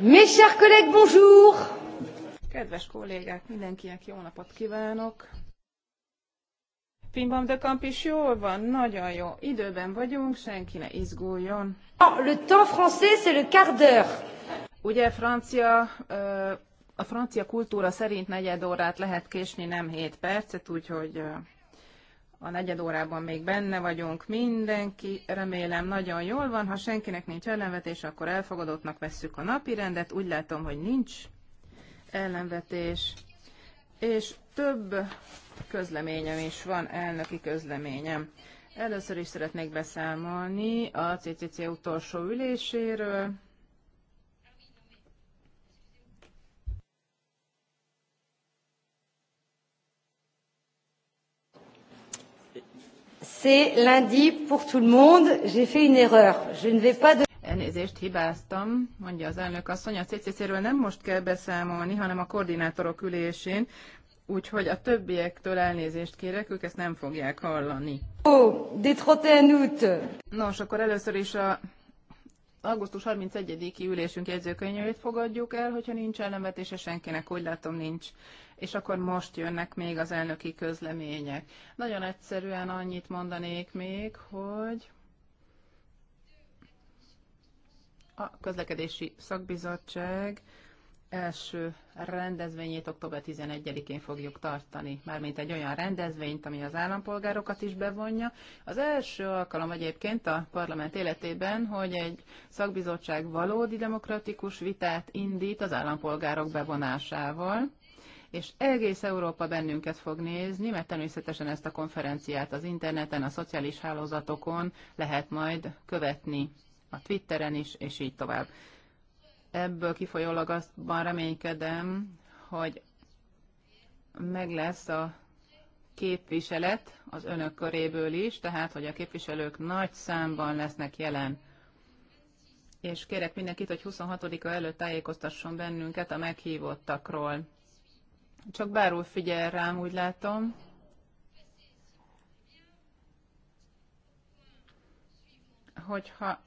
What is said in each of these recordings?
Mes chers collègues, bonjour! Kedves kollégák, mindenkinek jó napot kívánok! Pimbam de Camp is jól van, nagyon jó. Időben vagyunk, senki ne izguljon. Le temps français, c'est le quart d'heure. Ugye francia, a francia kultúra szerint negyed órát lehet késni, nem 7 percet, úgyhogy a negyed órában még benne vagyunk mindenki, remélem nagyon jól van, ha senkinek nincs ellenvetés, akkor elfogadottnak vesszük a napi rendet, úgy látom, hogy nincs ellenvetés, és több közleményem is van, elnöki közleményem. Először is szeretnék beszámolni a CCC utolsó üléséről, C'est lundi pour tout le monde. J'ai fait une erreur. Je ne vais pas de... Elnézést, hibáztam, mondja az elnök asszony. A CCC-ről nem most kell beszámolni, hanem a koordinátorok ülésén, úgyhogy a többiektől elnézést kérek, ők ezt nem fogják hallani. Oh, de 31 Nos, akkor először is a augusztus 31-i ülésünk jegyzőkönyvét fogadjuk el, hogyha nincs ellenvetése senkinek, úgy látom nincs és akkor most jönnek még az elnöki közlemények. Nagyon egyszerűen annyit mondanék még, hogy a közlekedési szakbizottság első rendezvényét október 11-én fogjuk tartani, mármint egy olyan rendezvényt, ami az állampolgárokat is bevonja. Az első alkalom egyébként a parlament életében, hogy egy szakbizottság valódi demokratikus vitát indít az állampolgárok bevonásával és egész Európa bennünket fog nézni, mert természetesen ezt a konferenciát az interneten, a szociális hálózatokon lehet majd követni, a Twitteren is, és így tovább. Ebből kifolyólag azt reménykedem, hogy meg lesz a képviselet az önök köréből is, tehát hogy a képviselők nagy számban lesznek jelen. És kérek mindenkit, hogy 26-a előtt tájékoztasson bennünket a meghívottakról. Csak bárul figyel rám, úgy látom. Hogyha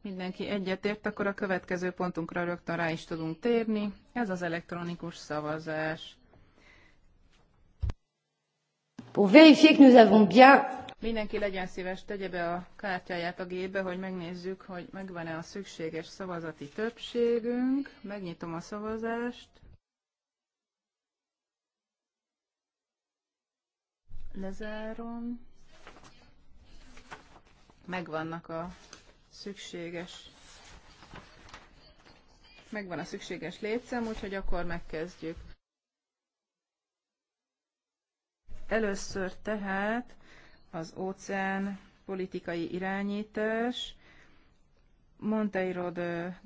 mindenki egyetért, akkor a következő pontunkra rögtön rá is tudunk térni. Ez az elektronikus szavazás. Pour vérifier que nous avons bien... Mindenki legyen szíves, tegye be a kártyáját a gépbe, hogy megnézzük, hogy megvan-e a szükséges szavazati többségünk. Megnyitom a szavazást. Lezárom. Megvannak a szükséges megvan a szükséges létszám, úgyhogy akkor megkezdjük. Először tehát az óceán politikai irányítás, Monteiro de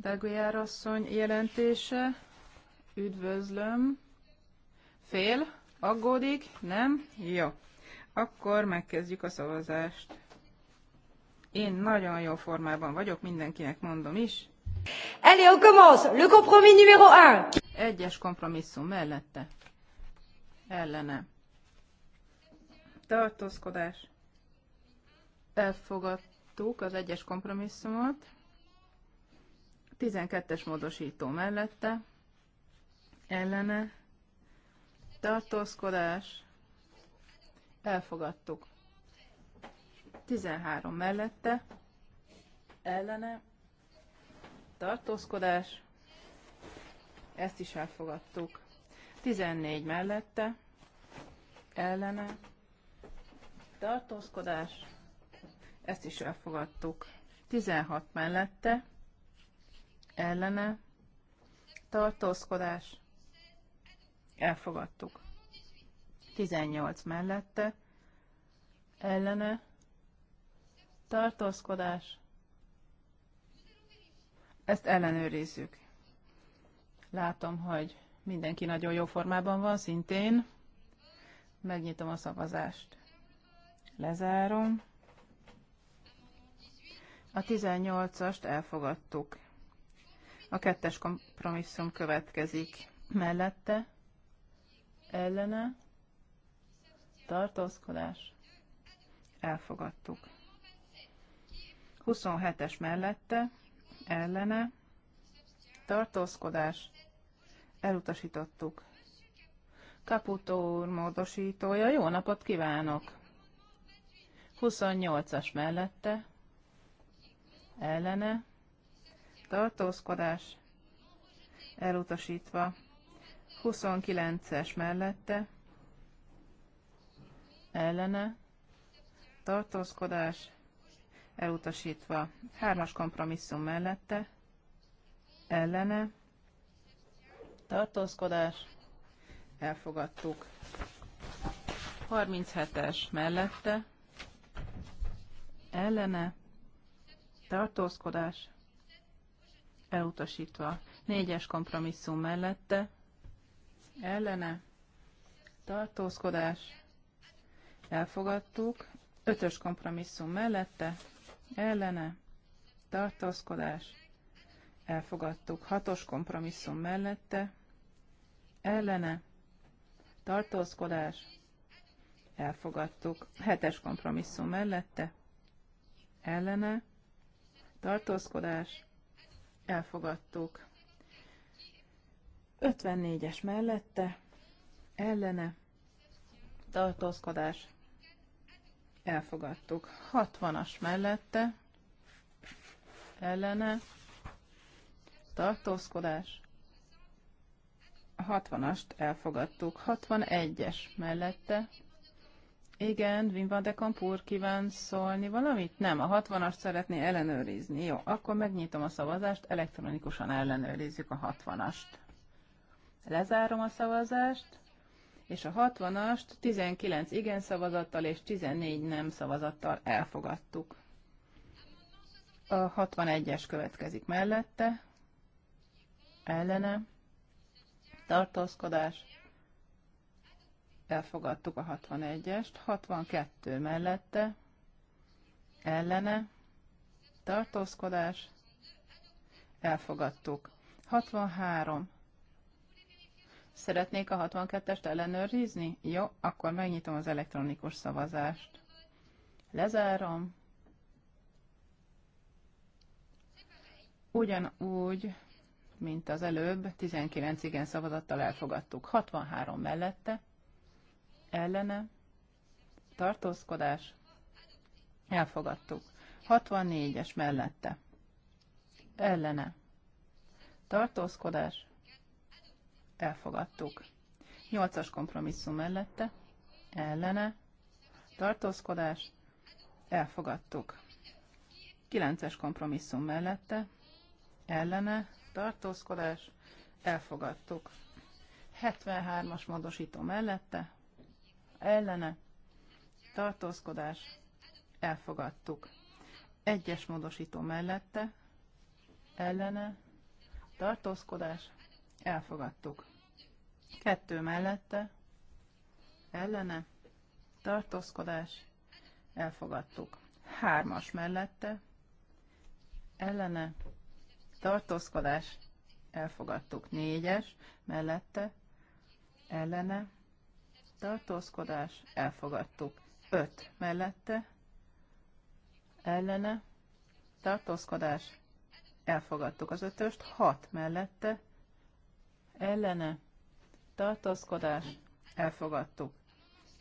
asszony jelentése, üdvözlöm, fél, aggódik, nem? Jó. Akkor megkezdjük a szavazást. Én nagyon jó formában vagyok, mindenkinek mondom is. Allez, on commence! Le compromis numéro 1! Egyes kompromisszum mellette. Ellene. Tartózkodás. Elfogadtuk az egyes kompromisszumot. 12-es módosító mellette. Ellene. Tartózkodás elfogadtuk. 13 mellette, ellene, tartózkodás, ezt is elfogadtuk. 14 mellette, ellene, tartózkodás, ezt is elfogadtuk. 16 mellette, ellene, tartózkodás, elfogadtuk. 18 mellette, ellene, tartózkodás, ezt ellenőrizzük. Látom, hogy mindenki nagyon jó formában van, szintén. Megnyitom a szavazást. Lezárom. A 18-ast elfogadtuk. A kettes kompromisszum következik. Mellette, ellene, tartózkodás, elfogadtuk. 27-es mellette, ellene, tartózkodás, elutasítottuk. Kaputó úr módosítója, jó napot kívánok! 28-as mellette, ellene, tartózkodás, elutasítva. 29-es mellette, ellene, tartózkodás elutasítva. Hármas kompromisszum mellette, ellene, tartózkodás, elfogadtuk. 37-es mellette, ellene, tartózkodás, elutasítva. Négyes kompromisszum mellette, ellene, tartózkodás, elfogadtuk. Ötös kompromisszum mellette, ellene, tartózkodás, elfogadtuk. Hatos kompromisszum mellette, ellene, tartózkodás, elfogadtuk. Hetes kompromisszum mellette, ellene, tartózkodás, elfogadtuk. 54-es mellette, ellene, tartózkodás, elfogadtuk. 60-as mellette ellene tartózkodás. A 60-ast elfogadtuk. 61-es mellette. Igen, Wim van de Kampur kíván szólni valamit? Nem, a 60-ast szeretné ellenőrizni. Jó, akkor megnyitom a szavazást, elektronikusan ellenőrizzük a 60-ast. Lezárom a szavazást és a 60-ast 19 igen szavazattal és 14 nem szavazattal elfogadtuk. A 61-es következik mellette, ellene, tartózkodás, elfogadtuk a 61-est, 62 mellette, ellene, tartózkodás, elfogadtuk. 63 Szeretnék a 62-est ellenőrizni? Jó, akkor megnyitom az elektronikus szavazást. Lezárom. Ugyanúgy, mint az előbb, 19 igen szavazattal elfogadtuk. 63 mellette, ellene, tartózkodás, elfogadtuk. 64-es mellette, ellene, tartózkodás, elfogadtuk. Nyolcas kompromisszum mellette, ellene, tartózkodás, elfogadtuk. Kilences kompromisszum mellette, ellene, tartózkodás, elfogadtuk. 73-as módosító mellette, ellene, tartózkodás, elfogadtuk. Egyes módosító mellette, ellene, tartózkodás, elfogadtuk. Kettő mellette, ellene, tartózkodás, elfogadtuk. Hármas mellette, ellene, tartózkodás, elfogadtuk. Négyes mellette, ellene, tartózkodás, elfogadtuk. Öt mellette, ellene, tartózkodás, elfogadtuk az ötöst, hat mellette, ellene, tartózkodás, elfogadtuk.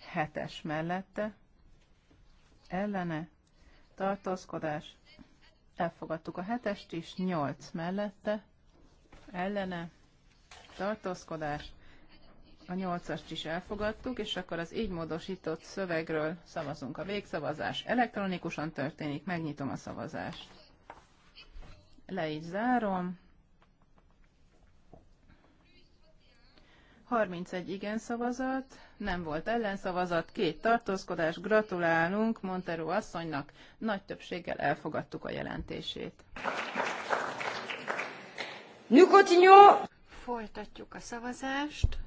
Hetes mellette, ellene, tartózkodás, elfogadtuk a hetest is, nyolc mellette, ellene, tartózkodás, a nyolcast is elfogadtuk, és akkor az így módosított szövegről szavazunk a végszavazás. Elektronikusan történik, megnyitom a szavazást. Le is zárom. 31 igen szavazat, nem volt ellenszavazat, két tartózkodás, gratulálunk Montero asszonynak, nagy többséggel elfogadtuk a jelentését. Nous Folytatjuk a szavazást,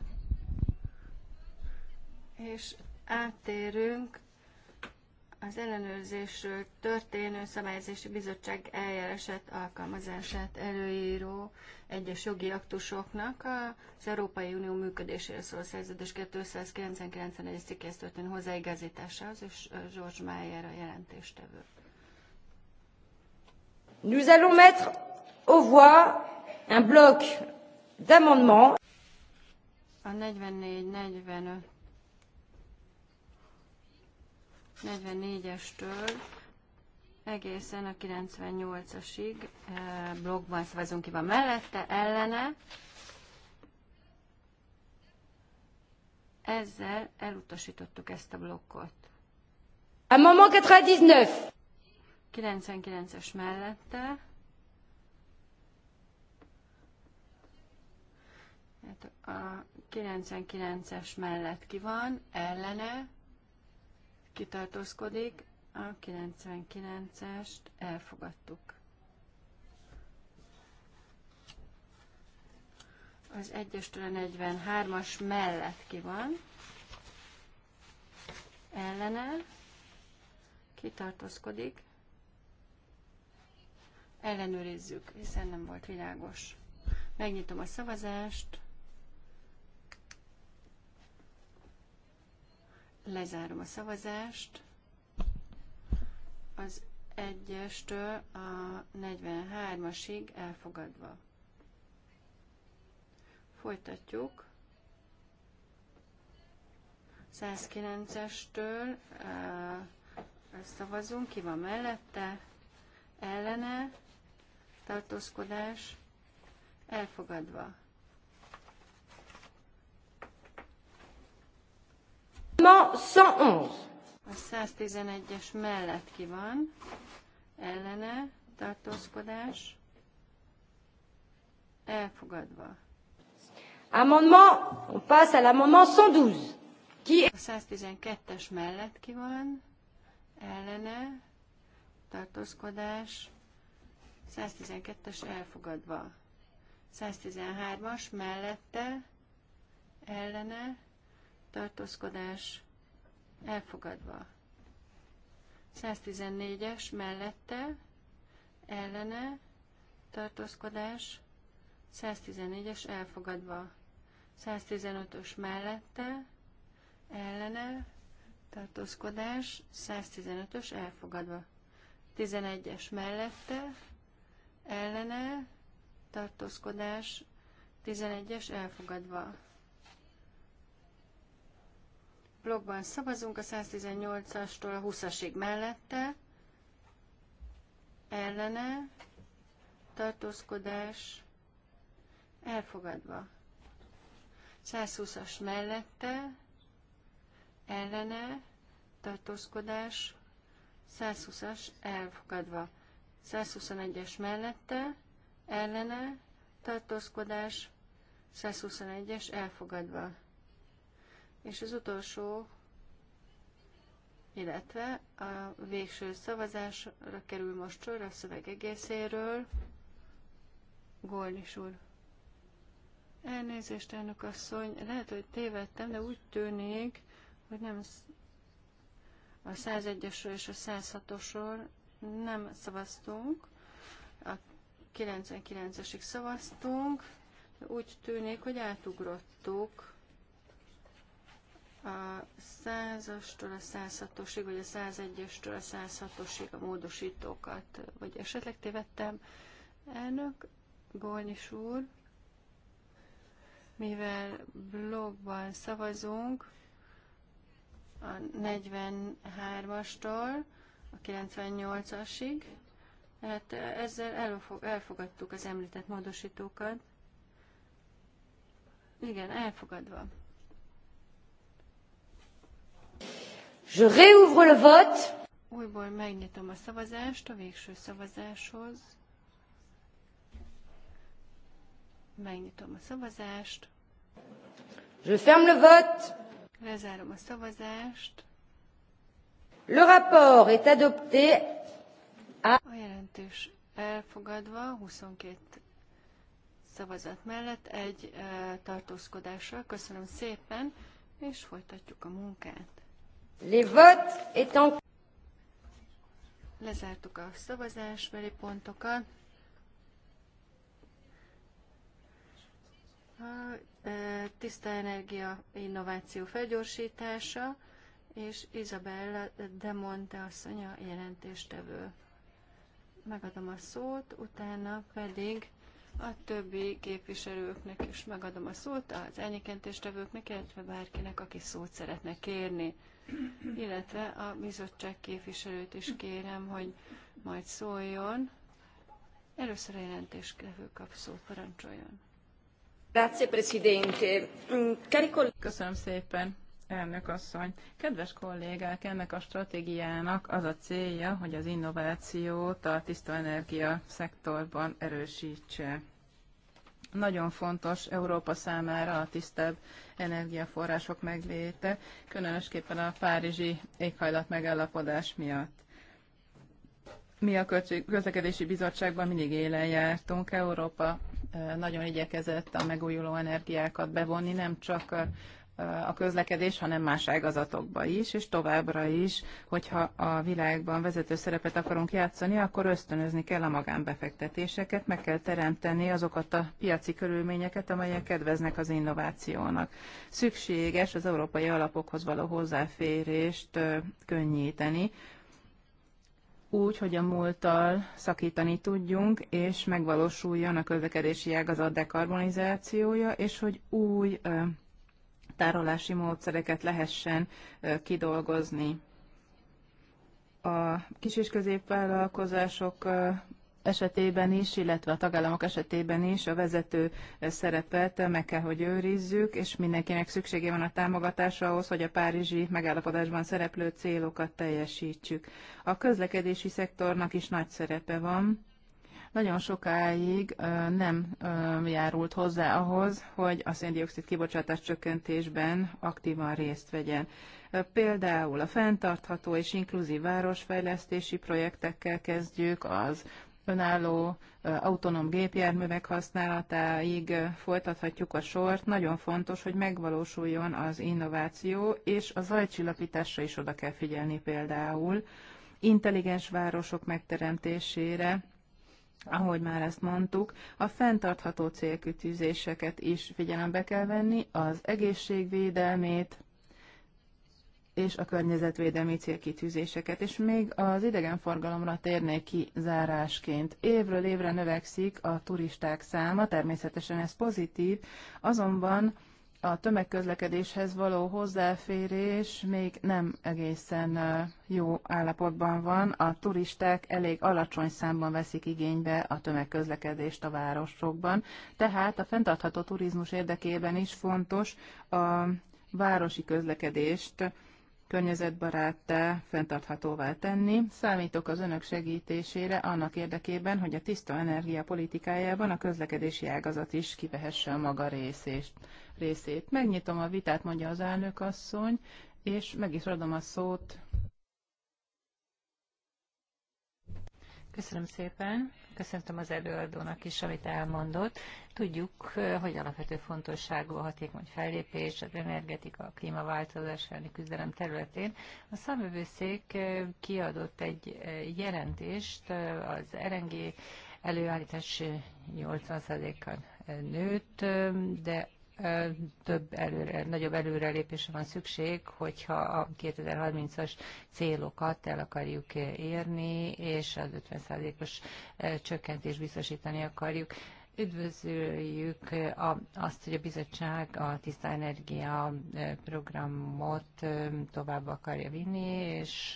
és áttérünk az ellenőrzésről történő szabályozási bizottság eljárását alkalmazását előíró egyes jogi aktusoknak az Európai Unió működésére szóló szerződés 299. cikkhez történő hozzáigazításához, és George Mayer a jelentéstevő. Nous allons mettre au voix un bloc d'amendements. A 44, 45, 44-estől egészen a 98-asig eh, blogban szavazunk ki van mellette, ellene. Ezzel elutasítottuk ezt a blokkot. Hát a moment 99. 99-es mellette. a 99-es mellett ki van, ellene kitartózkodik, a 99-est elfogadtuk. Az 1-estől 43-as mellett ki van, ellene, kitartózkodik, ellenőrizzük, hiszen nem volt világos. Megnyitom a szavazást. Lezárom a szavazást. Az 1-estől a 43-asig elfogadva. Folytatjuk. 109-estől szavazunk, ki van mellette, ellene, tartózkodás, elfogadva. Amendement 111. A 111-es mellett ki van, ellene, tartózkodás, elfogadva. Amendement, on passe à l'amendement 112. Ki... A 112-es mellett ki van, ellene, tartózkodás, 112-es elfogadva. 113-as mellette, ellene, tartózkodás elfogadva. 114-es mellette, ellene, tartózkodás, 114-es elfogadva. 115-ös mellette, ellene, tartózkodás, 115-ös elfogadva. 11-es mellette, ellene, tartózkodás, 11-es elfogadva blogban szavazunk a 118-astól a 20-asig mellette, ellene, tartózkodás, elfogadva. 120-as mellette, ellene, tartózkodás, 120-as elfogadva. 121-es mellette, ellene, tartózkodás, 121-es elfogadva. És az utolsó, illetve a végső szavazásra kerül most sor a szöveg egészéről. Gólnis úr. Elnézést, elnök asszony, lehet, hogy tévedtem, de úgy tűnik, hogy nem a 101-esről és a 106-osról nem szavaztunk. A 99-esig szavaztunk, de úgy tűnik, hogy átugrottuk a 100-astól a 106-osig, vagy a 101-estől a 106-osig a módosítókat, vagy esetleg tévedtem. Elnök, Golnyis úr, mivel blogban szavazunk a 43-astól a 98-asig, tehát ezzel elfogadtuk az említett módosítókat. Igen, elfogadva. Je réouvre le vote. Újból megnyitom a szavazást a végső szavazáshoz. Megnyitom a szavazást. Je ferme le vote. Lezárom a szavazást. Le rapport est adopté à... A jelentés elfogadva 22 szavazat mellett egy uh, tartózkodással. Köszönöm szépen, és folytatjuk a munkát. Lezártuk a szavazásbeli pontokat. A tiszta energia innováció felgyorsítása, és Izabella de Monte asszonya jelentéstevő. Megadom a szót, utána pedig a többi képviselőknek is megadom a szót, az elnyikentéstevőknek, illetve bárkinek, aki szót szeretne kérni illetve a bizottság képviselőt is kérem, hogy majd szóljon. Először a jelentéstevő kap szót, parancsoljon. Grazie, Presidente. Mm, Köszönöm szépen, elnök asszony. Kedves kollégák, ennek a stratégiának az a célja, hogy az innovációt a tiszta energia szektorban erősítse. Nagyon fontos Európa számára a tisztább energiaforrások megléte, különösképpen a párizsi éghajlat megállapodás miatt. Mi a közlekedési bizottságban mindig élen jártunk. Európa nagyon igyekezett a megújuló energiákat bevonni, nem csak a közlekedés, hanem más ágazatokba is, és továbbra is, hogyha a világban vezető szerepet akarunk játszani, akkor ösztönözni kell a magánbefektetéseket, meg kell teremteni azokat a piaci körülményeket, amelyek kedveznek az innovációnak. Szükséges az európai alapokhoz való hozzáférést könnyíteni, úgy, hogy a múlttal szakítani tudjunk, és megvalósuljon a közlekedési ágazat dekarbonizációja, és hogy új tárolási módszereket lehessen kidolgozni. A kis- és középvállalkozások esetében is, illetve a tagállamok esetében is a vezető szerepet meg kell, hogy őrizzük, és mindenkinek szüksége van a támogatásra ahhoz, hogy a párizsi megállapodásban szereplő célokat teljesítsük. A közlekedési szektornak is nagy szerepe van nagyon sokáig nem járult hozzá ahhoz, hogy a széndiokszid kibocsátás csökkentésben aktívan részt vegyen. Például a fenntartható és inkluzív városfejlesztési projektekkel kezdjük, az önálló autonóm gépjárművek használatáig folytathatjuk a sort. Nagyon fontos, hogy megvalósuljon az innováció, és a zajcsillapításra is oda kell figyelni például, intelligens városok megteremtésére, ahogy már ezt mondtuk, a fenntartható célkütűzéseket is figyelembe kell venni, az egészségvédelmét és a környezetvédelmi célkitűzéseket. És még az idegenforgalomra térnék ki zárásként. Évről évre növekszik a turisták száma, természetesen ez pozitív, azonban a tömegközlekedéshez való hozzáférés még nem egészen jó állapotban van. A turisták elég alacsony számban veszik igénybe a tömegközlekedést a városokban, tehát a fenntartható turizmus érdekében is fontos a városi közlekedést környezetbaráttá, fenntarthatóvá tenni. Számítok az önök segítésére annak érdekében, hogy a tiszta energia politikájában a közlekedési ágazat is kivehesse a maga részést, részét. Megnyitom a vitát, mondja az elnök asszony, és meg is adom a szót Köszönöm szépen. Köszöntöm az előadónak is, amit elmondott. Tudjuk, eh, hogy alapvető fontosságú a hatékony fellépés az energetika, a klímaváltozás elleni küzdelem területén. A számövőszék eh, kiadott egy eh, jelentést az RNG előállítás 80%-kal nőtt, de több előre, nagyobb előrelépésre van szükség, hogyha a 2030-as célokat el akarjuk érni, és az 50%-os csökkentést biztosítani akarjuk. Üdvözöljük azt, hogy a bizottság a tiszta energia programot tovább akarja vinni, és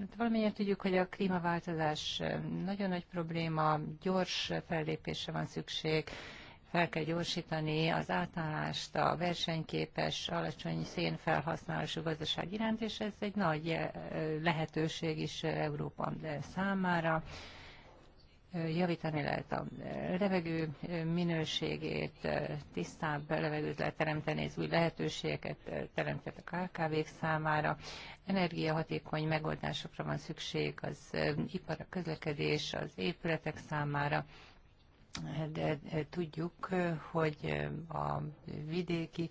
hát valamennyire tudjuk, hogy a klímaváltozás nagyon nagy probléma, gyors fellépésre van szükség, fel kell gyorsítani az átállást a versenyképes, alacsony szénfelhasználású gazdaság iránt, és ez egy nagy eh, lehetőség is eh, Európa eh, számára. Javítani lehet a levegő minőségét, tisztább levegőt lehet teremteni, ez új lehetőségeket teremtett a KKV-k számára. Energiahatékony megoldásokra van szükség az ipar, a közlekedés, az épületek számára de tudjuk, hogy a vidéki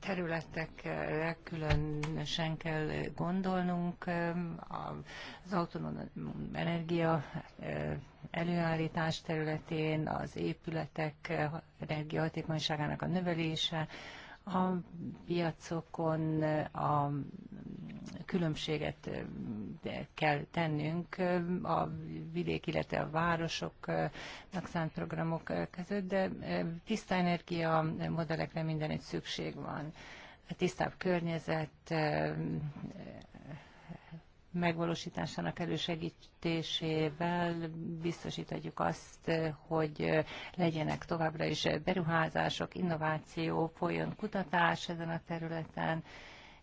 területekre különösen kell gondolnunk, az autonóm energia e, előállítás területén, az épületek e, energiahatékonyságának a növelése, a piacokon a különbséget kell tennünk a vidék, illetve a városoknak szánt programok között, de tiszta energia modellekre egy szükség van. A tisztább környezet, megvalósításának elősegítésével biztosítjuk azt, hogy legyenek továbbra is beruházások, innováció, folyjon kutatás ezen a területen,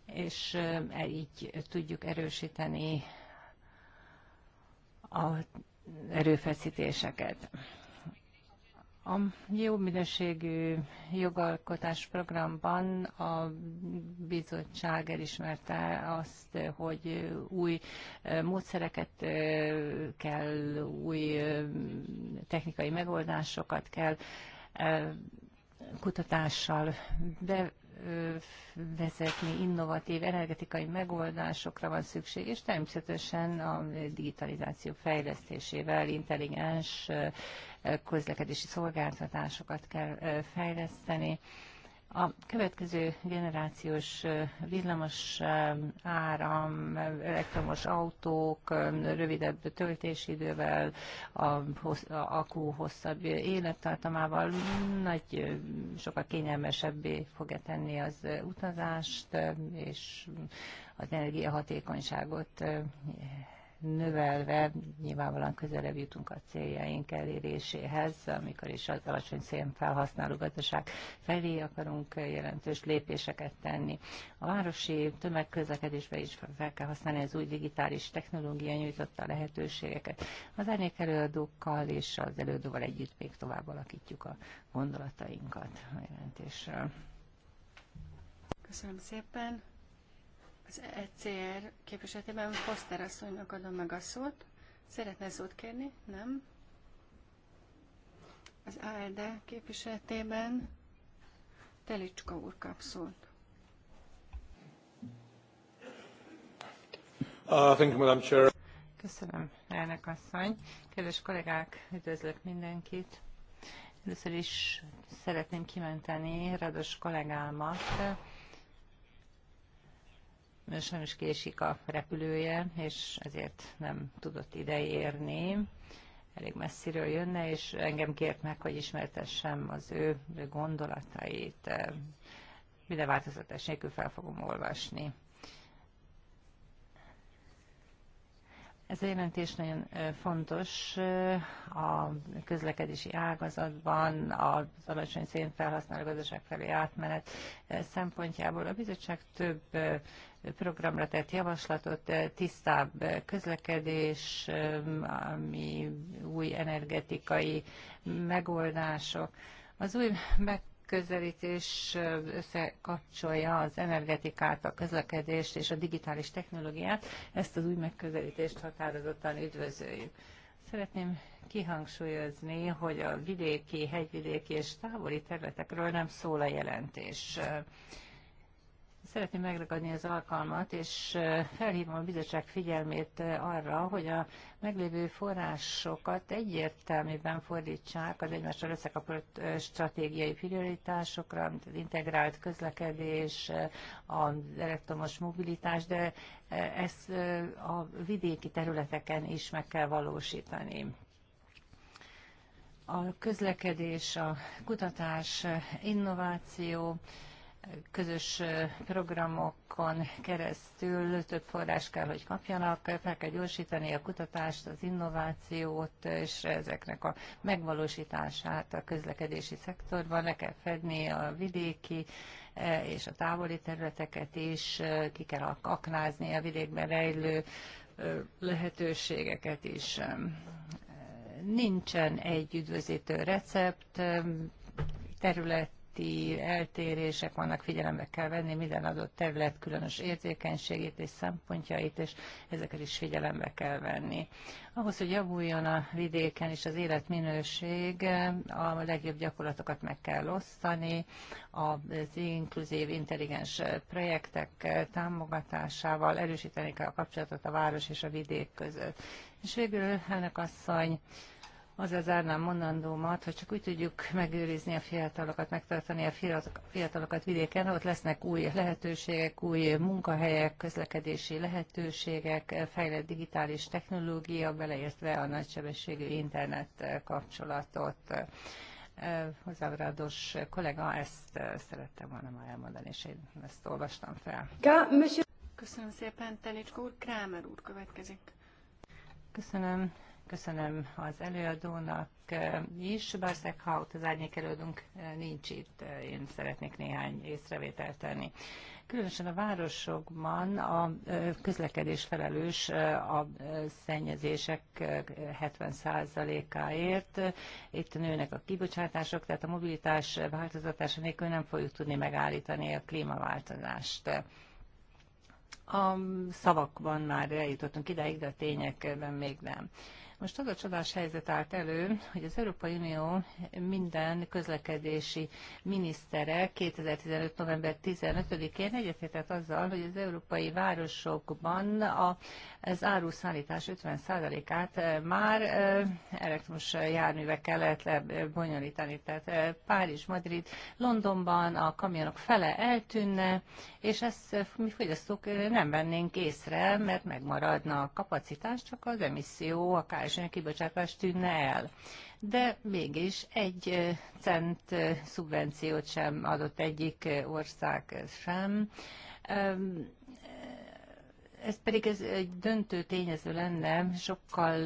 és így tudjuk erősíteni a erőfeszítéseket. A jó minőségű jogalkotás programban a bizottság elismerte azt, hogy új módszereket kell, új technikai megoldásokat kell kutatással be vezetni, innovatív energetikai megoldásokra van szükség, és természetesen a digitalizáció fejlesztésével, intelligens közlekedési szolgáltatásokat kell fejleszteni. A következő generációs villamos áram, elektromos autók, rövidebb töltésidővel, a, a akku hosszabb élettartamával nagy, sokkal kényelmesebbé fogja tenni az utazást, és az energiahatékonyságot növelve nyilvánvalóan közelebb jutunk a céljaink eléréséhez, amikor is az alacsony felhasználó gazdaság felé akarunk jelentős lépéseket tenni. A városi tömegközlekedésbe is fel kell használni az új digitális technológia nyújtotta lehetőségeket. Az árnyék előadókkal és az előadóval együtt még tovább alakítjuk a gondolatainkat a jelentésről. Köszönöm szépen. Az ECR képviseletében Foster asszonynak adom meg a szót. Szeretne szót kérni? Nem? Az ALD e képviseletében Telicska úr kap szót. Uh, thank you, Madam Chair. Köszönöm, elnök asszony. Kedves kollégák, üdvözlök mindenkit. Először is szeretném kimenteni Rados kollégámat, sajnos késik a repülője, és ezért nem tudott ide érni. Elég messziről jönne, és engem kért meg, hogy ismertessem az ő gondolatait. Minden hm, változatás nélkül fel fogom olvasni. Ez a jelentés nagyon fontos a közlekedési ágazatban, az alacsony szénfelhasználó gazdaság felé átmenet szempontjából. A bizottság több programra tett javaslatot, tisztább közlekedés, ami új energetikai megoldások. Az új meg megközelítés összekapcsolja az energetikát, a közlekedést és a digitális technológiát. Ezt az új megközelítést határozottan üdvözöljük. Szeretném kihangsúlyozni, hogy a vidéki, hegyvidéki és távoli területekről nem szól a jelentés. Szeretném megragadni az alkalmat, és felhívom a bizottság figyelmét arra, hogy a meglévő forrásokat egyértelműben fordítsák az egymással összekapott stratégiai prioritásokra, mint az integrált közlekedés, az elektromos mobilitás, de ezt a vidéki területeken is meg kell valósítani a közlekedés, a kutatás, innováció, közös programokon keresztül több forrás kell, hogy kapjanak, fel kell gyorsítani a kutatást, az innovációt, és ezeknek a megvalósítását a közlekedési szektorban le kell fedni a vidéki és a távoli területeket is, ki kell aknázni a vidékben rejlő lehetőségeket is. Nincsen egy üdvözítő recept, terület közötti eltérések vannak, figyelembe kell venni minden adott terület különös érzékenységét és szempontjait, és ezeket is figyelembe kell venni. Ahhoz, hogy javuljon a vidéken is az életminőség, a legjobb gyakorlatokat meg kell osztani, az inkluzív, intelligens projektek támogatásával erősíteni kell a kapcsolatot a város és a vidék között. És végül, elnök asszony, azzal zárnám mondandómat, hogy csak úgy tudjuk megőrizni a fiatalokat, megtartani a fiatalokat vidéken, ott lesznek új lehetőségek, új munkahelyek, közlekedési lehetőségek, fejlett digitális technológia, beleértve a nagysebességű internet kapcsolatot. Hozzávrádos kollega, ezt szerettem volna már elmondani, és én ezt olvastam fel. Köszönöm szépen, Telicskó úr. Krámer úr következik. Köszönöm, Köszönöm az előadónak eh, is. Barszek ott az árnyék előadónk eh, nincs itt. Eh, én szeretnék néhány észrevételt tenni. Különösen a városokban a közlekedés felelős a szennyezések 70%-áért. Itt nőnek a kibocsátások, tehát a mobilitás változatása nélkül nem fogjuk tudni megállítani a klímaváltozást. A szavakban már eljutottunk ideig, de a tényekben még nem. Most az a csodás helyzet állt elő, hogy az Európai Unió minden közlekedési minisztere 2015. november 15-én egyetértett azzal, hogy az európai városokban az áruszállítás 50%-át eh, már eh, elektromos járművekkel lehet lebonyolítani. Tehát eh, Párizs, Madrid, Londonban a kamionok fele eltűnne, és ezt mi fogyasztók nem vennénk észre, mert megmaradna a kapacitás, csak az emisszió, akár teljesen kibocsátás tűnne el. De mégis egy cent szubvenciót sem adott egyik ország sem. Ez pedig ez egy döntő tényező lenne, sokkal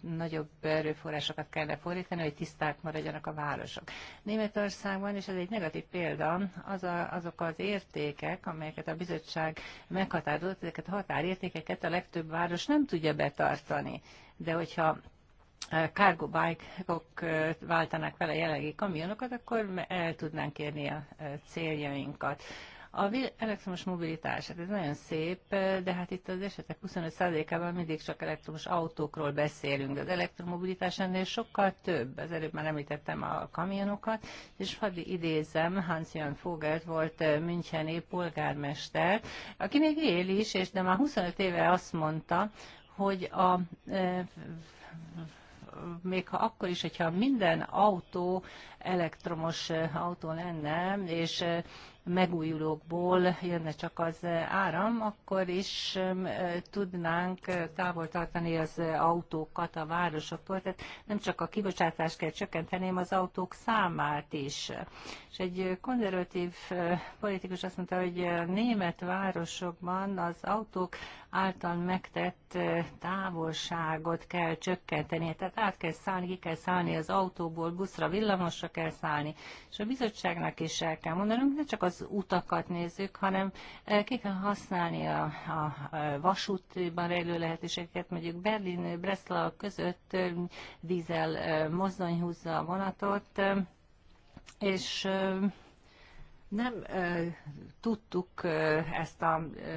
nagyobb erőforrásokat kellene fordítani, hogy tiszták maradjanak a városok. Németországban, és ez egy negatív példa, az a, azok az értékek, amelyeket a bizottság meghatározott, ezeket a határértékeket a legtöbb város nem tudja betartani de hogyha cargo bike-ok váltanak vele jelenlegi kamionokat, akkor el tudnánk érni a céljainkat. A elektromos mobilitás, hát ez nagyon szép, de hát itt az esetek 25%-ában mindig csak elektromos autókról beszélünk, de az elektromobilitás ennél sokkal több. Az előbb már említettem a kamionokat, és hadd idézem, hans Jan Fogert volt Müncheni polgármester, aki még él is, és de már 25 éve azt mondta, hogy a e, még ha akkor is, hogyha minden autó elektromos e, autó lenne, és e, megújulókból jönne csak az áram, akkor is tudnánk távol tartani az autókat a városoktól. Tehát nem csak a kibocsátást kell csökkenteni, hanem az autók számát is. És egy konzervatív politikus azt mondta, hogy német városokban az autók által megtett távolságot kell csökkenteni. Tehát át kell szállni, ki kell szállni az autóból, buszra, villamosra kell szállni. És a bizottságnak is el kell mondanunk, ne csak az az utakat nézzük, hanem eh, ki kell használni a, a vasútban rejlő lehetőségeket, mondjuk Berlin, Breslau között eh, dízel eh, mozdony húzza a vonatot, és nem e, tudtuk ezt a e,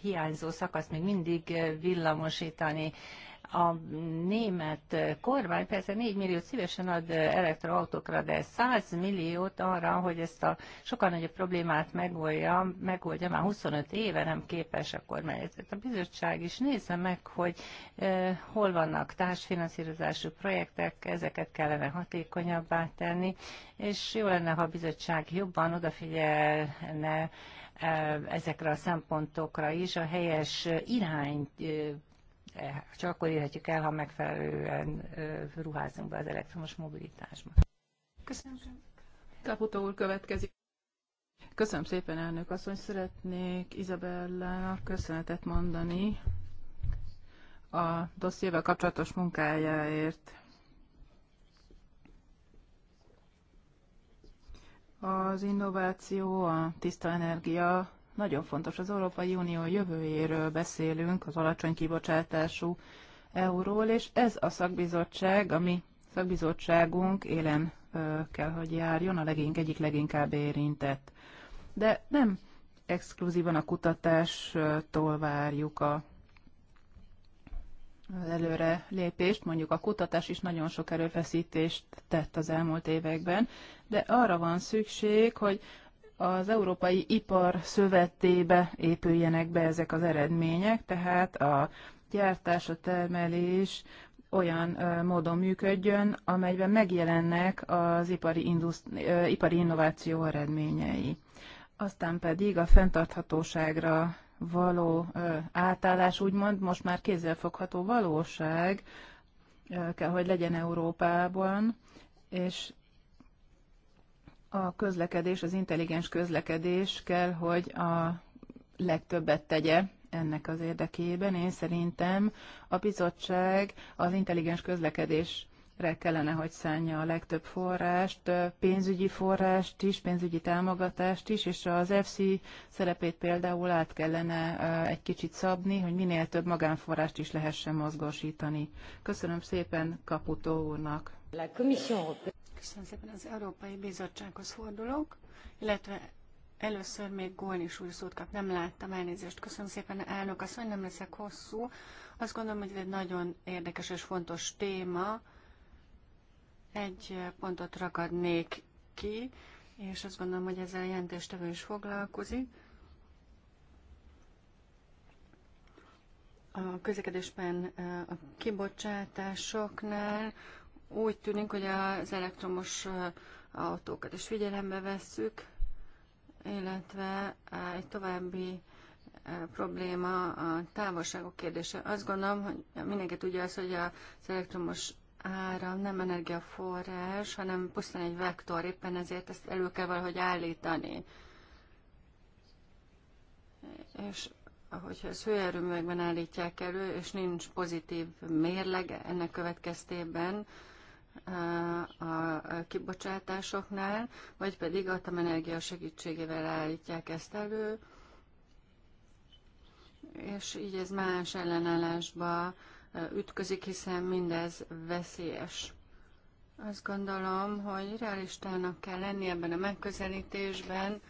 hiányzó szakaszt még mindig villamosítani. A német kormány persze 4 milliót szívesen ad elektroautókra, de 100 milliót arra, hogy ezt a sokkal nagyobb problémát megoldja, megoldja már 25 éve nem képes a kormány. Ezt a bizottság is nézze meg, hogy eh, hol vannak társfinanszírozású projektek, ezeket kellene hatékonyabbá tenni, és jó lenne, ha a bizottság jobban odafigyelne eh, ezekre a szempontokra is, a helyes irányt eh, E, csak akkor érhetjük el, ha megfelelően ruházunk be az elektromos mobilitásba. Köszönöm. Kaputó úr következik. Köszönöm szépen, elnök asszony. Szeretnék Izabellának köszönetet mondani a dossziével kapcsolatos munkájáért. Az innováció, a tiszta energia nagyon fontos. Az Európai Unió jövőjéről beszélünk, az alacsony kibocsátású euróról, és ez a szakbizottság, ami szakbizottságunk élen kell, hogy járjon, a legink, egyik leginkább érintett. De nem exkluzívan a kutatástól várjuk a az előre lépést, mondjuk a kutatás is nagyon sok erőfeszítést tett az elmúlt években, de arra van szükség, hogy az Európai Ipar Szövetébe épüljenek be ezek az eredmények, tehát a gyártás, a termelés olyan módon működjön, amelyben megjelennek az ipari, ipari innováció eredményei. Aztán pedig a fenntarthatóságra való átállás, úgymond most már kézzelfogható valóság kell, hogy legyen Európában, és a közlekedés, az intelligens közlekedés kell, hogy a legtöbbet tegye ennek az érdekében. Én szerintem a bizottság az intelligens közlekedés kellene, hogy szánja a legtöbb forrást, pénzügyi forrást is, pénzügyi támogatást is, és az FC szerepét például át kellene egy kicsit szabni, hogy minél több magánforrást is lehessen mozgósítani. Köszönöm szépen Kaputó úrnak. Köszönöm szépen. Az Európai Bizottsághoz fordulok, illetve először még Gólnis úr szót kap. Nem láttam elnézést. Köszönöm szépen, elnök asszony, nem leszek hosszú. Azt gondolom, hogy ez egy nagyon érdekes és fontos téma. Egy pontot ragadnék ki, és azt gondolom, hogy ezzel a jelentéstevő is foglalkozik. A közlekedésben eh, a kibocsátásoknál úgy tűnik, hogy az elektromos autókat is figyelembe vesszük, illetve egy további probléma a távolságok kérdése. Azt gondolom, hogy mindenki tudja azt, hogy az elektromos áram nem energiaforrás, hanem pusztán egy vektor, éppen ezért ezt elő kell valahogy állítani. És hogyha az hőerőművekben állítják elő, és nincs pozitív mérleg ennek következtében, a kibocsátásoknál, vagy pedig atomenergia segítségével állítják ezt elő, és így ez más ellenállásba ütközik, hiszen mindez veszélyes. Azt gondolom, hogy realistának kell lenni ebben a megközelítésben.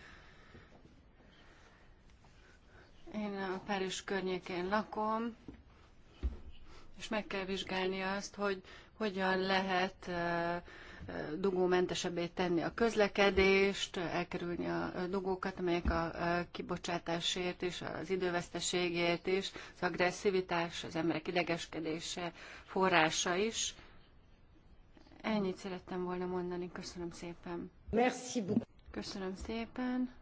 Én a Párizs környékén lakom, és meg kell vizsgálni azt, hogy hogyan lehet dugómentesebbé tenni a közlekedést, elkerülni a dugókat, amelyek a kibocsátásért és az időveszteségért is, az agresszivitás, az emberek idegeskedése forrása is. Ennyit szerettem volna mondani. Köszönöm szépen. Merci beaucoup. Köszönöm szépen.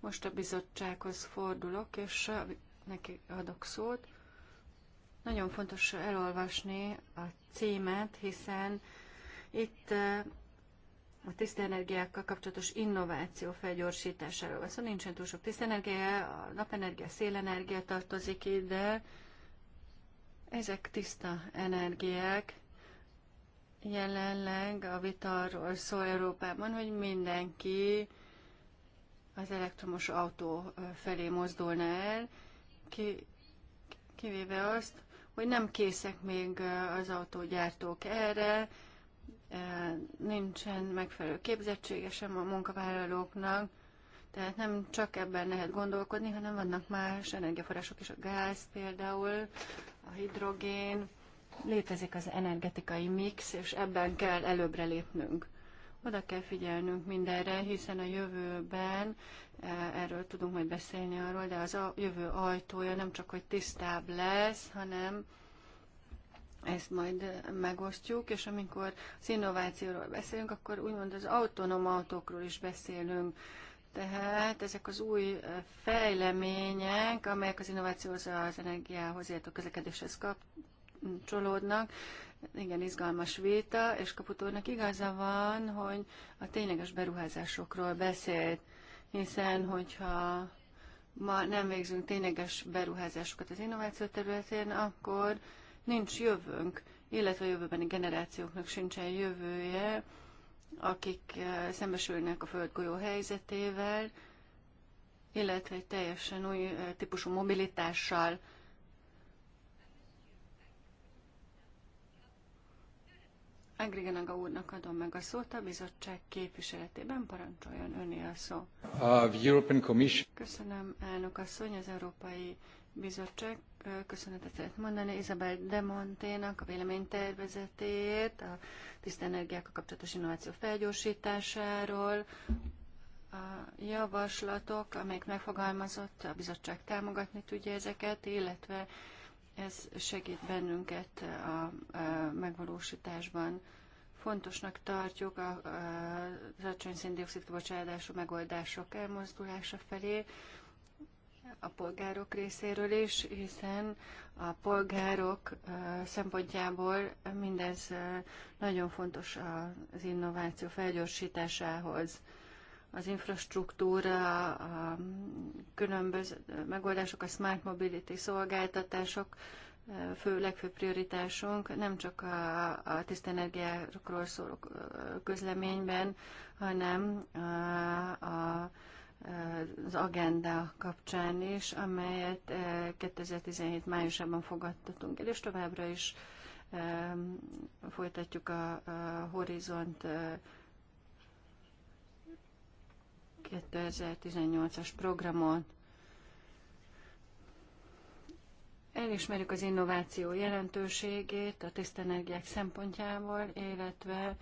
Most a bizottsághoz fordulok, és neki adok szót. Nagyon fontos elolvasni a címet, hiszen itt eh, a tiszta energiákkal kapcsolatos innováció felgyorsításáról van szó. Szóval nincsen túl sok tiszta energia, a napenergia, szélenergia tartozik ide. Ezek tiszta energiák. Jelenleg a vita arról szól Európában, hogy mindenki az elektromos autó eh, felé mozdulna el, ki, kivéve azt, hogy nem készek még az autógyártók erre, nincsen megfelelő képzettsége sem a munkavállalóknak, tehát nem csak ebben lehet gondolkodni, hanem vannak más energiaforrások is, a gáz például, a hidrogén, létezik az energetikai mix, és ebben kell előbbre lépnünk. Oda kell figyelnünk mindenre, hiszen a jövőben e, erről tudunk majd beszélni arról, de az a jövő ajtója nem csak, hogy tisztább lesz, hanem ezt majd megosztjuk, és amikor az innovációról beszélünk, akkor úgymond az autonóm autókról is beszélünk. Tehát ezek az új e, fejlemények, amelyek az innovációhoz, az energiához, illetve a közlekedéshez kapcsolódnak, igen izgalmas véta, és Kaputónak igaza van, hogy a tényleges beruházásokról beszélt, hiszen hogyha ma nem végzünk tényleges beruházásokat az innováció területén, akkor nincs jövőnk, illetve a jövőbeni generációknak sincsen jövője, akik eh, szembesülnek a földgolyó helyzetével, illetve egy teljesen új eh, típusú mobilitással, Agriganaga úrnak adom meg a szót a bizottság képviseletében, parancsoljon önné a szó. Köszönöm, elnök asszony, az Európai Bizottság köszönetet szeret mondani Isabel de Monténak a véleménytervezetét, a tiszta energiákkal kapcsolatos innováció felgyorsításáról, a javaslatok, amelyek megfogalmazott, a bizottság támogatni tudja ezeket, illetve ez segít bennünket a, megvalósításban. Fontosnak tartjuk a, a, alacsony széndiokszid kibocsátású megoldások elmozdulása felé, a polgárok részéről is, hiszen a polgárok szempontjából mindez nagyon fontos az innováció felgyorsításához az infrastruktúra, a különböző megoldások, a smart mobility szolgáltatások, fő, legfőbb prioritásunk nem csak a, a tiszta energiákról szóló közleményben, hanem a, a, az agenda kapcsán is, amelyet 2017 májusában fogadtatunk el, és továbbra is folytatjuk a, a Horizont 2018-as programon. Elismerjük az innováció jelentőségét a tiszta energiák szempontjából, illetve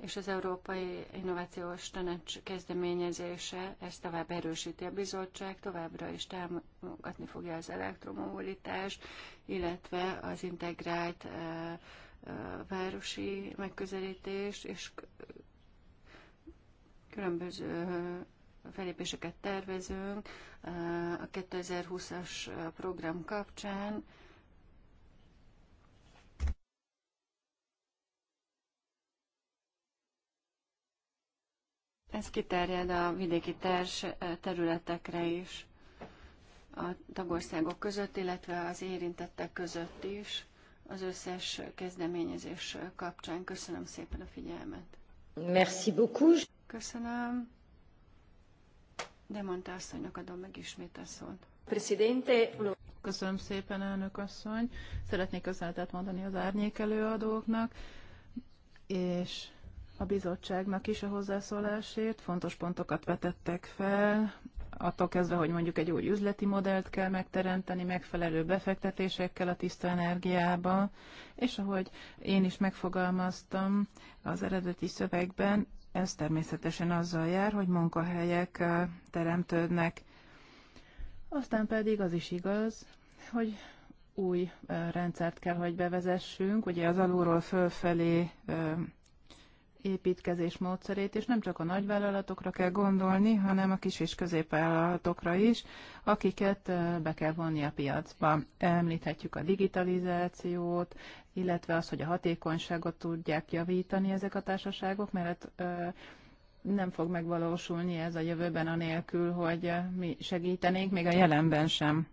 és az Európai Innovációs Tanács kezdeményezése ezt tovább erősíti a bizottság, továbbra is támogatni fogja az elektromobilitás, illetve az integrált városi megközelítés és különböző felépéseket tervezünk eh, a 2020-as eh, program kapcsán. Ez kiterjed a vidéki ters eh, területekre is, a tagországok között, illetve az érintettek között is, az összes kezdeményezés kapcsán. Köszönöm szépen a figyelmet. Merci beaucoup. Köszönöm. De mondta asszonynak adom meg ismét a szót. Presidente, Köszönöm szépen, elnök asszony. Szeretnék köszönetet mondani az árnyék előadóknak, és a bizottságnak is a hozzászólásért. Fontos pontokat vetettek fel, attól kezdve, hogy mondjuk egy új üzleti modellt kell megteremteni, megfelelő befektetésekkel a tiszta energiába, és ahogy én is megfogalmaztam az eredeti szövegben, ez természetesen azzal jár, hogy munkahelyek teremtődnek. Aztán pedig az is igaz, hogy új rendszert kell, hogy bevezessünk, ugye az alulról fölfelé építkezés módszerét, és nem csak a nagyvállalatokra kell gondolni, hanem a kis és középvállalatokra is, akiket be kell vonni a piacba. Említhetjük a digitalizációt, illetve az, hogy a hatékonyságot tudják javítani ezek a társaságok, mert hát, nem fog megvalósulni ez a jövőben anélkül, hogy mi segítenénk, még a jelenben sem.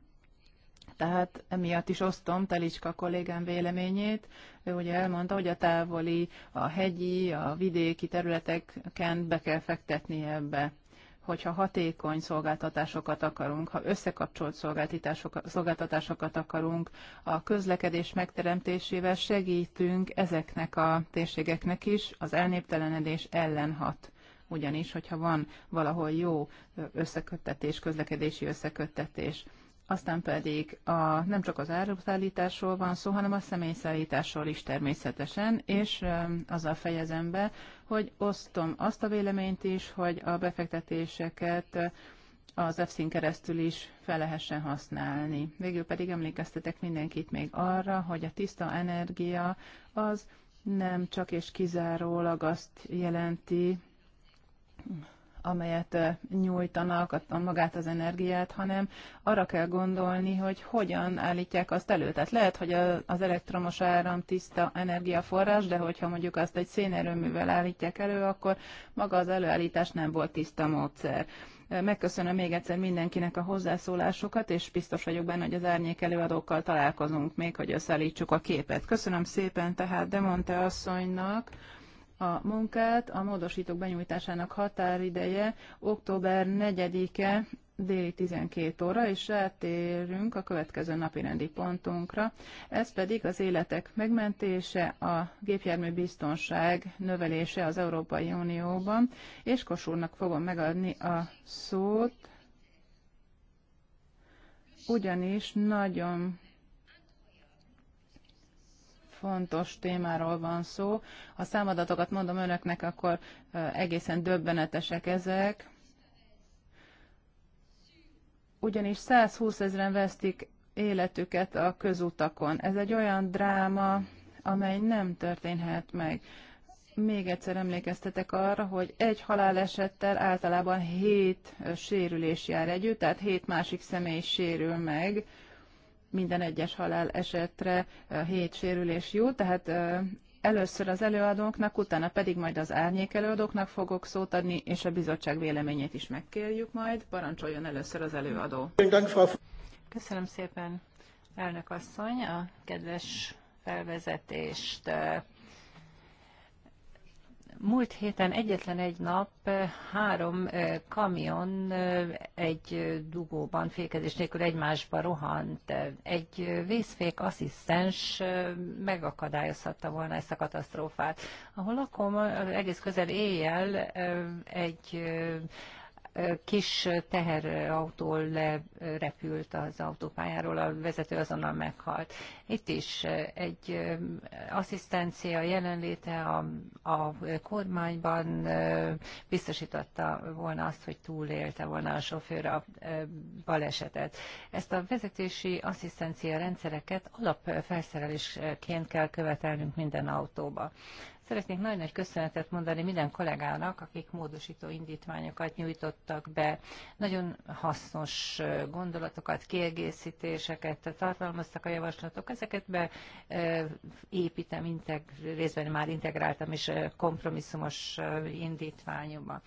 Tehát emiatt is osztom Telicska kollégám véleményét. Ő ugye elmondta, hogy a távoli, a hegyi, a vidéki területeken be kell fektetni ebbe hogyha hatékony szolgáltatásokat akarunk, ha összekapcsolt szolgáltatásokat akarunk, a közlekedés megteremtésével segítünk ezeknek a térségeknek is, az elnéptelenedés ellen hat. Ugyanis, hogyha van valahol jó összeköttetés, közlekedési összeköttetés. Aztán pedig a, nem csak az áruszállításról van szó, hanem a személyszállításról is természetesen, és azzal fejezem be, hogy osztom azt a véleményt is, hogy a befektetéseket az efsz keresztül is fel lehessen használni. Végül pedig emlékeztetek mindenkit még arra, hogy a tiszta energia az nem csak és kizárólag azt jelenti, amelyet nyújtanak, magát az energiát, hanem arra kell gondolni, hogy hogyan állítják azt elő. Tehát lehet, hogy az elektromos áram tiszta energiaforrás, de hogyha mondjuk azt egy szénerőművel állítják elő, akkor maga az előállítás nem volt tiszta módszer. Megköszönöm még egyszer mindenkinek a hozzászólásokat, és biztos vagyok benne, hogy az árnyék előadókkal találkozunk még, hogy összeállítsuk a képet. Köszönöm szépen tehát Demonte asszonynak, a munkát. A módosítók benyújtásának határideje október 4-e déli 12 óra, és rátérünk a következő napi rendi pontunkra. Ez pedig az életek megmentése, a gépjármű biztonság növelése az Európai Unióban, és Kosúrnak fogom megadni a szót, ugyanis nagyon fontos témáról van szó. Ha számadatokat mondom önöknek, akkor egészen döbbenetesek ezek. Ugyanis 120 ezeren vesztik életüket a közutakon. Ez egy olyan dráma, amely nem történhet meg. Még egyszer emlékeztetek arra, hogy egy halálesettel általában hét sérülés jár együtt, tehát hét másik személy sérül meg minden egyes halál esetre eh, hét sérülés jut, tehát eh, először az előadóknak, utána pedig majd az árnyék előadóknak fogok szót adni, és a bizottság véleményét is megkérjük majd. Parancsoljon először az előadó. Köszönöm szépen, elnök asszony, a kedves felvezetést. Eh, Múlt héten egyetlen egy nap eh, három eh, kamion eh, egy dugóban fékezés nélkül egymásba rohant. Egy vészfék asszisztens megakadályozhatta volna ezt a katasztrófát. Ahol lakom, egész közel éjjel egy kis teherautól repült az autópályáról, a vezető azonnal meghalt. Itt is egy eh, asszisztencia jelenléte a, a kormányban eh, biztosította volna azt, hogy túlélte volna a sofőr a eh, balesetet. Ezt a vezetési asszisztencia rendszereket alapfelszerelésként kell követelnünk minden autóba. Szeretnék nagyon nagy köszönetet mondani minden kollégának, akik módosító indítványokat nyújtottak be. Nagyon hasznos gondolatokat, kiegészítéseket tartalmaztak a javaslatok. Ezeket be építem, részben már integráltam is kompromisszumos indítványomba.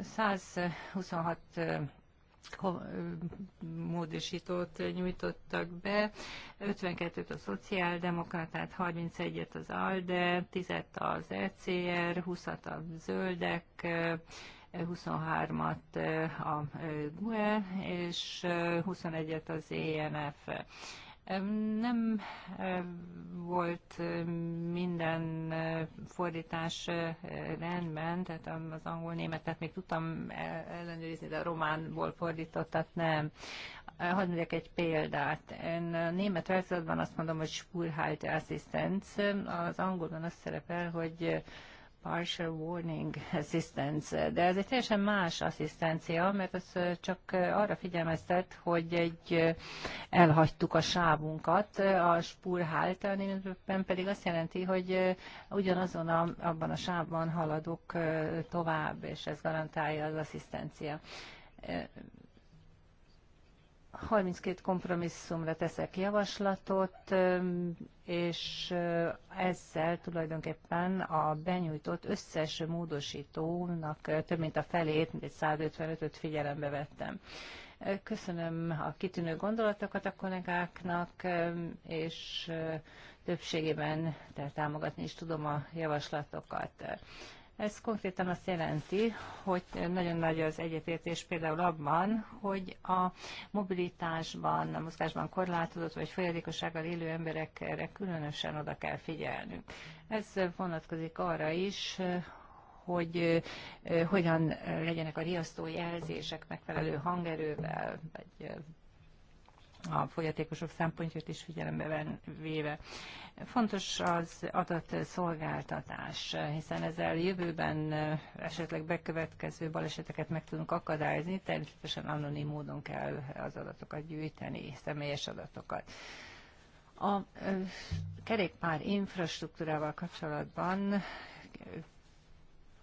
126 módosítót nyújtottak be, 52-t a szociáldemokratát, 31-et az ALDE, 10-et az ECR, 20-at a zöldek, 23-at a GUE, és 21-et az ENF. Nem volt minden fordítás rendben, tehát az angol németet még tudtam e, ellenőrizni, de a románból fordítottat nem. Hadd mondjak egy példát. Én a német verzióban azt mondom, hogy Spurhalt Assistance, az angolban azt szerepel, hogy partial warning assistance, de ez egy teljesen más asszisztencia, mert az csak arra figyelmeztet, hogy egy elhagytuk a sávunkat, a spurháltan, pedig azt jelenti, hogy ugyanazon a, abban a sávban haladok tovább, és ez garantálja az asszisztencia. 32 kompromisszumra teszek javaslatot, és ezzel tulajdonképpen a benyújtott összes módosítónak több mint a felét, mint egy 155-öt figyelembe vettem. Köszönöm a kitűnő gondolatokat a kollégáknak, és többségében támogatni is tudom a javaslatokat. Ez konkrétan azt jelenti, hogy nagyon nagy az egyetértés például abban, hogy a mobilitásban, a mozgásban korlátozott vagy folyadékossággal élő emberekre különösen oda kell figyelnünk. Ez vonatkozik arra is, hogy eh, hogyan legyenek a riasztó jelzések megfelelő hangerővel, vagy eh, a fogyatékosok szempontját is figyelembe véve. Fontos az adatszolgáltatás, hiszen ezzel jövőben esetleg bekövetkező baleseteket meg tudunk akadályozni, természetesen anonim módon kell az adatokat gyűjteni, személyes adatokat. A kerékpár infrastruktúrával kapcsolatban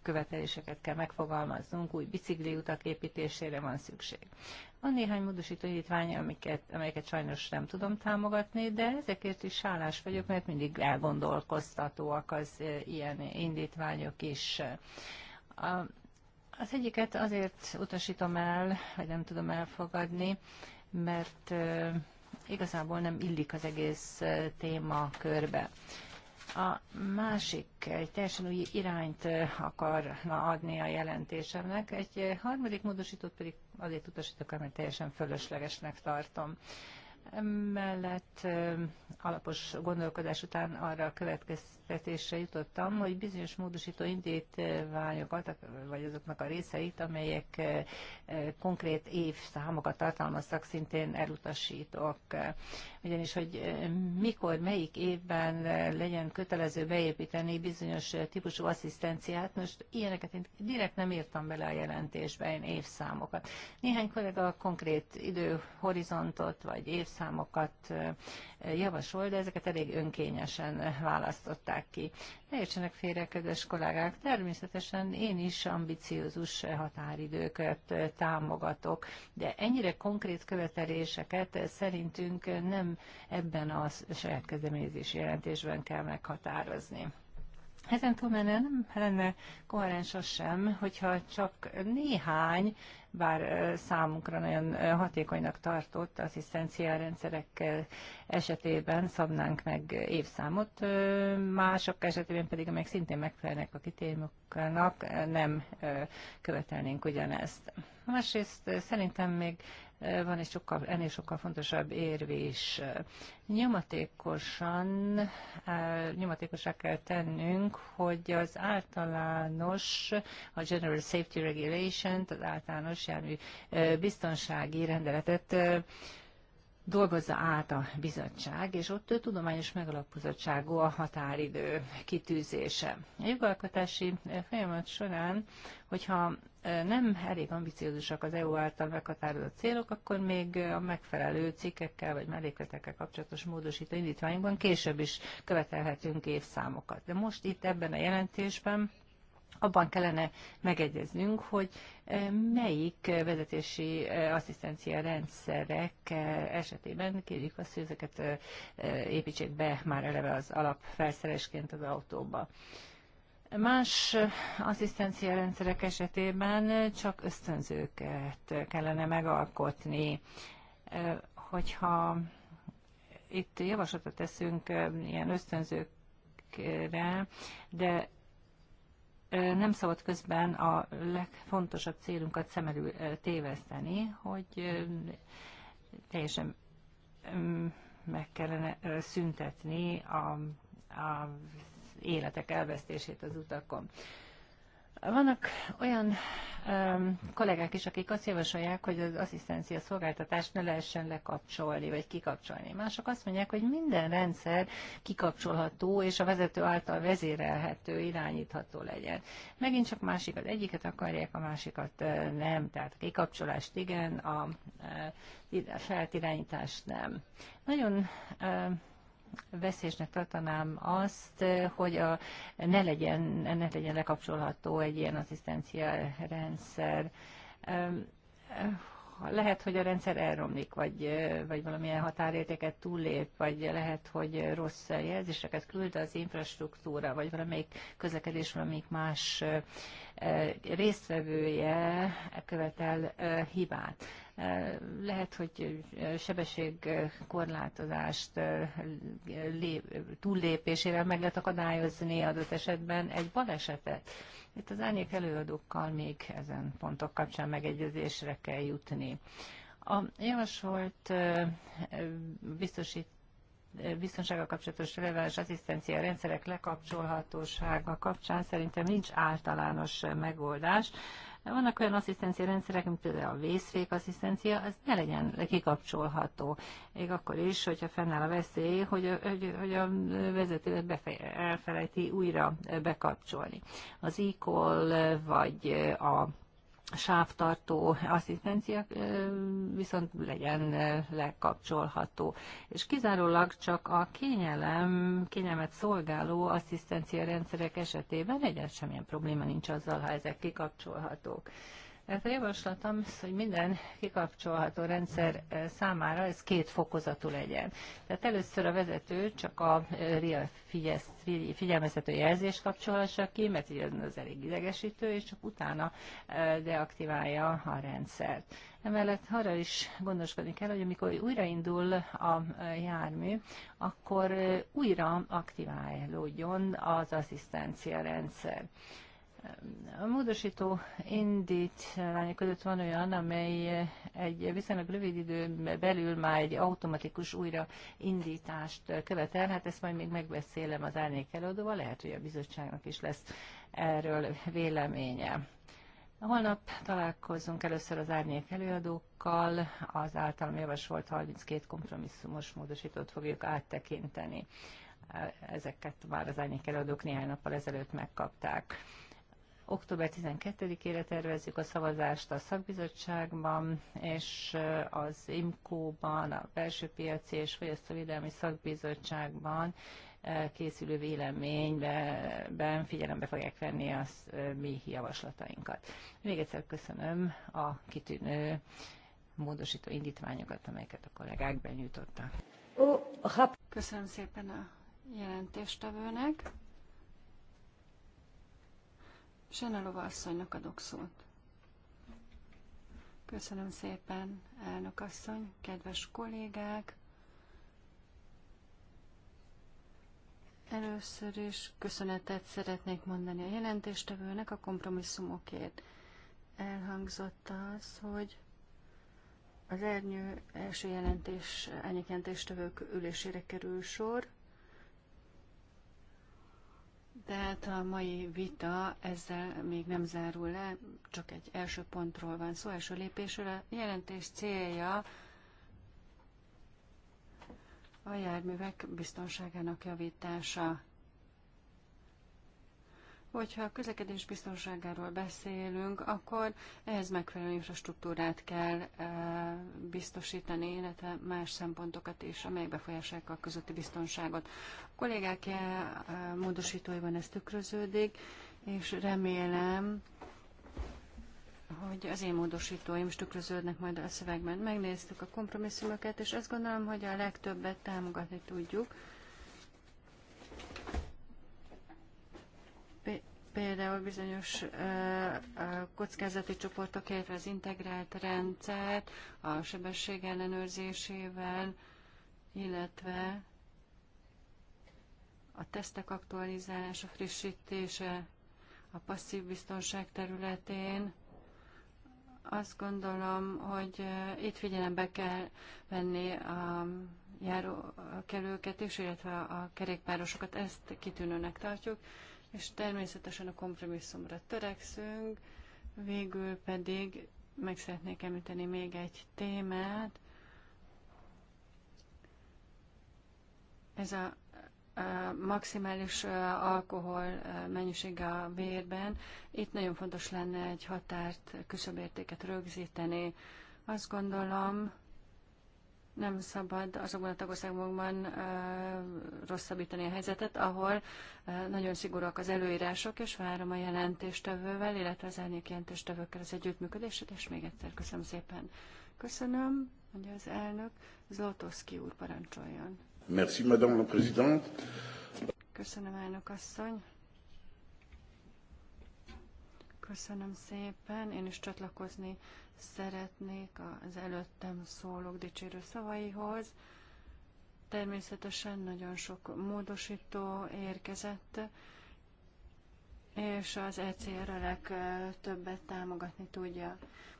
követeléseket kell megfogalmaznunk, új bicikliutak építésére van szükség. Van néhány módosító hitvány, amiket, amelyeket sajnos nem tudom támogatni, de ezekért is hálás vagyok, mert mindig elgondolkoztatóak az e, ilyen indítványok is. az egyiket azért utasítom el, vagy nem tudom elfogadni, mert e, igazából nem illik az egész e, téma körbe. A másik egy teljesen új irányt akarna adni a jelentésemnek, egy harmadik módosítót pedig azért utasítok, mert teljesen fölöslegesnek tartom. Mellett alapos gondolkodás után arra a következtetésre jutottam, hogy bizonyos módosító indítványokat, vagy azoknak a részeit, amelyek konkrét évszámokat tartalmaztak, szintén elutasítok ugyanis hogy mikor, melyik évben legyen kötelező beépíteni bizonyos típusú asszisztenciát. Most ilyeneket én direkt nem írtam bele a jelentésbe, én évszámokat. Néhány kollega konkrét időhorizontot vagy évszámokat javasol, de ezeket elég önkényesen választották ki. Ne értsenek félre, kedves kollégák, természetesen én is ambiciózus határidőket támogatok, de ennyire konkrét követeléseket szerintünk nem ebben a saját kezdeményezési jelentésben kell meghatározni. Ezen túlmenően nem lenne koherens az sem, hogyha csak néhány, bár számunkra nagyon hatékonynak tartott asszisztenciárendszerek esetében szabnánk meg évszámot, mások esetében pedig, amelyek szintén megfelelnek a kitémoknak, nem követelnénk ugyanezt. Másrészt szerintem még van egy sokkal, ennél sokkal fontosabb érv is. Nyomatékosan, nyomatékosá kell tennünk, hogy az általános, a General Safety Regulation, az általános jármű biztonsági rendeletet dolgozza át a bizottság, és ott tudományos megalapozottságú a határidő kitűzése. A jogalkotási folyamat során, hogyha nem elég ambiciózusak az EU által meghatározott célok, akkor még a megfelelő cikkekkel vagy mellékletekkel kapcsolatos módosító indítványunkban később is követelhetünk évszámokat. De most itt ebben a jelentésben abban kellene megegyeznünk, hogy melyik vezetési asszisztencia rendszerek esetében kérjük azt, hogy ezeket építsék be már eleve az alapfelszeresként az autóba. Más asszisztencia rendszerek esetében csak ösztönzőket kellene megalkotni. Hogyha itt javaslatot teszünk ilyen ösztönzőkre, de nem szabad közben a legfontosabb célunkat szem elől téveszteni, hogy teljesen meg kellene szüntetni a, a életek elvesztését az utakon. Vannak olyan um, kollégák is, akik azt javasolják, hogy az asszisztencia szolgáltatást ne lehessen lekapcsolni, vagy kikapcsolni. Mások azt mondják, hogy minden rendszer kikapcsolható, és a vezető által vezérelhető, irányítható legyen. Megint csak másikat egyiket akarják, a másikat nem. Tehát a kikapcsolást igen, a, a feltirányítást nem. Nagyon um, veszélyesnek tartanám azt, hogy a, ne, legyen, ne legyen lekapcsolható egy ilyen asszisztencia rendszer lehet, hogy a rendszer elromlik, vagy, vagy valamilyen határértéket túllép, vagy lehet, hogy rossz jelzéseket küld az infrastruktúra, vagy valamelyik közlekedés, valamelyik más résztvevője követel hibát. Lehet, hogy sebességkorlátozást túllépésével meg lehet akadályozni adott esetben egy balesetet itt az árnyék előadókkal még ezen pontok kapcsán megegyezésre kell jutni. A javasolt biztosít biztonsága kapcsolatos releváns asszisztencia rendszerek lekapcsolhatósága kapcsán szerintem nincs általános megoldás. Vannak olyan asszisztencia rendszerek, mint például a vészfék asszisztencia, az ne legyen kikapcsolható. Még akkor is, hogyha fennáll a veszély, hogy a, hogy, hogy a vezető elfelejti újra bekapcsolni. Az e vagy a sávtartó asszisztencia viszont legyen lekapcsolható. És kizárólag csak a kényelem, kényelmet szolgáló asszisztencia rendszerek esetében egyáltalán semmilyen probléma nincs azzal, ha ezek kikapcsolhatók. Tehát a javaslat az, hogy minden kikapcsolható rendszer eh, számára ez két fokozatú legyen. Tehát először a vezető csak a eh, RIA figyelmeztető jelzés kapcsolása ki, mert így az elég idegesítő, és csak utána eh, deaktiválja a rendszert. Emellett arra is gondoskodni kell, hogy amikor újraindul a jármű, akkor újra aktiválódjon az asszisztencia rendszer. A módosító indítvány között van olyan, amely egy viszonylag rövid időn belül már egy automatikus újraindítást követel. Hát ezt majd még megbeszélem az árnyék előadóval, lehet, hogy a bizottságnak is lesz erről véleménye. Holnap találkozunk először az árnyék előadókkal, az általam javasolt 32 kompromisszumos módosítót fogjuk áttekinteni. Ezeket már az árnyék előadók néhány nappal ezelőtt megkapták. Október 12-ére tervezzük a szavazást a szakbizottságban, és az IMCO-ban, a belső piaci és fogyasztóvédelmi szakbizottságban készülő véleményben figyelembe fogják venni a mi javaslatainkat. Még egyszer köszönöm a kitűnő módosító indítványokat, amelyeket a kollégák benyújtottak. Köszönöm szépen a jelentéstevőnek. Sanalova asszonynak adok szót. Köszönöm szépen, elnök asszony, kedves kollégák! Először is köszönetet szeretnék mondani a jelentéstevőnek a kompromisszumokért. Elhangzott az, hogy az ernyő első jelentés, ennyi jelentéstevők ülésére kerül sor, tehát a mai vita ezzel még nem zárul le, csak egy első pontról van szó, első lépésről. A jelentés célja a járművek biztonságának javítása. Hogyha a közlekedés biztonságáról beszélünk, akkor ehhez megfelelő infrastruktúrát kell biztosítani, illetve más szempontokat is, amelyek befolyásolják a közötti biztonságot. A kollégák módosítóiban ez tükröződik, és remélem, hogy az én módosítóim is tükröződnek majd a szövegben. Megnéztük a kompromisszumokat, és azt gondolom, hogy a legtöbbet támogatni tudjuk például bizonyos kockázati csoportok, illetve az integrált rendszert a sebesség ellenőrzésével, illetve a tesztek aktualizálása, frissítése a passzív biztonság területén. Azt gondolom, hogy itt figyelembe kell venni a járókelőket is, illetve a kerékpárosokat. Ezt kitűnőnek tartjuk és természetesen a kompromisszumra törekszünk, végül pedig meg szeretnék említeni még egy témát, ez a, a maximális alkohol mennyisége a vérben. Itt nagyon fontos lenne egy határt, küszöbértéket rögzíteni. Azt gondolom, nem szabad azokban a tagországokban rosszabbítani a helyzetet, ahol nagyon szigorúak az előírások, és várom a jelentéstevővel, illetve az elnök jelentéstevőkkel az együttműködését, és még egyszer köszönöm szépen. Köszönöm, hogy az elnök. Zlotowski úr parancsoljon. Merci, madame la présidente. Köszönöm, elnök asszony. Köszönöm szépen. Én is csatlakozni szeretnék az előttem szólók dicsérő szavaihoz. Természetesen nagyon sok módosító érkezett, és az ECR a legtöbbet támogatni tudja.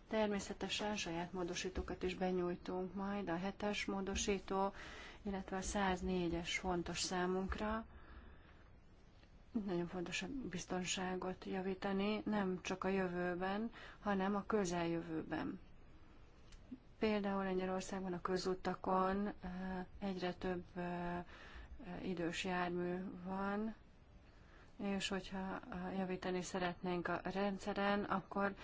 Természetesen saját módosítókat is benyújtunk majd, a hetes módosító, illetve a 104-es fontos számunkra. Nagyon fontos a biztonságot javítani, nem csak a jövőben, hanem a közeljövőben. Például Lengyelországban a közutakon eh, egyre több eh, eh, idős jármű van, és hogyha javítani szeretnénk a rendszeren, akkor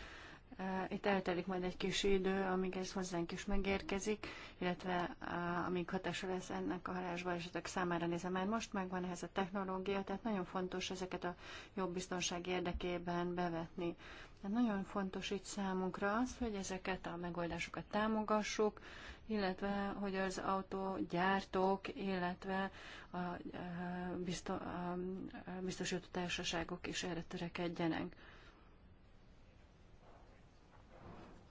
Eh, itt eltelik majd egy kis idő, amíg ez hozzánk is megérkezik, illetve eh, amíg hatása lesz ennek a halásbalesetek számára nézve. Már most megvan ehhez a technológia, tehát nagyon fontos ezeket a jobb biztonság érdekében bevetni. Tehát nagyon fontos itt számunkra az, hogy ezeket a megoldásokat támogassuk, illetve hogy az autógyártók, illetve a, eh, biztosító társaságok is erre törekedjenek.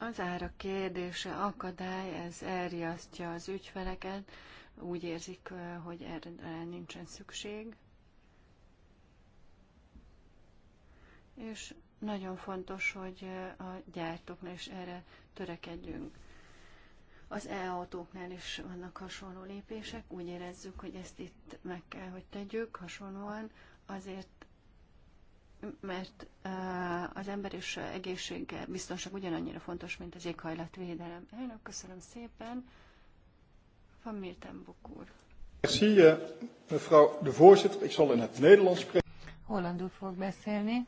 Az ára kérdése akadály, ez elriasztja az ügyfeleket, úgy érzik, hogy erre nincsen szükség. És nagyon fontos, hogy a gyártóknál is erre törekedjünk. Az e-autóknál is vannak hasonló lépések, úgy érezzük, hogy ezt itt meg kell, hogy tegyük hasonlóan, azért, mert az ember és egészség biztonság ugyanannyira fontos, mint az éghajlatvédelem. Elnök, köszönöm szépen. Van Mirtenbuk Bukur. Eh, de voorzitter. in het Nederlands spreken. Hollandul fog beszélni.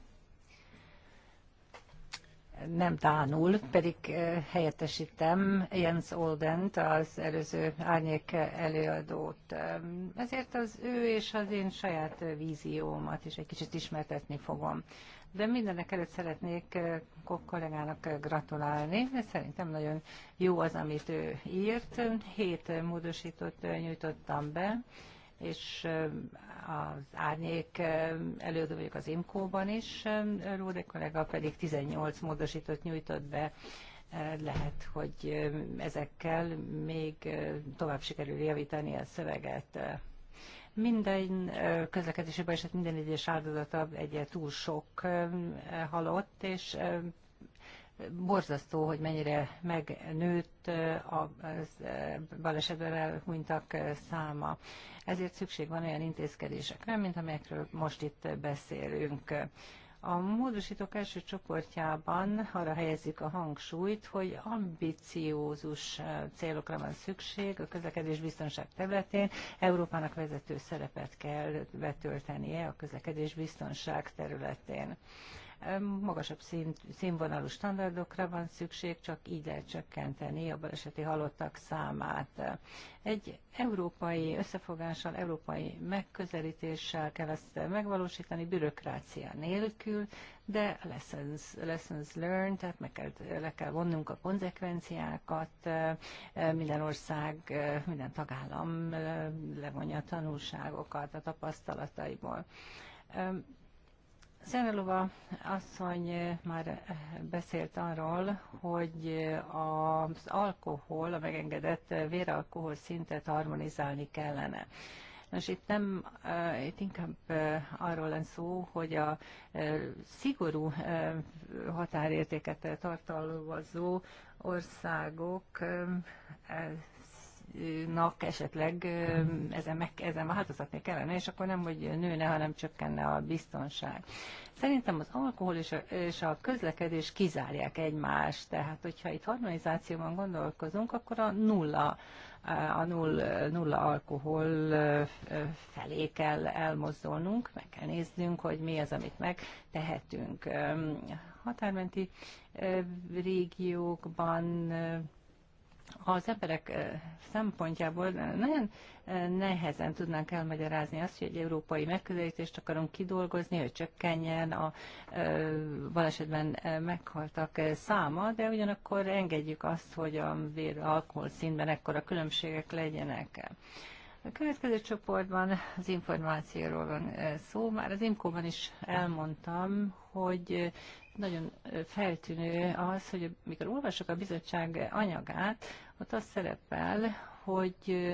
Nem tánul, pedig eh, helyettesítem Jens Oldent, az előző árnyék előadót. Ehm, ezért az ő és az én saját víziómat is egy kicsit ismertetni fogom. De mindenek előtt szeretnék eh, Kok kollégának eh, gratulálni. Szerintem nagyon jó az, amit ő írt. Hét eh, módosítót nyújtottam be, és az árnyék előadó vagyok az Imkóban ban is. Róde kollega pedig 18 módosítót nyújtott be lehet, hogy ezekkel még tovább sikerül javítani a szöveget. Minden közlekedési baleset minden egyes áldozata egy túl sok halott, és borzasztó, hogy mennyire megnőtt a balesetben elhunytak száma. Ezért szükség van olyan intézkedésekre, mint amelyekről most itt beszélünk. A módosítók első csoportjában arra helyezik a hangsúlyt, hogy ambiciózus eh, célokra van szükség a közlekedés biztonság területén. Európának vezető szerepet kell betöltenie a közlekedés biztonság területén magasabb szín, színvonalú standardokra van szükség, csak így lehet csökkenteni a baleseti halottak számát. Egy európai összefogással, európai megközelítéssel kell ezt megvalósítani, bürokrácia nélkül, de lessons, lessons learned, tehát meg kell, le kell vonnunk a konzekvenciákat, eh, minden ország, eh, minden tagállam eh, levonja a tanulságokat a tapasztalataiból Szenelova asszony eh, már eh, beszélt arról, hogy eh, az alkohol, a megengedett véralkohol szintet harmonizálni kellene. Nos, itt, nem, itt inkább arról lenne szó, hogy a szigorú határértéket tartalmazó országok nak esetleg ezen, meg, ezen változtatni kellene, és akkor nem, hogy nőne, hanem csökkenne a biztonság. Szerintem az alkohol és a, és a közlekedés kizárják egymást, tehát hogyha itt harmonizációban gondolkozunk, akkor a nulla a null, nulla alkohol felé kell elmozdulnunk, meg kell néznünk, hogy mi az, amit megtehetünk. Határmenti régiókban az emberek szempontjából nagyon nehezen tudnánk elmagyarázni azt, hogy egy európai megközelítést akarunk kidolgozni, hogy csökkenjen a balesetben meghaltak száma, de ugyanakkor engedjük azt, hogy a vér alkohol színben ekkora különbségek legyenek. A következő csoportban az információról van szó. Már az imco is elmondtam, hogy nagyon feltűnő az, hogy mikor olvasok a bizottság anyagát, ott az szerepel, hogy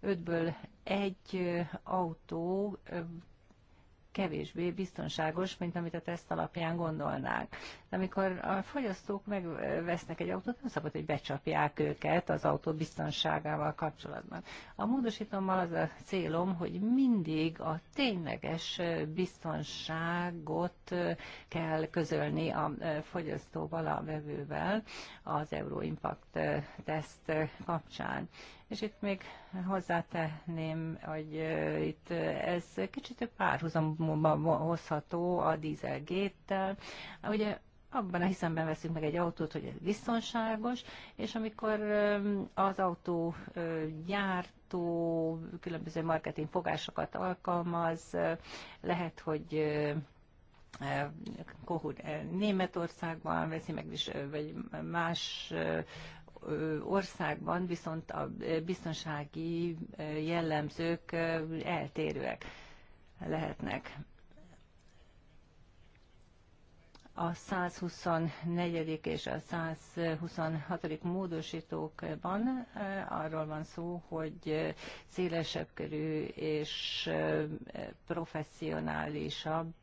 ötből egy autó kevésbé biztonságos, mint amit a teszt alapján gondolnák. De amikor a fogyasztók megvesznek egy autót, nem szabad, hogy becsapják őket az autó biztonságával kapcsolatban. A módosítommal az a célom, hogy mindig a tényleges biztonságot kell közölni a fogyasztóval, a vevővel az Euro Impact teszt kapcsán. És itt még hozzátenném, hogy itt ez kicsit párhuzamban hozható a dízelgéttel. Ugye abban a hiszemben veszünk meg egy autót, hogy ez biztonságos, és amikor az autó gyárt, különböző marketing fogásokat alkalmaz, lehet, hogy Kohut Németországban veszi meg, is, vagy más országban viszont a biztonsági jellemzők eltérőek lehetnek. A 124. és a 126. módosítókban arról van szó, hogy szélesebb körű és professzionálisabb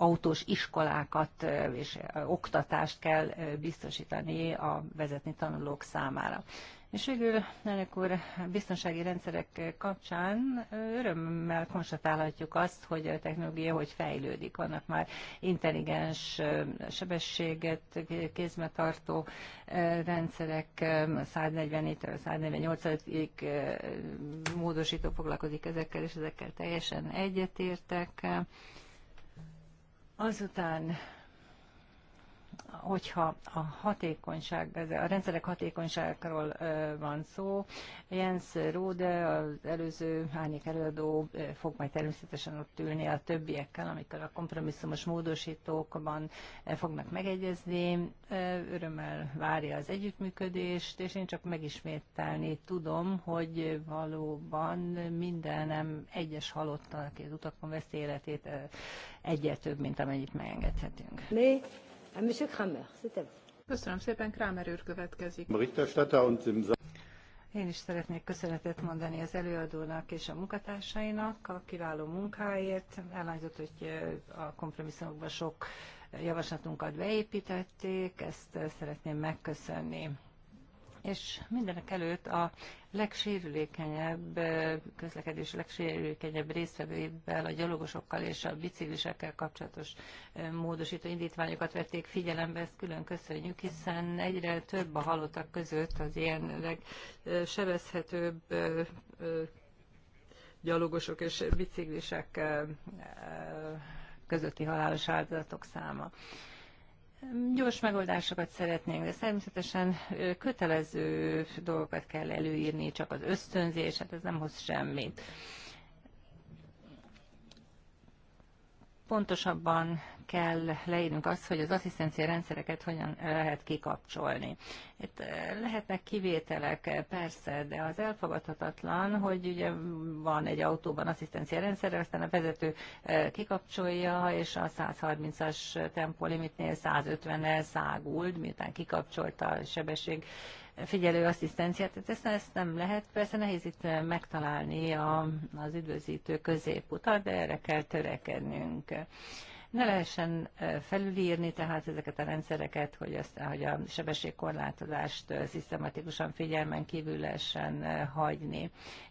autós iskolákat és oktatást kell biztosítani a vezetni tanulók számára. És végül, elnök úr, biztonsági rendszerek kapcsán örömmel konstatálhatjuk azt, hogy a technológia hogy fejlődik. Vannak már intelligens sebességet kézbe tartó rendszerek, 144-től 148-ig módosító foglalkozik ezekkel, és ezekkel teljesen egyetértek. Azután hogyha a hatékonyság, a rendszerek hatékonyságról van szó, Jens Rode, az előző árnyék előadó fog majd természetesen ott ülni a többiekkel, amikor a kompromisszumos módosítókban fognak megegyezni. Örömmel várja az együttműködést, és én csak megismételni tudom, hogy valóban nem egyes halottan, aki az utakon veszi életét, egyet több, mint amennyit megengedhetünk. Mi? Kramer, Köszönöm szépen, Kramer úr következik. Én is szeretnék köszönetet mondani az előadónak és a munkatársainak a kiváló munkáért. Elhangzott, hogy a kompromisszumokban sok javaslatunkat beépítették, ezt szeretném megköszönni és mindenek előtt a legsérülékenyebb közlekedés legsérülékenyebb résztvevőivel, a gyalogosokkal és a biciklisekkel kapcsolatos módosító indítványokat vették figyelembe, ezt külön köszönjük, hiszen egyre több a halottak között az ilyen legsebezhetőbb gyalogosok és biciklisek közötti halálos áldozatok száma. Gyors megoldásokat szeretnénk, de természetesen kötelező dolgokat kell előírni, csak az ösztönzés, hát ez nem hoz semmit. Pontosabban kell leírnunk azt, hogy az asszisztencia rendszereket hogyan lehet kikapcsolni. Itt eh, lehetnek kivételek, eh, persze, de az elfogadhatatlan, hogy ugye van egy autóban asszisztencia rendszer, aztán a vezető eh, kikapcsolja, és a 130-as limitnél 150-nel száguld, miután kikapcsolta a sebesség figyelő asszisztenciát, tehát ezt, ezt nem lehet. Persze nehéz itt megtalálni a, az üdvözítő középutat, de erre kell törekednünk ne lehessen felülírni tehát ezeket a rendszereket, hogy, aztán, hogy a sebességkorlátozást szisztematikusan figyelmen kívül lehessen hagyni.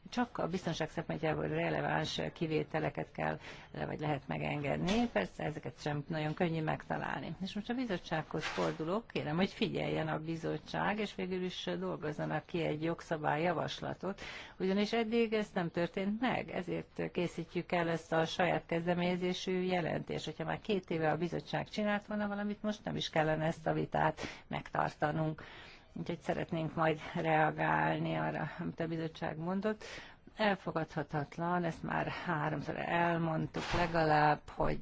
Csak a biztonság szempontjából releváns kivételeket kell, vagy lehet megengedni, persze ezeket sem nagyon könnyű megtalálni. És most a bizottsághoz fordulok, kérem, hogy figyeljen a bizottság, és végül is dolgozzanak ki egy jogszabályjavaslatot, ugyanis eddig ez nem történt meg, ezért készítjük el ezt a saját kezdeményezésű jelentést. Hogyha már két éve a bizottság csinált volna valamit, most nem is kellene ezt a vitát megtartanunk. Úgyhogy szeretnénk majd reagálni arra, amit a bizottság mondott elfogadhatatlan, ezt már háromszor elmondtuk legalább, hogy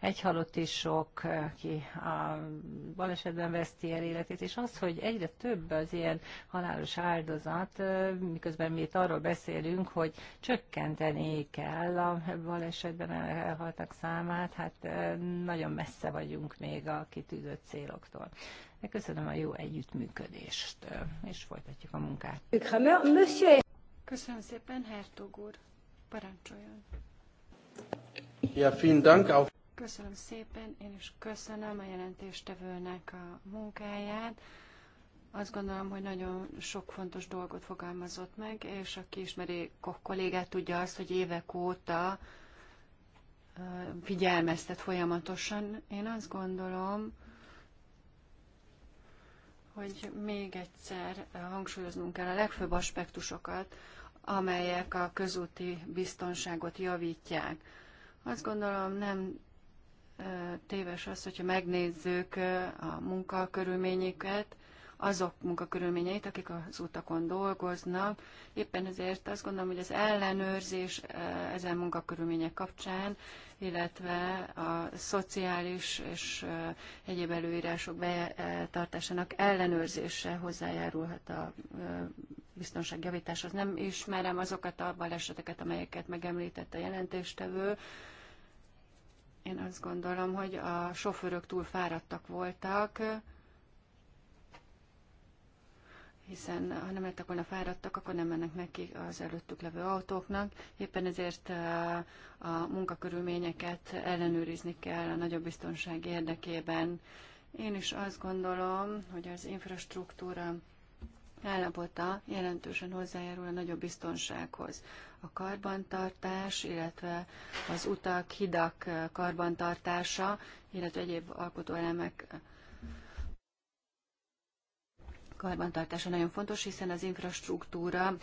egy halott is sok, ki a balesetben veszti el életét, és az, hogy egyre több az ilyen halálos áldozat, miközben mi itt arról beszélünk, hogy csökkenteni kell a balesetben elhaltak számát, hát nagyon messze vagyunk még a kitűzött céloktól. Köszönöm a jó együttműködést, és folytatjuk a munkát. Köszönöm szépen, Hertog úr. Parancsoljon. Ja, vielen Dank auch. Köszönöm szépen, én is köszönöm a jelentéstevőnek a munkáját. Azt gondolom, hogy nagyon sok fontos dolgot fogalmazott meg, és aki ismeri Koch kollégát, tudja azt, hogy évek óta figyelmeztet folyamatosan. Én azt gondolom, hogy még egyszer hangsúlyoznunk kell a legfőbb aspektusokat, amelyek a közúti biztonságot javítják. Azt gondolom nem téves az, hogyha megnézzük a munkakörülményeket, azok munkakörülményeit, akik az utakon dolgoznak. Éppen ezért azt gondolom, hogy az ellenőrzés ezen munkakörülmények kapcsán, illetve a szociális és egyéb előírások betartásának ellenőrzése hozzájárulhat a biztonságjavításhoz. Nem ismerem azokat a baleseteket, amelyeket megemlített a jelentéstevő. Én azt gondolom, hogy a sofőrök túl fáradtak voltak, hiszen ha nem lettek volna fáradtak, akkor nem mennek neki az előttük levő autóknak. Éppen ezért uh, a munkakörülményeket ellenőrizni kell a nagyobb biztonság érdekében. Én is azt gondolom, hogy az infrastruktúra állapota jelentősen hozzájárul a nagyobb biztonsághoz. A karbantartás, illetve az utak, hidak karbantartása, illetve egyéb alkotóelemek karbantartása nagyon fontos, hiszen az infrastruktúra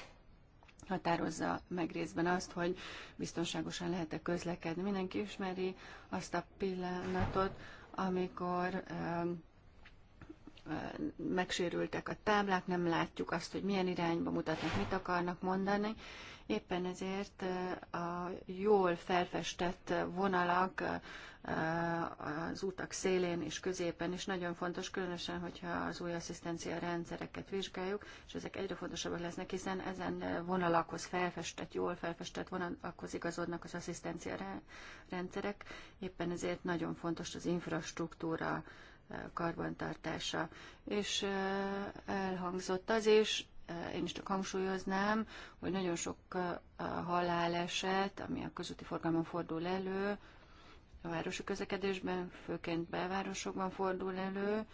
határozza meg részben azt, hogy biztonságosan lehet-e közlekedni. Mindenki ismeri azt a pillanatot, amikor megsérültek a táblák, nem látjuk azt, hogy milyen irányba mutatnak, mit akarnak mondani. Éppen ezért a jól felfestett vonalak az utak szélén és középen is nagyon fontos, különösen, hogyha az új asszisztencia rendszereket vizsgáljuk, és ezek egyre fontosabbak lesznek, hiszen ezen vonalakhoz felfestett, jól felfestett vonalakhoz igazodnak az asszisztencia rendszerek. Éppen ezért nagyon fontos az infrastruktúra karbantartása. És elhangzott az is, én is csak hangsúlyoznám, hogy nagyon sok haláleset, ami a közúti forgalmon fordul elő, a városi közlekedésben, főként belvárosokban fordul elő,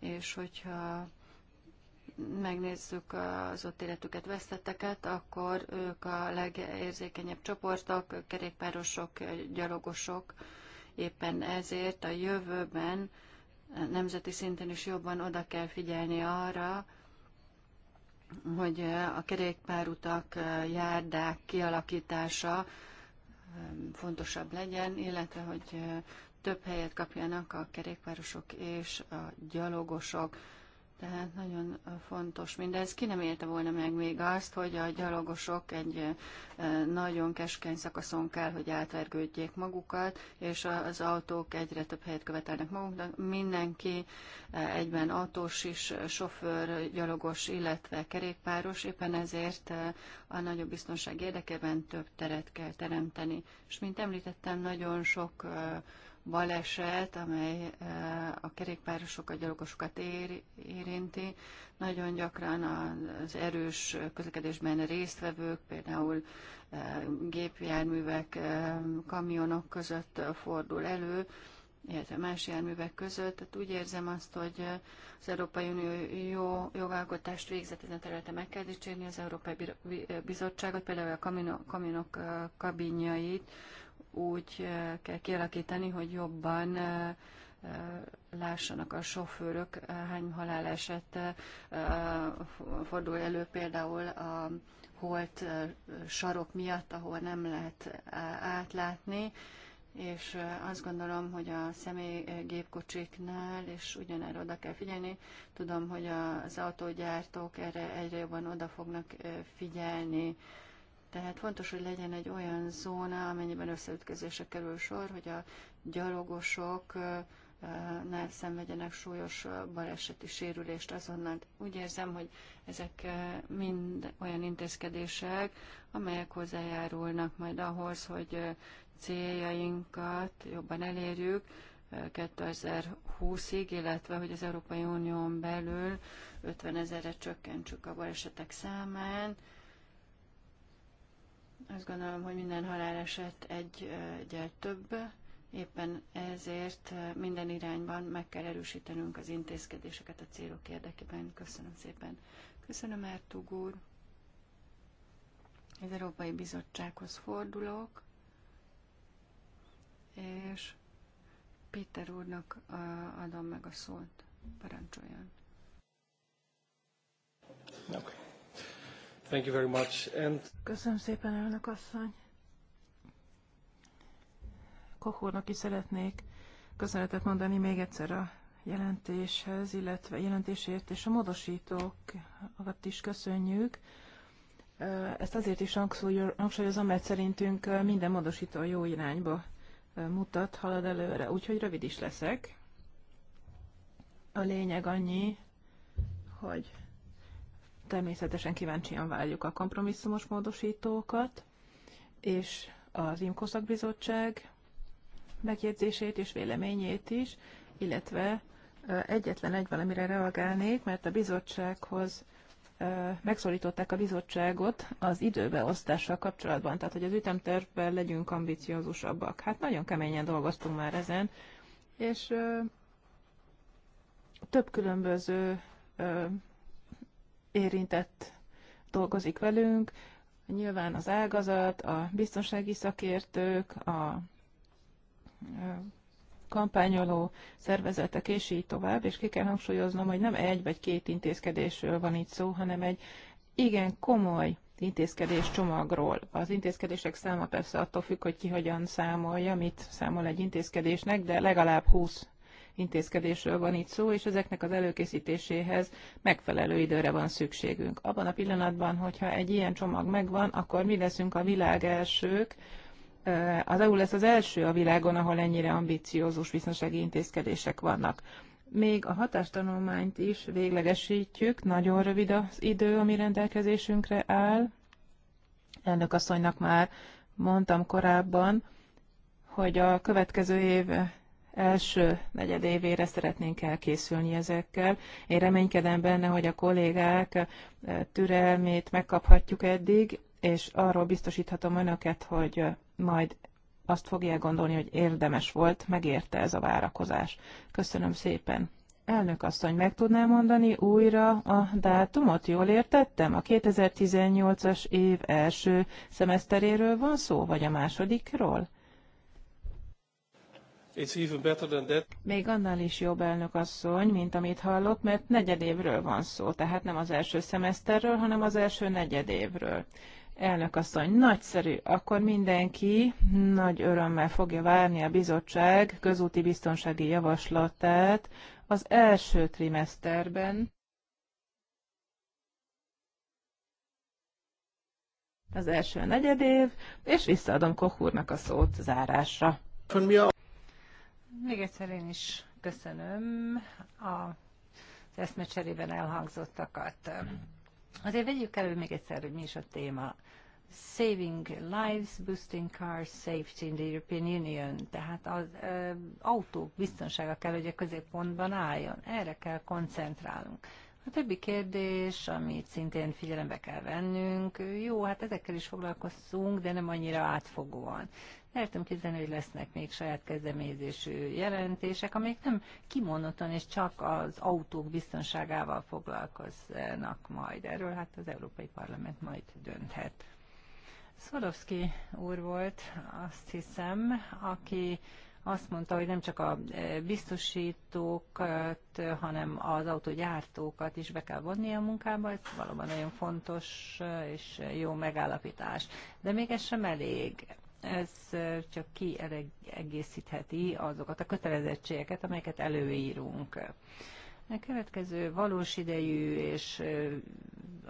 és hogyha megnézzük az ott életüket veszteteket, akkor ők a legérzékenyebb csoportok, kerékpárosok, gyalogosok. Éppen ezért a jövőben nemzeti szinten is jobban oda kell figyelni arra, hogy a kerékpárutak, járdák kialakítása fontosabb legyen, illetve hogy több helyet kapjanak a kerékpárosok és a gyalogosok. Tehát nagyon fontos mindez. Ki nem érte volna meg még azt, hogy a gyalogosok egy nagyon keskeny szakaszon kell, hogy átvergődjék magukat, és az autók egyre több helyet követelnek maguknak. Mindenki egyben autós is, sofőr, gyalogos, illetve kerékpáros. Éppen ezért a nagyobb biztonság érdekében több teret kell teremteni. És mint említettem, nagyon sok baleset, amely a kerékpárosokat, gyalogosokat ér, érinti. Nagyon gyakran az erős közlekedésben résztvevők, például gépjárművek, kamionok között fordul elő, illetve más járművek között. Tehát úgy érzem azt, hogy az Európai Unió jó jogalkotást végzett ezen területen meg kell dicsérni az Európai Bizottságot, például a kamionok kabinjait, úgy kell kialakítani, hogy jobban lássanak a sofőrök, hány haláleset fordul elő például a holt sarok miatt, ahol nem lehet átlátni, és azt gondolom, hogy a személygépkocsiknál, és ugyanerre oda kell figyelni, tudom, hogy az autógyártók erre egyre jobban oda fognak figyelni, tehát fontos, hogy legyen egy olyan zóna, amennyiben összeütközésre kerül sor, hogy a gyalogosok ne szenvedjenek súlyos baleseti sérülést azonnal. Úgy érzem, hogy ezek mind olyan intézkedések, amelyek hozzájárulnak majd ahhoz, hogy céljainkat jobban elérjük 2020-ig, illetve hogy az Európai Unión belül 50 ezerre csökkentsük a balesetek számán, azt gondolom, hogy minden haláleset egy egyel több, éppen ezért minden irányban meg kell erősítenünk az intézkedéseket a célok érdekében. Köszönöm szépen. Köszönöm, Ertug úr. Az Európai Bizottsághoz fordulok, és Péter úrnak adom meg a szót. Parancsoljon. Okay. Thank you very much. And... Köszönöm szépen, elnök asszony. Koch is szeretnék köszönetet mondani még egyszer a jelentéshez, illetve jelentésért és a módosítókat is köszönjük. Ezt azért is hangsúlyozom, mert szerintünk minden módosító jó irányba mutat, halad előre, úgyhogy rövid is leszek. A lényeg annyi, hogy Természetesen kíváncsian várjuk a kompromisszumos módosítókat, és az IMKO szakbizottság megjegyzését és véleményét is, illetve egyetlen egy valamire reagálnék, mert a bizottsághoz megszólították a bizottságot az időbeosztással kapcsolatban, tehát hogy az ütemtervben legyünk ambiciózusabbak. Hát nagyon keményen dolgoztunk már ezen, és több különböző érintett dolgozik velünk, nyilván az ágazat, a biztonsági szakértők, a kampányoló szervezetek, és így tovább, és ki kell hangsúlyoznom, hogy nem egy vagy két intézkedésről van itt szó, hanem egy igen komoly intézkedés csomagról. Az intézkedések száma persze attól függ, hogy ki hogyan számolja, mit számol egy intézkedésnek, de legalább 20 intézkedésről van itt szó, és ezeknek az előkészítéséhez megfelelő időre van szükségünk. Abban a pillanatban, hogyha egy ilyen csomag megvan, akkor mi leszünk a világ elsők, az EU lesz az első a világon, ahol ennyire ambiciózus biztonsági intézkedések vannak. Még a hatástanulmányt is véglegesítjük, nagyon rövid az idő, ami rendelkezésünkre áll. Elnök asszonynak már mondtam korábban, hogy a következő év első negyedévére szeretnénk elkészülni ezekkel. Én reménykedem benne, hogy a kollégák e, türelmét megkaphatjuk eddig, és arról biztosíthatom önöket, hogy e, majd azt fogják gondolni, hogy érdemes volt, megérte ez a várakozás. Köszönöm szépen. Elnök asszony, meg tudná mondani újra a dátumot? Jól értettem? A 2018-as év első szemeszteréről van szó, vagy a másodikról? It's even better than that. Még annál is jobb elnök asszony, mint amit hallott, mert negyedévről van szó, tehát nem az első szemeszterről, hanem az első negyedévről. Elnök asszony, nagyszerű, akkor mindenki nagy örömmel fogja várni a bizottság közúti biztonsági javaslatát az első trimeszterben. Az első negyedév, és visszaadom Koch úrnak a szót zárásra. Még egyszer én is köszönöm a az eszmecserében elhangzottakat. Azért vegyük elő még egyszer, hogy mi is a téma. Saving lives, boosting car safety in the European Union. Tehát az ö, autók biztonsága kell, hogy a középpontban álljon. Erre kell koncentrálnunk. A többi kérdés, amit szintén figyelembe kell vennünk, jó, hát ezekkel is foglalkozzunk, de nem annyira átfogóan el tudom képzelni, hogy lesznek még saját kezdeményezésű jelentések, amelyek nem kimondottan és csak az autók biztonságával foglalkoznak majd. Erről hát az Európai Parlament majd dönthet. Szorovszki úr volt, azt hiszem, aki azt mondta, hogy nem csak a e, biztosítókat, hanem az autógyártókat is be kell vonni a munkába, ez valóban nagyon fontos e, és jó megállapítás. De még ez sem elég ez csak kiegészítheti azokat a kötelezettségeket, amelyeket előírunk. A következő valós idejű és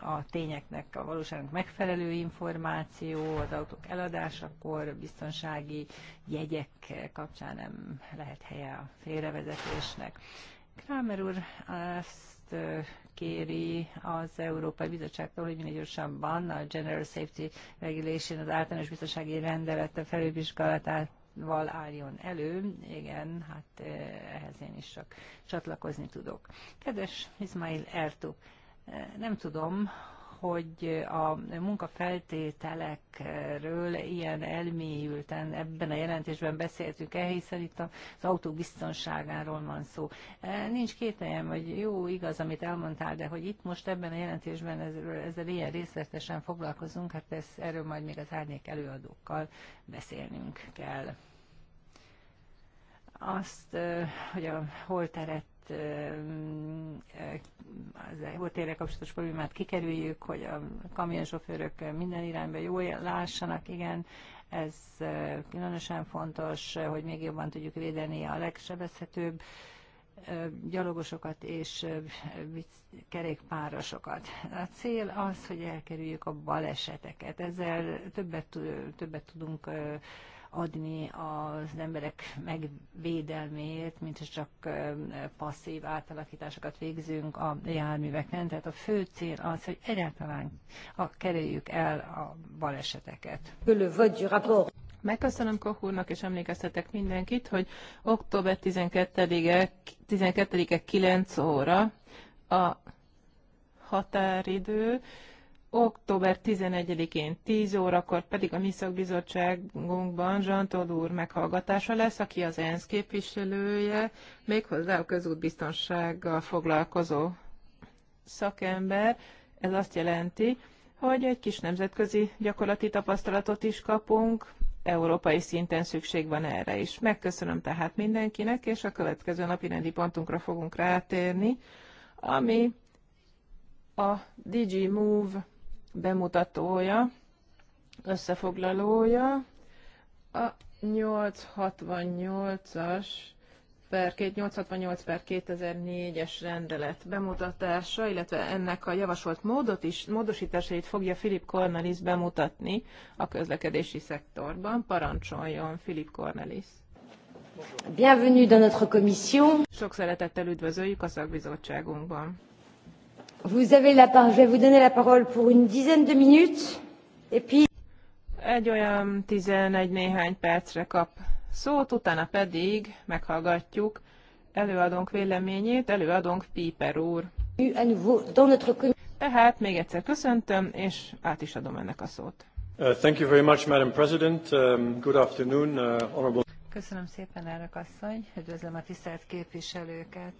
a tényeknek, a valóságnak megfelelő információ, az autók eladásakor, biztonsági jegyek kapcsán nem lehet helye a félrevezetésnek. Kramer úr kéri az Európai Bizottságtól, hogy minél gyorsabban a General Safety Regulation, az általános biztonsági rendelet val álljon elő. Igen, hát ehhez én is csak csatlakozni tudok. Kedves Ismail Ertug, nem tudom, hogy a munkafeltételekről ilyen elmélyülten ebben a jelentésben beszéltünk el, hiszen itt az autó biztonságáról van szó. E, nincs kételjem, hogy jó, igaz, amit elmondtál, de hogy itt most ebben a jelentésben ezzel, ezzel ilyen részletesen foglalkozunk, hát ez, erről majd még az árnyék előadókkal beszélnünk kell azt, e, hogy a holteret Hát, az eltérre kapcsolatos problémát kikerüljük, hogy a kamionsofőrök minden irányba jól lássanak, igen, ez különösen fontos, hogy még jobban tudjuk védeni a legsebezhetőbb gyalogosokat és kerékpárosokat. A cél az, hogy elkerüljük a baleseteket. Ezzel többet, többet tudunk adni az emberek megvédelméért, mint csak passzív átalakításokat végzünk a járműveken. Tehát a fő cél az, hogy egyáltalán a, kerüljük el a baleseteket. Megköszönöm Koch úrnak, és emlékeztetek mindenkit, hogy október 12-e, 12 9 óra a határidő október 11-én 10 órakor pedig a mi szakbizottságunkban Zsantod úr meghallgatása lesz, aki az ENSZ képviselője, méghozzá a közútbiztonsággal foglalkozó szakember. Ez azt jelenti, hogy egy kis nemzetközi gyakorlati tapasztalatot is kapunk, európai szinten szükség van erre is. Megköszönöm tehát mindenkinek, és a következő napi rendi pontunkra fogunk rátérni, ami a DigiMove bemutatója, összefoglalója. A 868-as per 868 per 2004-es rendelet bemutatása, illetve ennek a javasolt módot is, módosításait fogja Filip Cornelis bemutatni a közlekedési szektorban. Parancsoljon, Filip Cornelis! Bienvenue dans notre commission. Sok szeretettel üdvözöljük a szakbizottságunkban. Vous avez la parole, je vais vous donner la parole pour une dizaine de minutes, et puis... Egy olyan 11 néhány percre kap szót, utána pedig meghallgatjuk előadónk véleményét, előadónk Piper úr. Tehát még egyszer köszöntöm, és át is adom ennek a szót. Uh, thank you very much, Madam President. Um, good afternoon, uh, honorable... Köszönöm szépen, elnök asszony. Üdvözlöm a tisztelt képviselőket.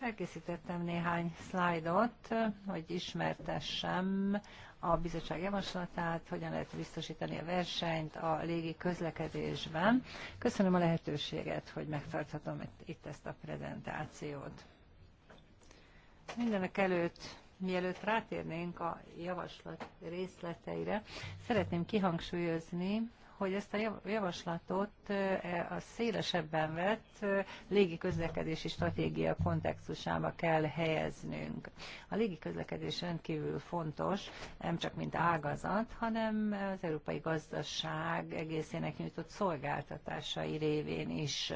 Elkészítettem néhány szlájdot, hogy ismertessem a bizottság javaslatát, hogyan lehet biztosítani a versenyt a légi közlekedésben. Köszönöm a lehetőséget, hogy megtarthatom itt ezt a prezentációt. Mindenek előtt Mielőtt rátérnénk a javaslat részleteire, szeretném kihangsúlyozni, hogy ezt a javaslatot e, a szélesebben vett légiközlekedési stratégia kontextusába kell helyeznünk. A légiközlekedés rendkívül fontos, nem csak mint ágazat, hanem az európai gazdaság egészének nyújtott szolgáltatásai révén is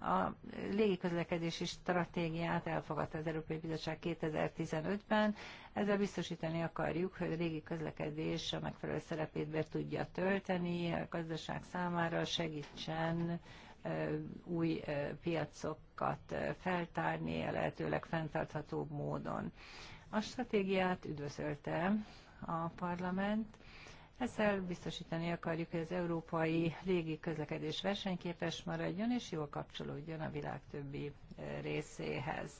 a légiközlekedési stratégiát elfogadta az Európai Bizottság 2015-ben, ezzel biztosítani akarjuk, hogy a régi közlekedés a megfelelő szerepét be tudja tölteni, a gazdaság számára segítsen új piacokat feltárni, a lehetőleg fenntarthatóbb módon. A stratégiát üdvözölte a parlament, ezzel biztosítani akarjuk, hogy az európai légi közlekedés versenyképes maradjon és jól kapcsolódjon a világ többi részéhez.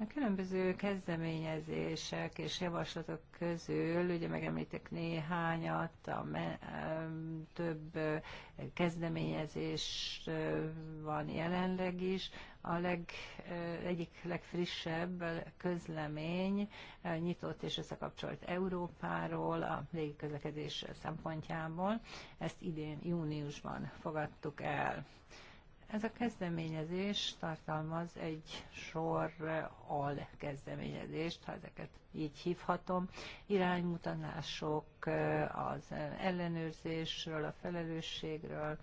A különböző kezdeményezések és javaslatok közül, ugye megemlítek néhányat, a me, több kezdeményezés van jelenleg is. A leg, egyik legfrissebb közlemény nyitott és összekapcsolt Európáról a légiközlekedés szempontjából. Ezt idén júniusban fogadtuk el. Ez a kezdeményezés tartalmaz egy sor al kezdeményezést, ha ezeket így hívhatom, iránymutatások az ellenőrzésről, a felelősségről,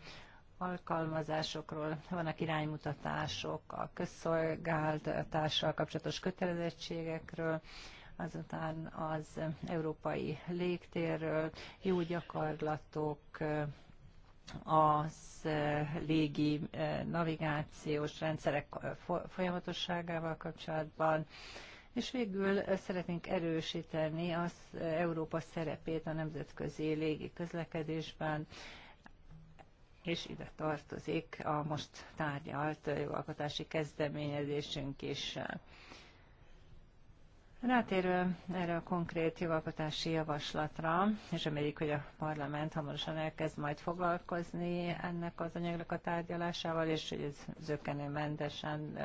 alkalmazásokról, vannak iránymutatások a közszolgáltatással kapcsolatos kötelezettségekről, azután az európai légtérről, jó gyakorlatok, az légi navigációs rendszerek folyamatosságával kapcsolatban, és végül szeretnénk erősíteni az Európa szerepét a nemzetközi légi közlekedésben, és ide tartozik a most tárgyalt jogalkotási kezdeményezésünk is. Rátérő erre a konkrét jogalkotási javaslatra, és reméljük, hogy a parlament hamarosan elkezd majd foglalkozni ennek az anyagnak a tárgyalásával, és hogy ez zökkenőmentesen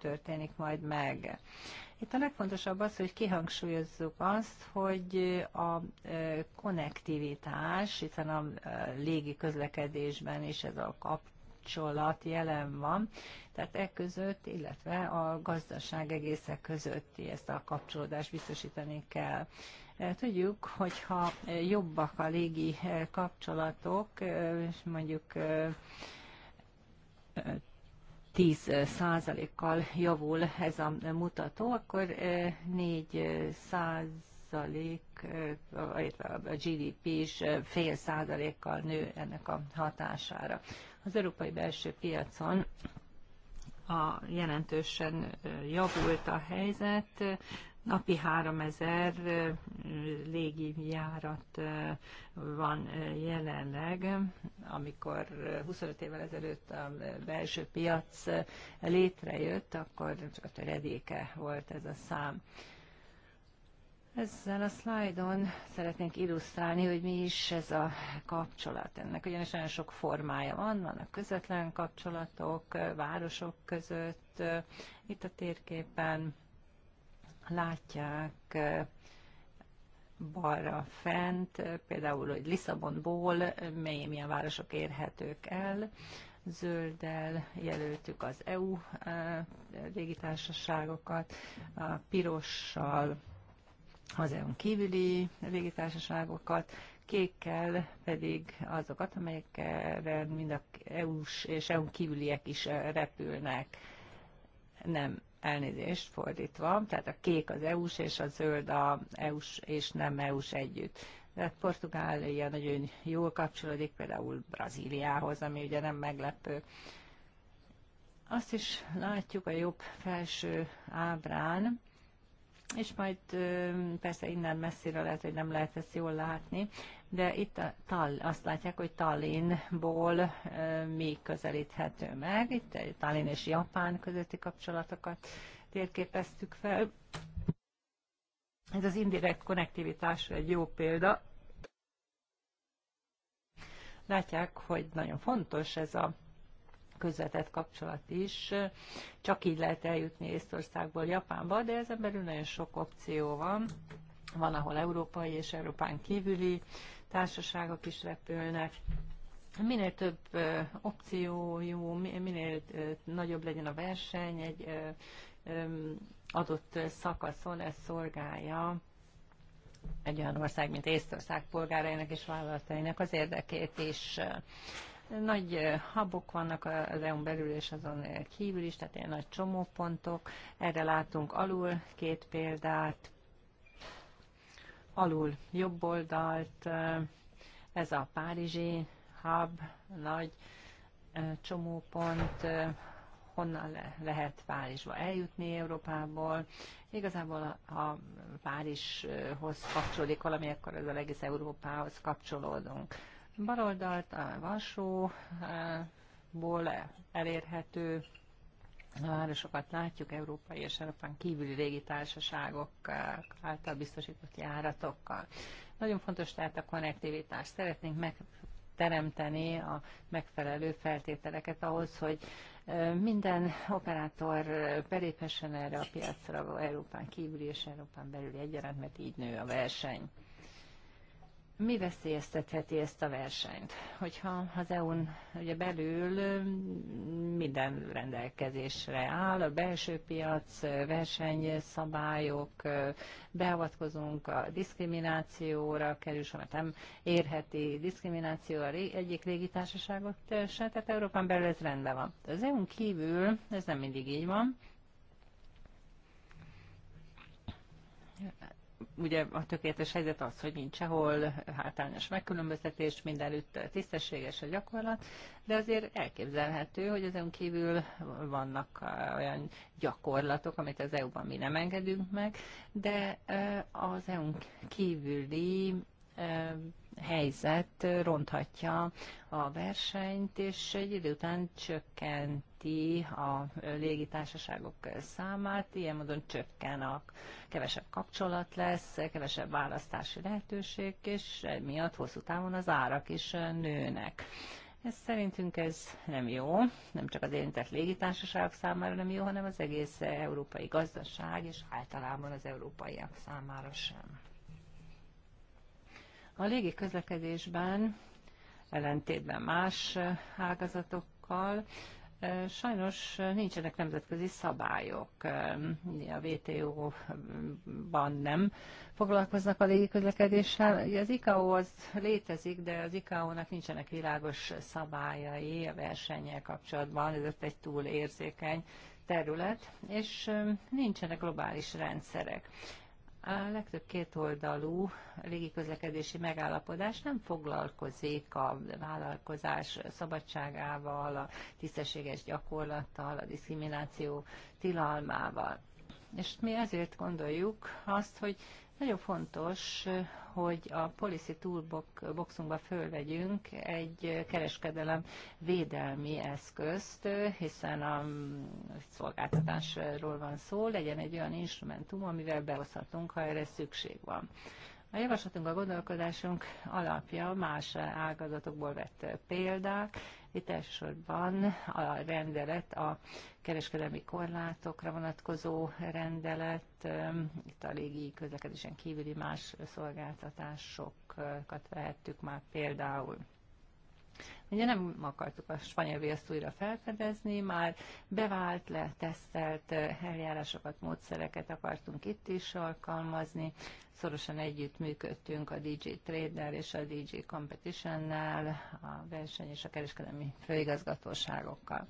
történik majd meg. Itt a legfontosabb az, hogy kihangsúlyozzuk azt, hogy a konnektivitás, hiszen a légi közlekedésben is ez a kap kapcsolat jelen van, tehát e között, illetve a gazdaság egészek közötti ezt a kapcsolódást biztosítani kell. E, tudjuk, hogyha jobbak a légi e, kapcsolatok, e, és mondjuk 10 százalékkal javul ez a mutató, akkor 4% százalék, a GDP is fél százalékkal nő ennek a hatására. Az európai belső piacon a jelentősen javult a helyzet, napi 3000 légi járat van jelenleg, amikor 25 évvel ezelőtt a belső piac létrejött, akkor csak a töredéke volt ez a szám. Ezzel a szlájdon szeretnénk illusztrálni, hogy mi is ez a kapcsolat ennek. Ugyanis olyan sok formája van, vannak közvetlen kapcsolatok városok között. Itt a térképen látják balra fent, például, hogy Lisszabonból mely, milyen városok érhetők el. Zölddel jelöltük az EU eh, légitársaságokat, a pirossal az EU-n kívüli légitársaságokat, kékkel pedig azokat, amelyekre mind a EU-s és EU-n kívüliek is repülnek. Nem elnézést fordítva, tehát a kék az EU-s és a zöld a EU-s és nem EU-s együtt. De Portugália nagyon jól kapcsolódik például Brazíliához, ami ugye nem meglepő. Azt is látjuk a jobb felső ábrán, és majd persze innen messzire lehet, hogy nem lehet ezt jól látni, de itt a tal, azt látják, hogy Tallinnból mi közelíthető meg. Itt Tallinn és Japán közötti kapcsolatokat térképeztük fel. Ez az indirekt konnektivitás egy jó példa. Látják, hogy nagyon fontos ez a közvetett kapcsolat is. Csak így lehet eljutni Észtországból Japánba, de ezen belül nagyon sok opció van. Van, ahol európai és Európán kívüli társaságok is repülnek. Minél több opció jó, minél nagyobb legyen a verseny egy adott szakaszon, ez szolgálja egy olyan ország, mint Észtország polgárainak és vállalatainak az érdekét is. Nagy habok vannak az EU-n belül és azon kívül is, tehát ilyen nagy csomópontok. Erre látunk alul két példát. Alul jobb oldalt, ez a párizsi hub, nagy csomópont, honnan le, lehet Párizsba eljutni Európából. Igazából, ha Párizshoz kapcsolódik valami, akkor az egész Európához kapcsolódunk baloldalt, a Varsóból elérhető városokat látjuk, európai és Európán kívüli társaságok által biztosított járatokkal. Nagyon fontos tehát a konnektivitás. Szeretnénk megteremteni a megfelelő feltételeket ahhoz, hogy minden operátor beléphessen erre a piacra Európán kívüli és Európán belüli egyaránt, mert így nő a verseny mi veszélyeztetheti ezt a versenyt? Hogyha az EU-n ugye belül minden rendelkezésre áll, a belső piac, versenyszabályok, beavatkozunk a diszkriminációra, kerül soha nem érheti diszkrimináció a ré, egyik társaságot se, tehát Európán belül ez rendben van. Az EU-n kívül ez nem mindig így van ugye a tökéletes helyzet az, hogy nincs sehol hátrányos megkülönböztetés, mindenütt tisztességes a gyakorlat, de azért elképzelhető, hogy ezen kívül vannak olyan gyakorlatok, amit az EU-ban mi nem engedünk meg, de az EU-n kívüli helyzet ronthatja a versenyt, és egy idő után csökkenti a légitársaságok számát, ilyen módon csökken a kevesebb kapcsolat lesz, kevesebb választási lehetőség, és emiatt hosszú távon az árak is nőnek. Ez szerintünk ez nem jó, nem csak az érintett légitársaságok számára nem jó, hanem az egész európai gazdaság és általában az európaiak számára sem. A légi közlekedésben ellentétben más ágazatokkal sajnos nincsenek nemzetközi szabályok. A WTO-ban nem foglalkoznak a légi közlekedéssel. Az ICAO az létezik, de az ICAO-nak nincsenek világos szabályai a versennyel kapcsolatban, ez egy túl érzékeny terület, és nincsenek globális rendszerek. A legtöbb kétoldalú légiközlekedési megállapodás nem foglalkozik a vállalkozás szabadságával, a tisztességes gyakorlattal, a diszkrimináció tilalmával. És mi ezért gondoljuk azt, hogy nagyon fontos, hogy a policy toolboxunkba fölvegyünk egy kereskedelem védelmi eszközt, hiszen a szolgáltatásról van szó, legyen egy olyan instrumentum, amivel behozhatunk, ha erre szükség van. A javaslatunk, a gondolkodásunk alapja más ágazatokból vett példák, itt elsősorban a rendelet, a kereskedelmi korlátokra vonatkozó rendelet, itt a légi közlekedésen kívüli más szolgáltatásokat vehettük már például. Ugye nem akartuk a spanyol viaszt újra felfedezni, már bevált, letesztelt eh, eljárásokat, módszereket akartunk itt is alkalmazni. Szorosan együtt működtünk a DJ Trader és a DJ Competition-nel, a verseny és a kereskedelmi főigazgatóságokkal.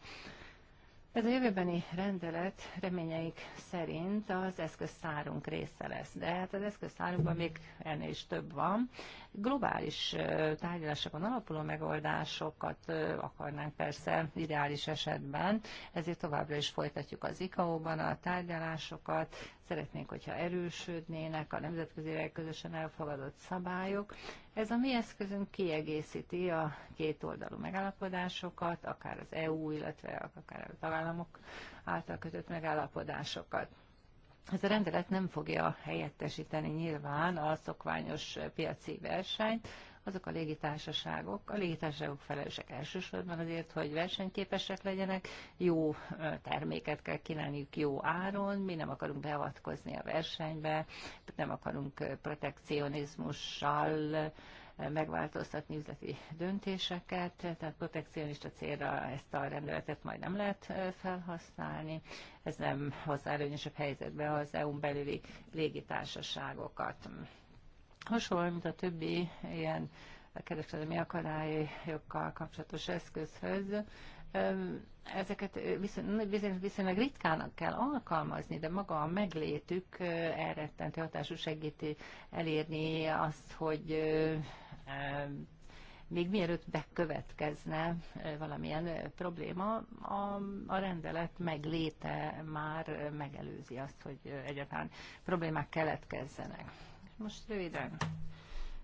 Ez a jövőbeni rendelet reményeik szerint az eszközszárunk része lesz, de hát az eszközszárunkban még ennél is több van. Globális tárgyalásokon alapuló megoldásokat akarnánk persze ideális esetben, ezért továbbra is folytatjuk az ICAO-ban a tárgyalásokat, szeretnénk, hogyha erősödnének a nemzetközileg közösen elfogadott szabályok. Ez a mi eszközünk kiegészíti a kétoldalú megállapodásokat, akár az EU, illetve akár a tagállamok által kötött megállapodásokat. Ez a rendelet nem fogja helyettesíteni nyilván a szokványos piaci versenyt, azok a légitársaságok, a légitársaságok felelősek elsősorban azért, hogy versenyképesek legyenek, jó terméket kell kínálniuk jó áron, mi nem akarunk beavatkozni a versenybe, nem akarunk protekcionizmussal megváltoztatni üzleti döntéseket, tehát protekcionista célra ezt a rendeletet majd nem lehet felhasználni. Ez nem hozzá előnyösebb helyzetbe az EU-n belüli légitársaságokat. Hasonló, mint a többi ilyen kereskedelmi akadályokkal kapcsolatos eszközhöz, ezeket viszonylag, viszonylag ritkának kell alkalmazni, de maga a meglétük elrettentő hatású segíti elérni azt, hogy még mielőtt bekövetkezne valamilyen probléma, a, a rendelet megléte már megelőzi azt, hogy egyáltalán problémák keletkezzenek. Most röviden,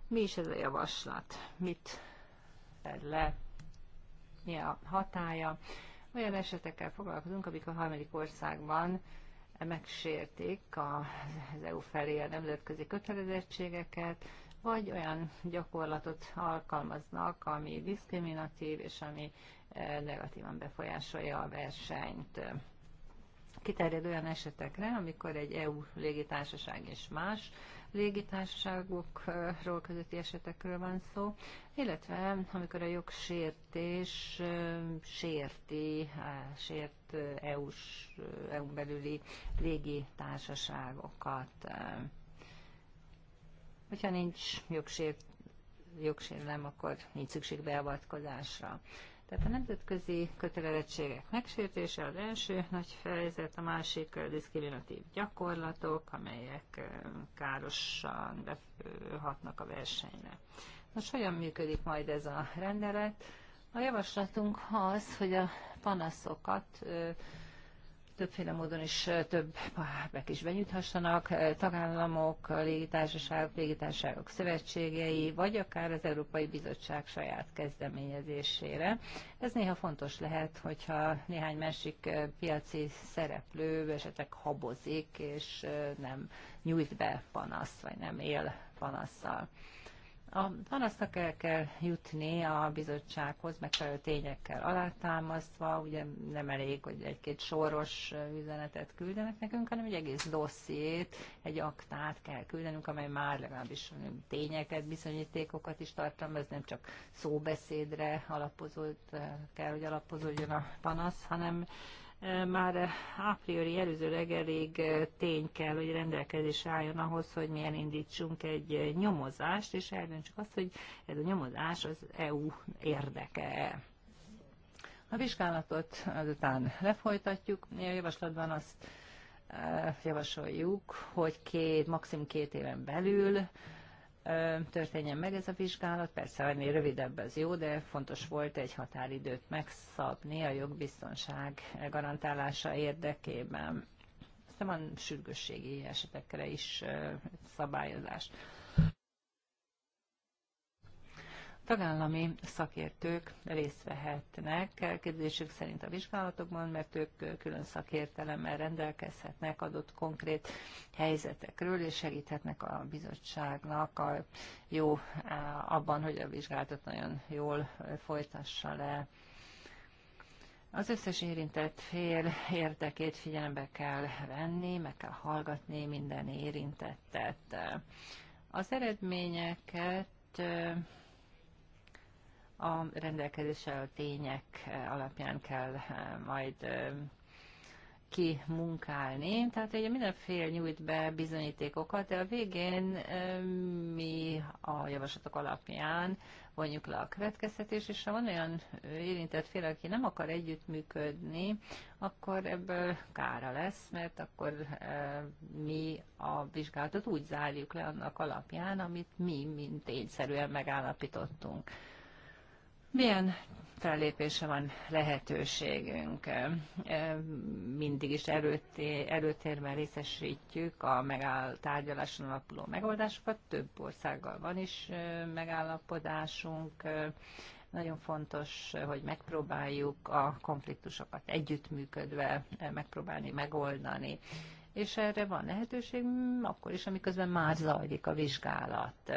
mi is ez a javaslat? Mit fed le? Mi a hatája? Olyan esetekkel foglalkozunk, amik a harmadik országban e, megsértik az EU felé a nemzetközi kötelezettségeket, vagy olyan gyakorlatot alkalmaznak, ami diszkriminatív és ami eh, negatívan befolyásolja a versenyt. Kiterjed olyan esetekre, amikor egy EU légitársaság és más légitársaságokról közötti esetekről van szó, illetve amikor a jogsértés eh, sérti, eh, sért EU-s, e EU-n e belüli légitársaságokat. Hogyha nincs jogsért, jogsérlem, akkor nincs szükség beavatkozásra. Tehát a nemzetközi kötelezettségek megsértése az első nagy fejezet, a másik a diszkriminatív gyakorlatok, amelyek károsan hatnak a versenyre. Most hogyan működik majd ez a rendelet? A javaslatunk az, hogy a panaszokat többféle módon is több, többek is benyújthassanak, tagállamok, légitársaságok, légitársaságok szövetségei, vagy akár az Európai Bizottság saját kezdeményezésére. Ez néha fontos lehet, hogyha néhány másik piaci szereplő esetleg habozik, és nem nyújt be panaszt, vagy nem él panasszal. A panasznak el kell jutni a bizottsághoz, megfelelő tényekkel alátámasztva, ugye nem elég, hogy egy-két soros üzenetet küldenek nekünk, hanem egy egész dossziét, egy aktát kell küldenünk, amely már legalábbis tényeket, bizonyítékokat is tartalmaz, nem csak szóbeszédre alapozott, kell, hogy alapozódjon a panasz, hanem már a priori előzőleg elég eh, tény kell, hogy rendelkezés álljon ahhoz, hogy milyen indítsunk egy eh, nyomozást, és eldöntsük azt, hogy ez a nyomozás az EU érdeke. A vizsgálatot azután lefolytatjuk. A javaslatban azt eh, javasoljuk, hogy két, maximum két éven belül történjen meg ez a vizsgálat. Persze, ennél rövidebb az jó, de fontos volt egy határidőt megszabni a jogbiztonság garantálása érdekében. Aztán van sürgősségi esetekre is szabályozás. tagállami szakértők részt vehetnek képzésük szerint a vizsgálatokban, mert ők külön szakértelemmel rendelkezhetnek adott konkrét helyzetekről, és segíthetnek a bizottságnak a jó eh, abban, hogy a vizsgálatot nagyon jól eh, folytassa le. Az összes érintett fél érdekét figyelembe kell venni, meg kell hallgatni minden érintettet. Az eredményeket eh, a rendelkezésre tények alapján kell eh, majd eh, kimunkálni. Tehát ugye minden fél nyújt be bizonyítékokat, de a végén eh, mi a javaslatok alapján vonjuk le a következtetés, és ha van olyan érintett fél, aki nem akar együttműködni, akkor ebből kára lesz, mert akkor mi a vizsgálatot úgy zárjuk le annak alapján, amit mi, mint tényszerűen megállapítottunk milyen fellépése van lehetőségünk. Mindig is előté, előtérben részesítjük a megáll, tárgyaláson alapuló megoldásokat. Több országgal van is megállapodásunk. Nagyon fontos, hogy megpróbáljuk a konfliktusokat együttműködve megpróbálni megoldani. És erre van lehetőség akkor is, amiközben már zajlik a vizsgálat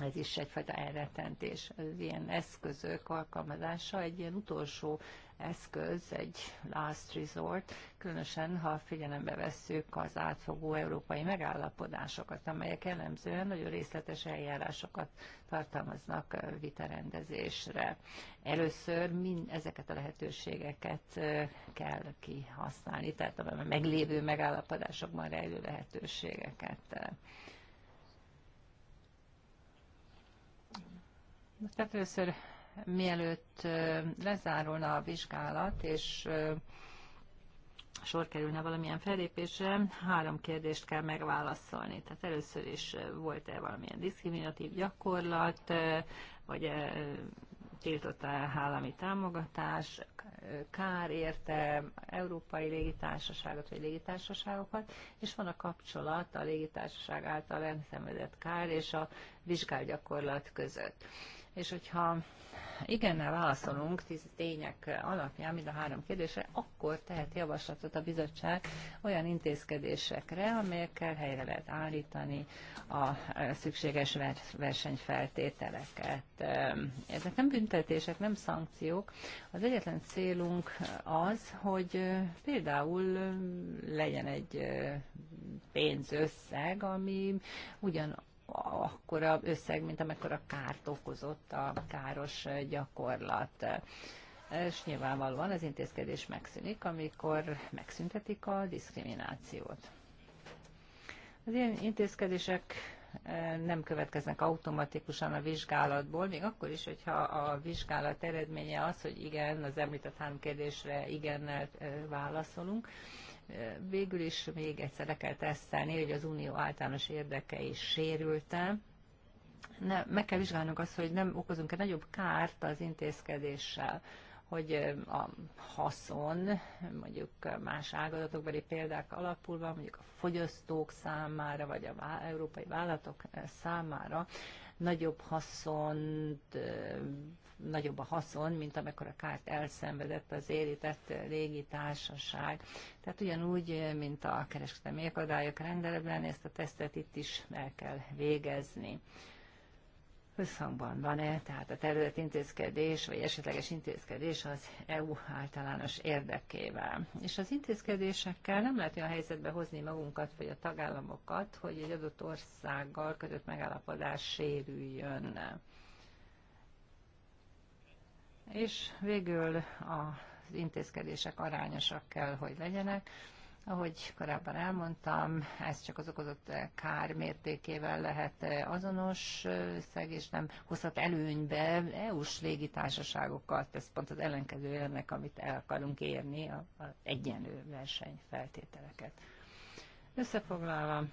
ez is egyfajta elretentés. Az ilyen eszközök alkalmazása egy ilyen utolsó eszköz, egy last resort, különösen ha figyelembe vesszük az átfogó európai megállapodásokat, amelyek jellemzően nagyon részletes eljárásokat tartalmaznak vitarendezésre. Először mind ezeket a lehetőségeket kell kihasználni, tehát a meglévő megállapodásokban rejlő lehetőségeket. Most hát először, mielőtt lezárulna a vizsgálat, és sor kerülne valamilyen felépésre, három kérdést kell megválaszolni. Tehát először is volt-e valamilyen diszkriminatív gyakorlat, vagy tiltott állami támogatás, kár érte európai légitársaságot vagy légitársaságokat, és van a kapcsolat a légitársaság által elszenvedett kár és a vizsgálgyakorlat között és hogyha igennel válaszolunk tíz tények alapján mind a három kérdésre, akkor tehet javaslatot a bizottság olyan intézkedésekre, amelyekkel helyre lehet állítani a e, szükséges versenyfeltételeket. E, ezek nem büntetések, nem szankciók. Az egyetlen célunk az, hogy e, például legyen egy pénzösszeg, ami ugyan akkora összeg, mint amekkora kárt okozott a káros gyakorlat. És nyilvánvalóan az intézkedés megszűnik, amikor megszüntetik a diszkriminációt. Az ilyen intézkedések eh, nem következnek automatikusan a vizsgálatból, még akkor is, hogyha a vizsgálat eredménye az, hogy igen, az említett három kérdésre igennel eh, válaszolunk, végül is még egyszer le kell tesztelni, hogy az unió általános érdekei sérülte. Ne, meg kell vizsgálnunk azt, hogy nem okozunk-e nagyobb kárt az intézkedéssel hogy a haszon, mondjuk más ágazatokbeli példák alapulva, mondjuk a fogyasztók számára, vagy a vá európai vállalatok számára nagyobb haszont nagyobb a haszon, mint amikor a kárt elszenvedett az régi társaság. Tehát ugyanúgy, mint a kereskedelmi akadályok rendeletben, ezt a tesztet itt is el kell végezni összhangban van-e, tehát a terület intézkedés, vagy esetleges intézkedés az EU általános érdekével. És az intézkedésekkel nem lehet olyan helyzetbe hozni magunkat, vagy a tagállamokat, hogy egy adott országgal kötött megállapodás sérüljön és végül az intézkedések arányosak kell, hogy legyenek. Ahogy korábban elmondtam, ez csak az okozott kár mértékével lehet azonos összeg, és nem hozhat előnybe EU-s légitársaságokat. Ez pont az ellenkező ennek, amit el akarunk érni, az egyenlő versenyfeltételeket. Összefoglalva,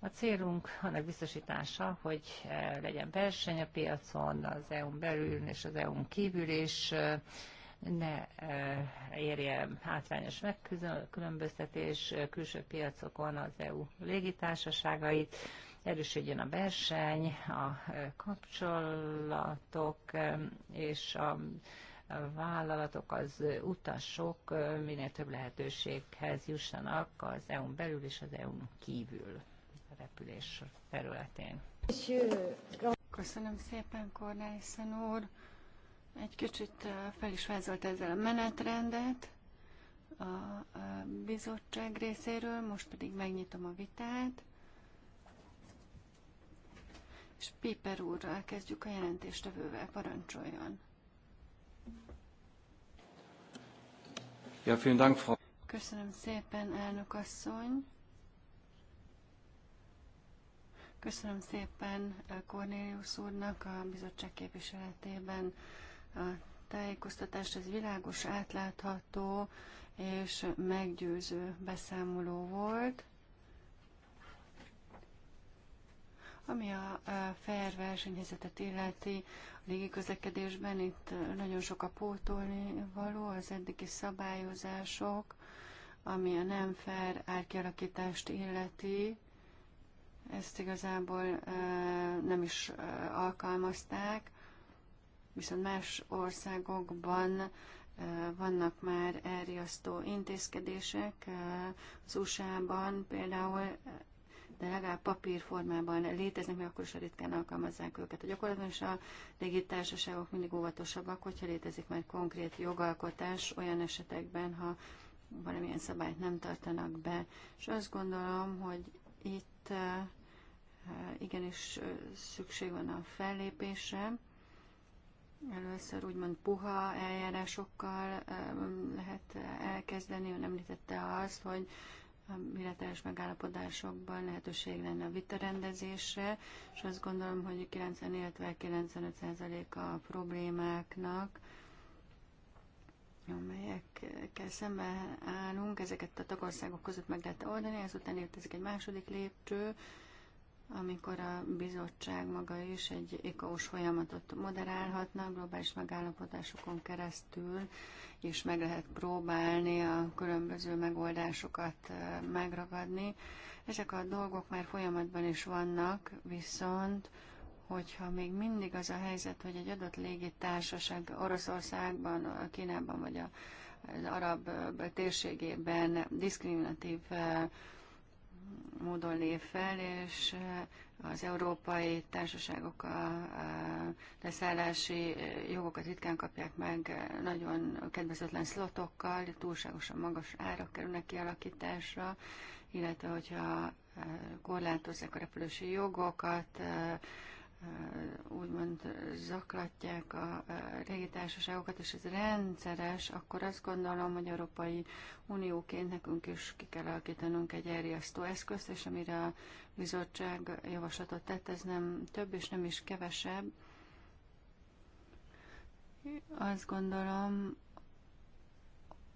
a célunk annak biztosítása, hogy eh, legyen verseny a piacon, az EU-n belül és az EU-n kívül is, eh, ne eh, érje hátrányos megkülönböztetés külső piacokon az EU légitársaságait, erősödjön a verseny, a kapcsolatok és a vállalatok, az utasok minél több lehetőséghez jussanak az EU-n belül és az EU-n kívül repülés területén. Köszönöm szépen, Kornelissen úr. Egy kicsit fel is vázolt ezzel a menetrendet a bizottság részéről, most pedig megnyitom a vitát. És Piper úrral kezdjük a jelentéstevővel, parancsoljon. Ja, vielen Dank, Frau. Köszönöm szépen, elnök asszony. Köszönöm szépen eh, Cornélius úrnak a bizottság képviseletében a tájékoztatást. Ez világos, átlátható és meggyőző beszámoló volt. Ami a eh, fair versenyhelyzetet illeti a közlekedésben, itt eh, nagyon sok a pótolni való, az eddigi szabályozások, ami a nem fair árkialakítást illeti, ezt igazából nem is alkalmazták, viszont más országokban vannak már elriasztó intézkedések. Az USA-ban például de legalább papírformában léteznek, mert akkor is ritkán alkalmazzák őket. A gyakorlatban is a légitársaságok mindig óvatosabbak, hogyha létezik már konkrét jogalkotás olyan esetekben, ha valamilyen szabályt nem tartanak be. És azt gondolom, hogy itt itt hát, igenis szükség van a fellépésre. Először úgymond puha eljárásokkal lehet elkezdeni. Ön említette azt, hogy a bilaterális megállapodásokban lehetőség lenne a vitarendezésre, és azt gondolom, hogy 90, illetve 95% a problémáknak amelyekkel szemben állunk, ezeket a tagországok között meg lehet oldani, ezután létezik egy második lépcső, amikor a bizottság maga is egy ikaós folyamatot moderálhatna, globális megállapodásokon keresztül, és meg lehet próbálni a különböző megoldásokat megragadni. Ezek a dolgok már folyamatban is vannak, viszont hogyha még mindig az a helyzet, hogy egy adott légitársaság Oroszországban, Kínában vagy az arab térségében diszkriminatív módon lép fel, és az európai társaságok a leszállási jogokat ritkán kapják meg, nagyon kedvezetlen szlotokkal, túlságosan magas árak kerülnek kialakításra, illetve hogyha korlátozzák a repülési jogokat, úgymond zaklatják a régi társaságokat, és ez rendszeres, akkor azt gondolom, hogy Európai Unióként nekünk is ki kell alakítanunk egy elriasztó eszközt, és amire a bizottság javaslatot tett, ez nem több és nem is kevesebb. Azt gondolom,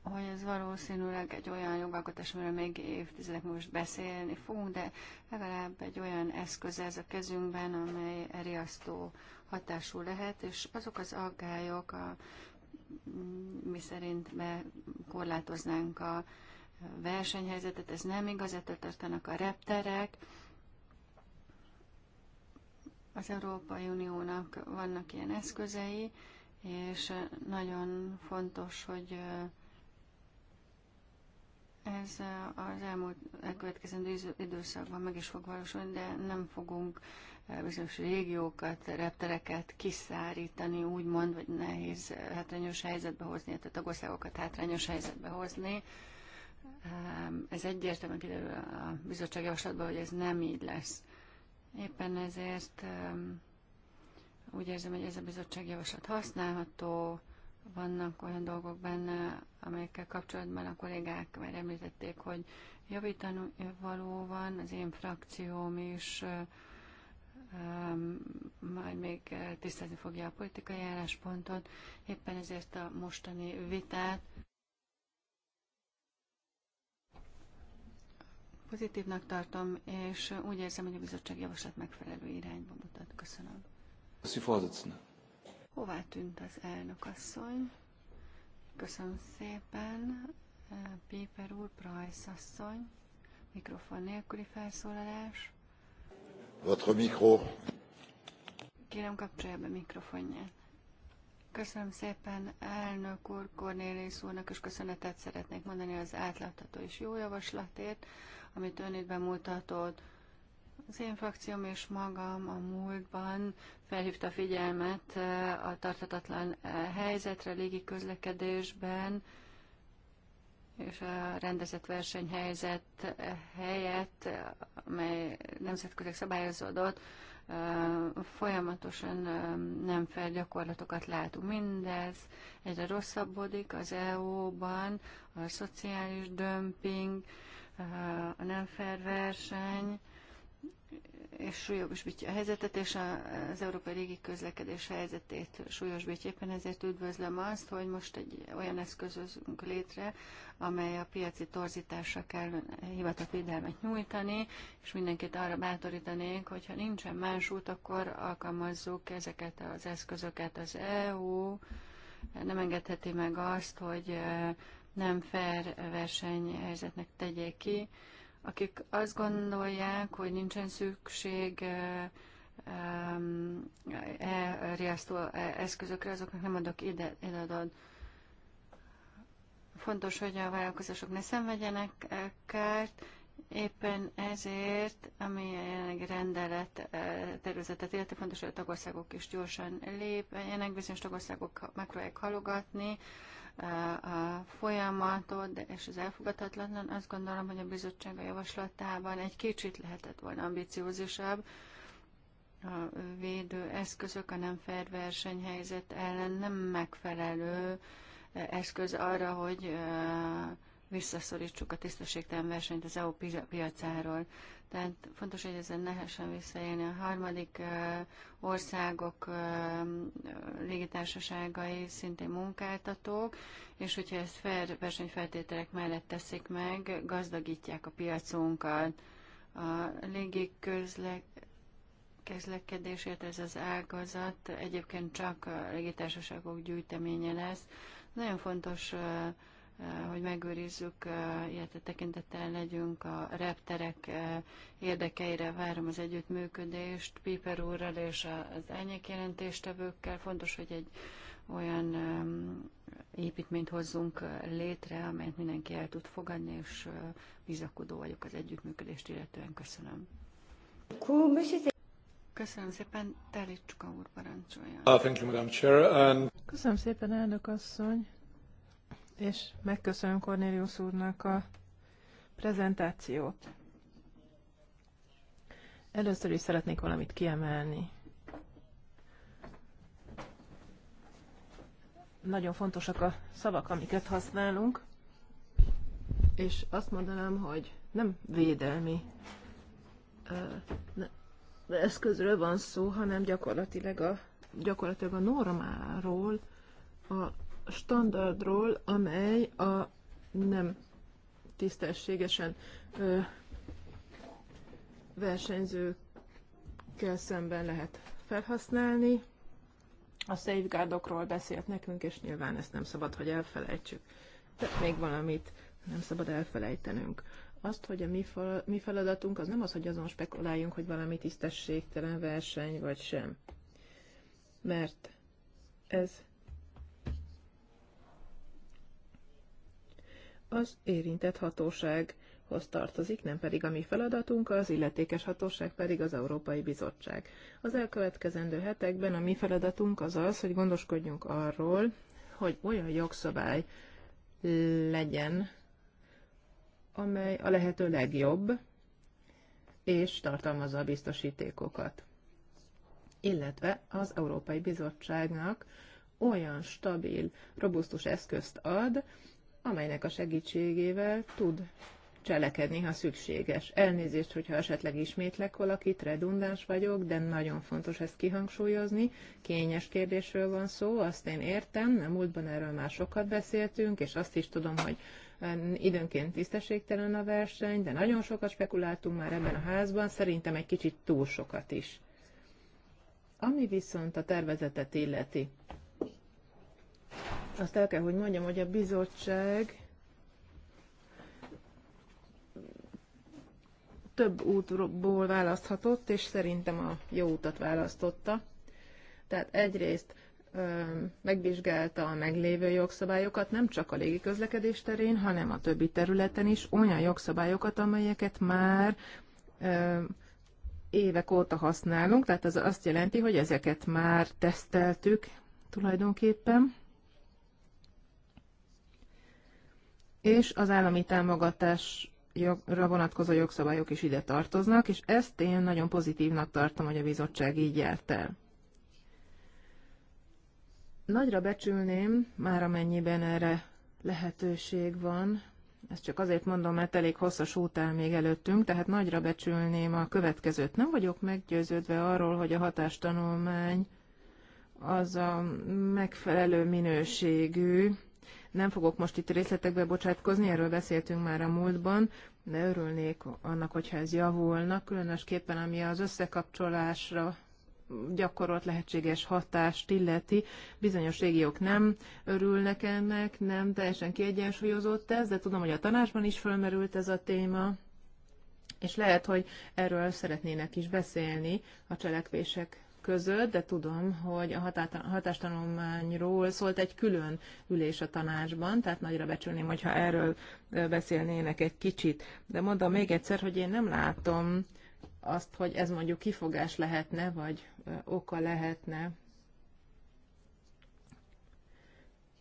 hogy ez valószínűleg egy olyan jogalkotás, amiről még évtizedek most beszélni fogunk, de legalább egy olyan eszköz ez a kezünkben, amely riasztó hatású lehet, és azok az aggályok, a, mi szerint be korlátoznánk a versenyhelyzetet, ez nem igaz, ettől tartanak a repterek, az Európai Uniónak vannak ilyen eszközei, és nagyon fontos, hogy ez az elmúlt elkövetkezendő időszakban meg is fog valósulni, de nem fogunk eh, bizonyos régiókat, reptereket kiszárítani, úgymond, vagy nehéz eh, hátrányos helyzetbe hozni, tehát tagországokat hátrányos helyzetbe hozni. Ehm, ez egyértelműen kiderül a bizottság javaslatban, hogy ez nem így lesz. Éppen ezért ehm, úgy érzem, hogy ez a bizottság javaslat használható, vannak olyan dolgok benne, amelyekkel kapcsolatban a kollégák már említették, hogy javítani való van, az én frakcióm is majd még tisztázni fogja a politikai álláspontot, éppen ezért a mostani vitát pozitívnak tartom, és úgy érzem, hogy a bizottság javaslat megfelelő irányba mutat. Köszönöm. Köszönöm. Hová tűnt az elnökasszony? Köszönöm szépen, eh, Péper úr, Price asszony, mikrofon nélküli felszólalás. Votre mikro. Kérem, kapcsolja be mikrofonját. Köszönöm szépen elnök úr, Cornélis úrnak, és köszönetet szeretnék mondani az átlátható és jó javaslatért, amit ön itt bemutatott. Az én frakcióm és magam a múltban felhívta a figyelmet a tartatatlan helyzetre légi közlekedésben, és a rendezett versenyhelyzet helyett, amely nemzetközi szabályozódott, folyamatosan nem fel gyakorlatokat látunk. Mindez egyre rosszabbodik az EU-ban, a szociális dömping, a nem fair verseny, és súlyosbítja a helyzetet, és az európai régi közlekedés helyzetét súlyosbítja. Éppen ezért üdvözlöm azt, hogy most egy olyan eszközözünk létre, amely a piaci torzításra kell hivatott védelmet nyújtani, és mindenkit arra bátorítanék, hogyha nincsen más út, akkor alkalmazzuk ezeket az eszközöket. Az EU nem engedheti meg azt, hogy eh, nem fair versenyhelyzetnek tegyék ki, akik azt gondolják, hogy nincsen szükség e riasztó e, eszközökre, azoknak nem adok ide, ide Fontos, hogy a vállalkozások ne szenvedjenek e, kárt, Éppen ezért, ami jelenleg rendelet rendelet tervezetet illeti, fontos, hogy a tagországok is gyorsan lépjenek, bizonyos tagországok megpróbálják halogatni a folyamatot, és az elfogadhatatlan, azt gondolom, hogy a bizottság a javaslatában egy kicsit lehetett volna ambiciózusabb, a védő eszközök, a nem fair versenyhelyzet ellen nem megfelelő eszköz arra, hogy visszaszorítsuk a tisztességtelen versenyt az EU piacáról. Tehát fontos, hogy ezen nehessen visszaélni. A harmadik országok légitársaságai szintén munkáltatók, és hogyha ezt fair versenyfeltételek mellett teszik meg, gazdagítják a piacunkat. A légi közlekedésért ez az ágazat egyébként csak a légitársaságok gyűjteménye lesz. Nagyon fontos uh, Eh, hogy megőrizzük, eh, illetve tekintettel legyünk a repterek eh, érdekeire. Várom az együttműködést Piper úrral és az elnyékjelentéstevőkkel. Fontos, hogy egy olyan építményt hozzunk létre, amelyet mindenki el tud fogadni, és bizakodó vagyok az együttműködést illetően. Köszönöm. Köszönöm szépen, Telicska úr parancsolja. Uh, Köszönöm szépen, elnök asszony és megköszönöm Cornelius úrnak a prezentációt. Először is szeretnék valamit kiemelni. Nagyon fontosak a szavak, amiket használunk, és azt mondanám, hogy nem védelmi ö, eszközről van szó, hanem gyakorlatilag a, gyakorlatilag a normáról, a standardról, amely a nem tisztességesen ö, versenyzőkkel szemben lehet felhasználni. A safeguardokról beszélt nekünk, és nyilván ezt nem szabad, hogy elfelejtsük. De még valamit nem szabad elfelejtenünk. Azt, hogy a mi feladatunk az nem az, hogy azon spekuláljunk, hogy valami tisztességtelen verseny vagy sem. Mert ez az érintett hatósághoz tartozik, nem pedig a mi feladatunk, az illetékes hatóság pedig az Európai Bizottság. Az elkövetkezendő hetekben a mi feladatunk az az, hogy gondoskodjunk arról, hogy olyan jogszabály legyen, amely a lehető legjobb, és tartalmazza a biztosítékokat. Illetve az Európai Bizottságnak olyan stabil, robusztus eszközt ad, amelynek a segítségével tud cselekedni, ha szükséges. Elnézést, hogyha esetleg ismétlek valakit, redundáns vagyok, de nagyon fontos ezt kihangsúlyozni. Kényes kérdésről van szó, azt én értem, nem múltban erről már sokat beszéltünk, és azt is tudom, hogy időnként tisztességtelen a verseny, de nagyon sokat spekuláltunk már ebben a házban, szerintem egy kicsit túl sokat is. Ami viszont a tervezetet illeti, azt el kell, hogy mondjam, hogy a bizottság több útból választhatott, és szerintem a jó utat választotta. Tehát egyrészt ö, megvizsgálta a meglévő jogszabályokat, nem csak a légiközlekedés terén, hanem a többi területen is, olyan jogszabályokat, amelyeket már ö, évek óta használunk, tehát az azt jelenti, hogy ezeket már teszteltük tulajdonképpen. és az állami támogatás jogra vonatkozó jogszabályok is ide tartoznak, és ezt én nagyon pozitívnak tartom, hogy a bizottság így járt el. Nagyra becsülném, már amennyiben erre lehetőség van, ezt csak azért mondom, mert elég hosszas út áll még előttünk, tehát nagyra becsülném a következőt. Nem vagyok meggyőződve arról, hogy a hatástanulmány az a megfelelő minőségű, nem fogok most itt részletekbe bocsátkozni, erről beszéltünk már a múltban, de örülnék annak, hogyha ez javulna, különösképpen ami az összekapcsolásra gyakorolt lehetséges hatást illeti. Bizonyos régiók nem örülnek ennek, nem teljesen kiegyensúlyozott ez, de tudom, hogy a tanácsban is fölmerült ez a téma, és lehet, hogy erről szeretnének is beszélni a cselekvések között, de tudom, hogy a hatástanulmányról szólt egy külön ülés a tanácsban, tehát nagyra becsülném, hogyha erről beszélnének egy kicsit. De mondom még egyszer, hogy én nem látom azt, hogy ez mondjuk kifogás lehetne, vagy oka lehetne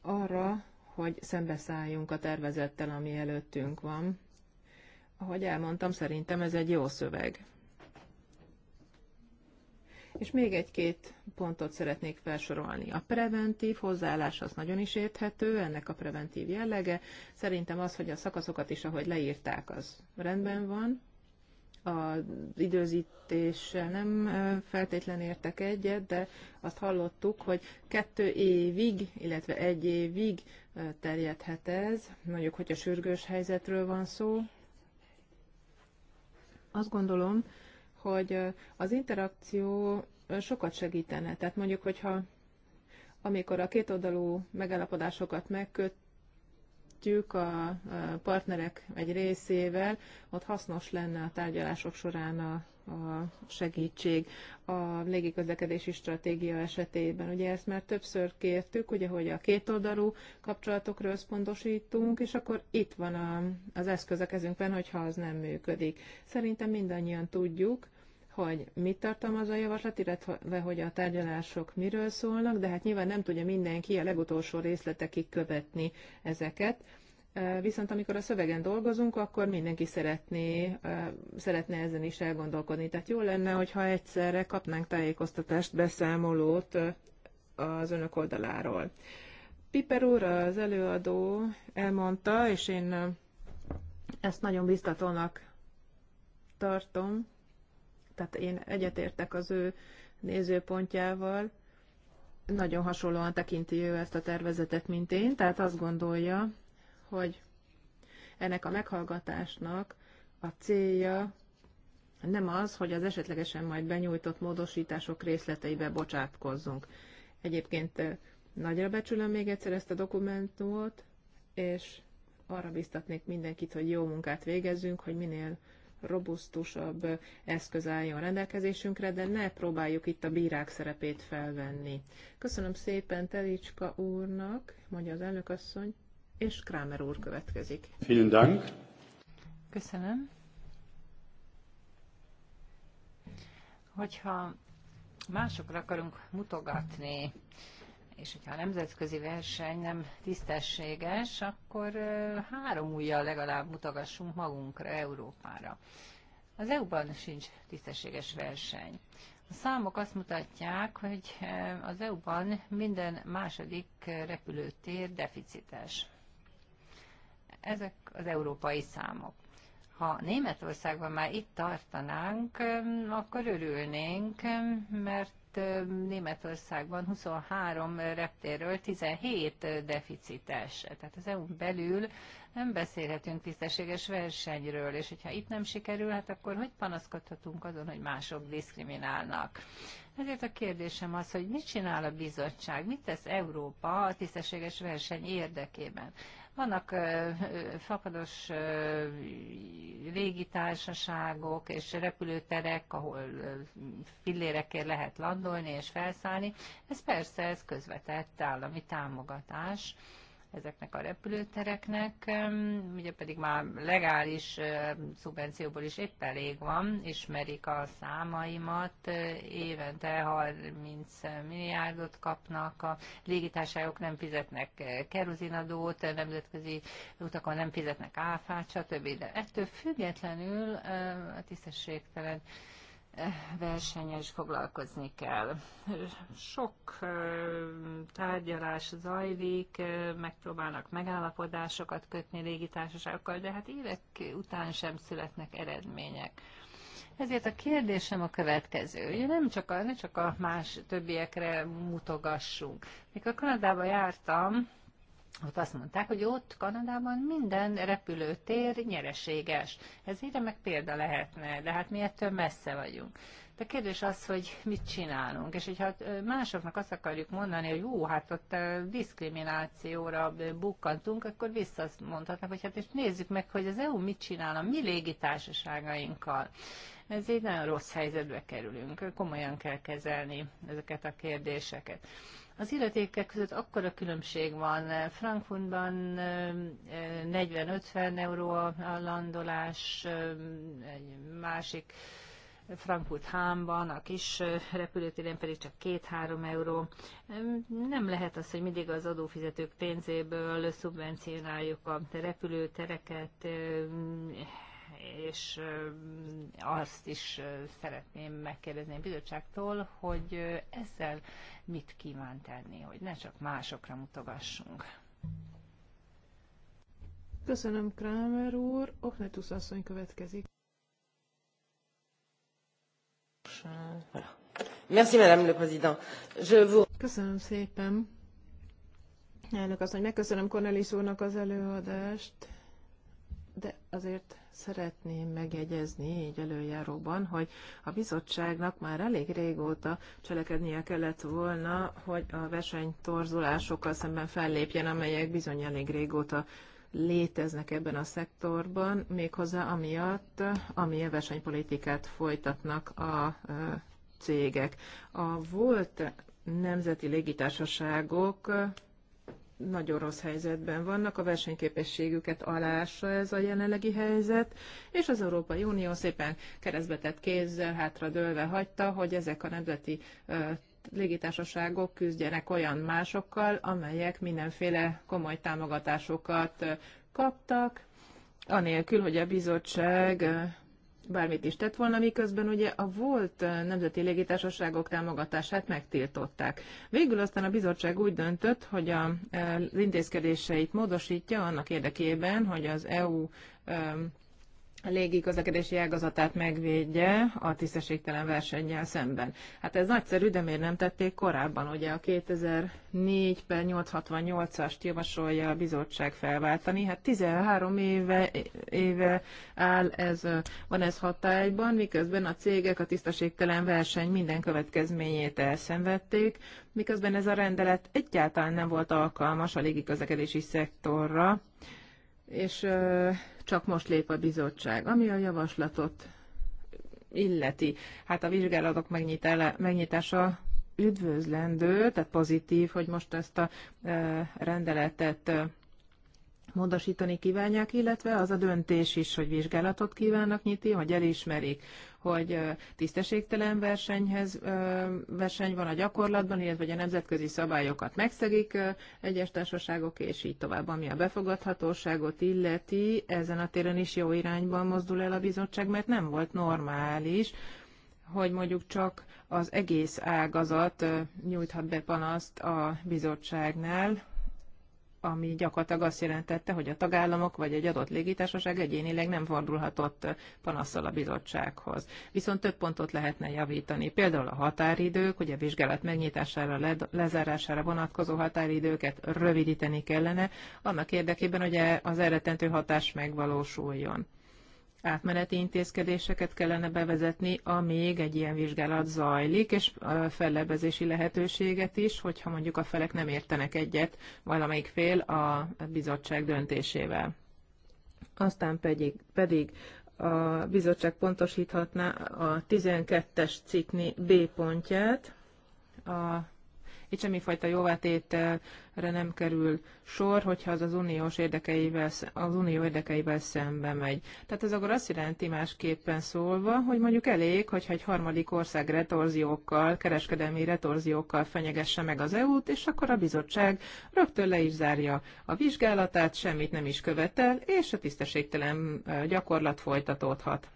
arra, hogy szembeszálljunk a tervezettel, ami előttünk van. Ahogy elmondtam, szerintem ez egy jó szöveg. És még egy-két pontot szeretnék felsorolni. A preventív hozzáállás az nagyon is érthető, ennek a preventív jellege. Szerintem az, hogy a szakaszokat is, ahogy leírták, az rendben van. Az időzítéssel nem feltétlen értek egyet, de azt hallottuk, hogy kettő évig, illetve egy évig terjedhet ez, mondjuk, hogy a sürgős helyzetről van szó. Azt gondolom, hogy az interakció sokat segítene. Tehát mondjuk, hogyha amikor a kétoldalú megállapodásokat megköt, egyeztetjük a partnerek egy részével, ott hasznos lenne a tárgyalások során a, a segítség a légiközlekedési stratégia esetében. Ugye ezt már többször kértük, ugye, hogy a kétoldalú kapcsolatokra összpontosítunk, és akkor itt van a, az eszköz a kezünkben, hogyha az nem működik. Szerintem mindannyian tudjuk, hogy mit tartalmaz a javaslat, illetve hogy a tárgyalások miről szólnak, de hát nyilván nem tudja mindenki a legutolsó részletekig követni ezeket. Viszont amikor a szövegen dolgozunk, akkor mindenki szeretné, szeretne ezen is elgondolkodni. Tehát jó lenne, hogyha egyszerre kapnánk tájékoztatást, beszámolót az önök oldaláról. Piper úr, az előadó elmondta, és én ezt nagyon biztatónak tartom, tehát én egyetértek az ő nézőpontjával, nagyon hasonlóan tekinti ő ezt a tervezetet, mint én, tehát azt gondolja, hogy ennek a meghallgatásnak a célja nem az, hogy az esetlegesen majd benyújtott módosítások részleteibe bocsátkozzunk. Egyébként nagyra becsülöm még egyszer ezt a dokumentumot, és arra biztatnék mindenkit, hogy jó munkát végezzünk, hogy minél robusztusabb eszköz álljon rendelkezésünkre, de ne próbáljuk itt a bírák szerepét felvenni. Köszönöm szépen Telicska úrnak, mondja az elnökasszony, és Krámer úr következik. Vielen Dank. Köszönöm. Hogyha másokra akarunk mutogatni, és hogyha a nemzetközi verseny nem tisztességes, akkor három ujjal legalább mutogassunk magunkra, Európára. Az EU-ban sincs tisztességes verseny. A számok azt mutatják, hogy az EU-ban minden második repülőtér deficites. Ezek az európai számok. Ha Németországban már itt tartanánk, akkor örülnénk, mert itt Németországban 23 reptérről 17 deficites. Tehát az EU belül nem beszélhetünk tisztességes versenyről, és hogyha itt nem sikerül, hát akkor hogy panaszkodhatunk azon, hogy mások diszkriminálnak? Ezért a kérdésem az, hogy mit csinál a bizottság, mit tesz Európa a tisztességes verseny érdekében. Vannak ö, fapados légitársaságok és repülőterek, ahol ö, fillérekért lehet landolni és felszállni. Ez persze, ez közvetett állami támogatás. Ö, ezeknek a repülőtereknek, ugye pedig már legális szubvencióból is épp elég van, ismerik a számaimat, évente 30 milliárdot kapnak, a légitársaságok nem fizetnek keruzinadót, nemzetközi utakon nem fizetnek áfát, stb. De ettől függetlenül a tisztességtelen versenyes foglalkozni kell. Sok tárgyalás zajlik, megpróbálnak megállapodásokat kötni légitársaságokkal, de hát évek után sem születnek eredmények. Ezért a kérdésem a következő. Ugye nem csak a, nem csak a más többiekre mutogassunk. Mikor Kanadába jártam, ott azt mondták, hogy ott Kanadában minden repülőtér nyereséges. Ez így meg példa lehetne, de hát mi ettől messze vagyunk. De kérdés az, hogy mit csinálunk, és hogyha másoknak azt akarjuk mondani, hogy jó, hát ott diszkriminációra bukkantunk, akkor visszamondhatnak, hogy hát és nézzük meg, hogy az EU mit csinál a mi légitársaságainkkal. Ez így nagyon rossz helyzetbe kerülünk, komolyan kell kezelni ezeket a kérdéseket. Az illetékek között akkora különbség van. Frankfurtban 40-50 euró a landolás, egy másik Frankfurt Hámban, a kis repülőtéren pedig csak 2-3 euró. Nem lehet az, hogy mindig az adófizetők pénzéből szubvencionáljuk a repülőtereket, és azt is szeretném megkérdezni a bizottságtól, hogy ezzel mit kíván tenni, hogy ne csak másokra mutogassunk. Köszönöm, Kramer úr. Oknetusz asszony következik. Merci, Madame le Président. Je vous... Köszönöm szépen. Elnök hogy megköszönöm Cornelis úrnak az előadást, de azért szeretném megjegyezni így előjáróban, hogy a bizottságnak már elég régóta cselekednie kellett volna, hogy a versenytorzulásokkal szemben fellépjen, amelyek bizony elég régóta léteznek ebben a szektorban, méghozzá amiatt, amilyen versenypolitikát folytatnak a cégek. A volt nemzeti légitársaságok nagyon rossz helyzetben vannak, a versenyképességüket aláássa ez a jelenlegi helyzet, és az Európai Unió szépen keresztbetett kézzel hátra dőlve hagyta, hogy ezek a nemzeti légitársaságok küzdjenek olyan másokkal, amelyek mindenféle komoly támogatásokat kaptak, anélkül, hogy a bizottság bármit is tett volna, miközben ugye a volt eh, nemzeti légitársaságok támogatását megtiltották. Végül aztán a bizottság úgy döntött, hogy a, eh, az intézkedéseit módosítja annak érdekében, hogy az EU eh, a légiközlekedési ágazatát megvédje a tisztességtelen versennyel szemben. Hát ez nagyszerű, de miért nem tették korábban? Ugye a 2004 per 868-ast javasolja a bizottság felváltani. Hát 13 éve, éve áll ez, van ez hatályban, miközben a cégek a tisztességtelen verseny minden következményét elszenvedték, miközben ez a rendelet egyáltalán nem volt alkalmas a légiközlekedési szektorra, és csak most lép a bizottság, ami a javaslatot illeti. Hát a vizsgálatok megnyitása üdvözlendő, tehát pozitív, hogy most ezt a e, rendeletet e, módosítani kívánják, illetve az a döntés is, hogy vizsgálatot kívánnak nyitni, hogy elismerik hogy tisztességtelen versenyhez, verseny van a gyakorlatban, illetve hogy a nemzetközi szabályokat megszegik egyes társaságok, és így tovább. Ami a befogadhatóságot illeti, ezen a téren is jó irányban mozdul el a bizottság, mert nem volt normális, hogy mondjuk csak az egész ágazat nyújthat be panaszt a bizottságnál, ami gyakorlatilag azt jelentette, hogy a tagállamok vagy egy adott légitársaság egyénileg nem fordulhatott panaszsal a bizottsághoz. Viszont több pontot lehetne javítani, például a határidők, hogy a vizsgálat megnyitására, le, lezárására vonatkozó határidőket rövidíteni kellene, annak érdekében, hogy e- az eredetentő hatás megvalósuljon átmeneti intézkedéseket kellene bevezetni, amíg egy ilyen vizsgálat zajlik, és fellebezési lehetőséget is, hogyha mondjuk a felek nem értenek egyet valamelyik fél a bizottság döntésével. Aztán pedig, pedig a bizottság pontosíthatná a 12-es cikni B pontját, a itt semmifajta jóvátételre nem kerül sor, hogyha az az uniós érdekeivel, az unió érdekeivel szembe megy. Tehát ez akkor azt jelenti másképpen szólva, hogy mondjuk elég, hogyha egy harmadik ország retorziókkal, kereskedelmi retorziókkal fenyegesse meg az EU-t, és akkor a bizottság rögtön le is zárja a vizsgálatát, semmit nem is követel, és a tisztességtelen gyakorlat folytatódhat.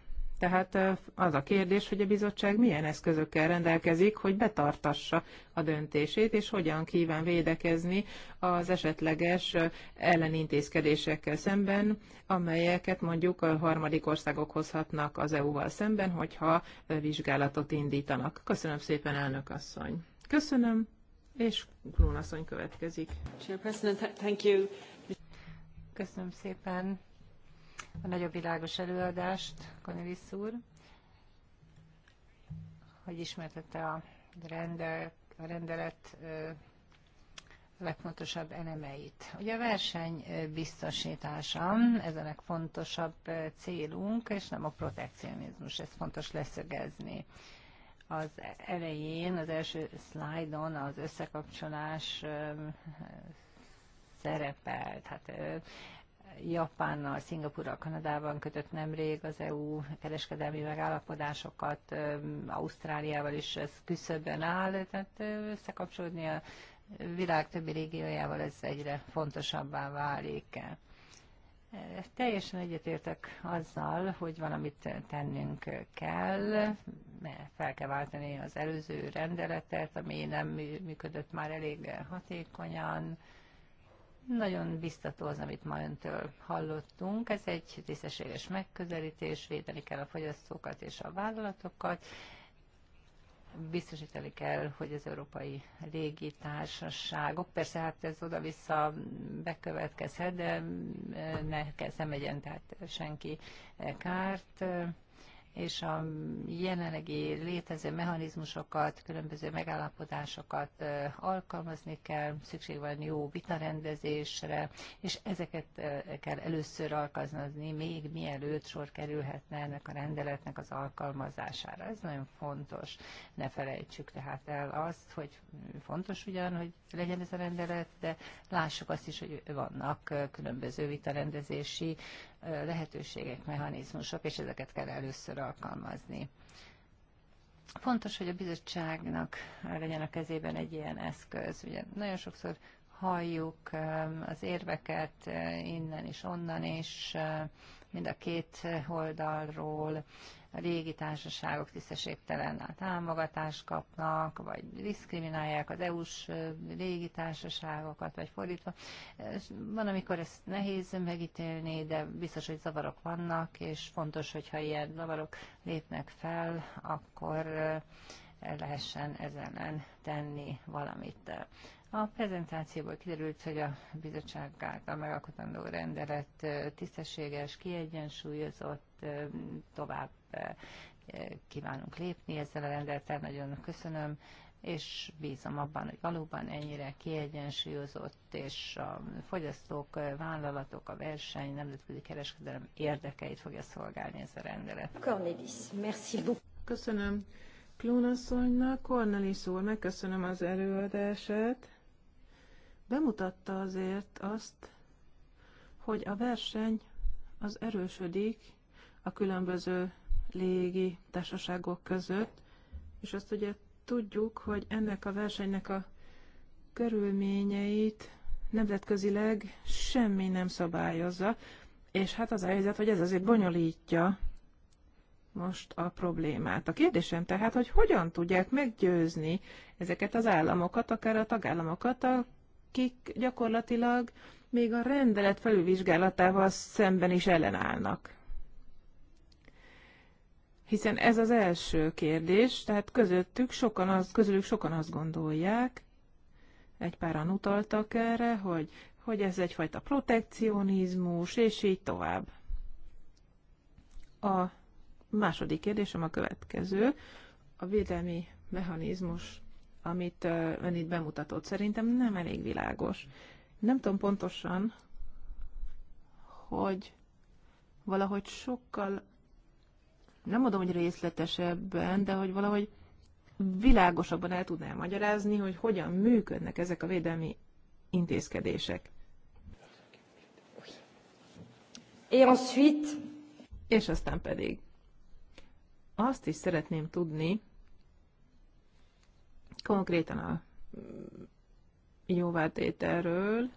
Tehát az a kérdés, hogy a bizottság milyen eszközökkel rendelkezik, hogy betartassa a döntését, és hogyan kíván védekezni az esetleges ellenintézkedésekkel szemben, amelyeket mondjuk a harmadik országok hozhatnak az EU-val szemben, hogyha vizsgálatot indítanak. Köszönöm szépen, elnök asszony. Köszönöm, és Klón asszony következik. Köszönöm szépen a nagyobb világos előadást, Cornelis úr, hogy ismertette a, rendel, a rendelet legfontosabb elemeit. Ugye a verseny biztosítása, ez a legfontosabb célunk, és nem a protekcionizmus, ez fontos leszögezni. Az elején, az első szlájdon az összekapcsolás szerepelt. Hát Japánnal, Szingapurral, Kanadában kötött nemrég az EU kereskedelmi megállapodásokat, Ausztráliával is ez küszöbben áll, tehát összekapcsolódni a világ többi régiójával ez egyre fontosabbá válik. Teljesen egyetértek azzal, hogy valamit tennünk kell, fel kell váltani az előző rendeletet, ami nem működött már elég hatékonyan, nagyon biztató az, amit ma öntől hallottunk. Ez egy tisztességes megközelítés, védeni kell a fogyasztókat és a vállalatokat, biztosítani kell, hogy az európai légitársaságok, persze hát ez oda-vissza bekövetkezhet, de ne kell szemegyen, tehát senki kárt és a jelenlegi létező mechanizmusokat, különböző megállapodásokat alkalmazni kell, szükség van jó vitarendezésre, és ezeket kell először alkalmazni, még mielőtt sor kerülhetne ennek a rendeletnek az alkalmazására. Ez nagyon fontos. Ne felejtsük tehát el azt, hogy fontos ugyan, hogy legyen ez a rendelet, de lássuk azt is, hogy vannak különböző vitarendezési lehetőségek, mechanizmusok, és ezeket kell először alkalmazni. Fontos, hogy a bizottságnak legyen a kezében egy ilyen eszköz. Ugye nagyon sokszor halljuk um, az érveket uh, innen és onnan, és uh, mind a két oldalról a régi társaságok tisztességtelen támogatást kapnak, vagy diszkriminálják az EU-s régi társaságokat, vagy fordítva. Van, amikor ezt nehéz megítélni, de biztos, hogy zavarok vannak, és fontos, hogyha ilyen zavarok lépnek fel, akkor lehessen ezen tenni valamit. A prezentációból kiderült, hogy a bizottság által megalkotandó rendelet tisztességes, kiegyensúlyozott, tovább kívánunk lépni ezzel a rendelettel. Nagyon köszönöm, és bízom abban, hogy valóban ennyire kiegyensúlyozott, és a fogyasztók, vállalatok, a verseny, nemzetközi kereskedelem érdekeit fogja szolgálni ez a rendelet. Cornelis, merci beaucoup. Köszönöm. Klónasszonynak, Cornelis úr, megköszönöm az előadását bemutatta azért azt, hogy a verseny az erősödik a különböző légi társaságok között, és azt ugye tudjuk, hogy ennek a versenynek a körülményeit nemzetközileg semmi nem szabályozza, és hát az a helyzet, hogy ez azért bonyolítja most a problémát. A kérdésem tehát, hogy hogyan tudják meggyőzni ezeket az államokat, akár a tagállamokat a akik gyakorlatilag még a rendelet felülvizsgálatával szemben is ellenállnak. Hiszen ez az első kérdés, tehát közöttük sokan az, közülük sokan azt gondolják, egy páran utaltak erre, hogy, hogy ez egyfajta protekcionizmus, és így tovább. A második kérdésem a következő. A védelmi mechanizmus amit ön itt bemutatott, szerintem nem elég világos. Nem tudom pontosan, hogy valahogy sokkal, nem mondom, hogy részletesebben, de hogy valahogy világosabban el tudná magyarázni, hogy hogyan működnek ezek a védelmi intézkedések. Et ensuite... És aztán pedig azt is szeretném tudni, konkrétan a jóvátételről,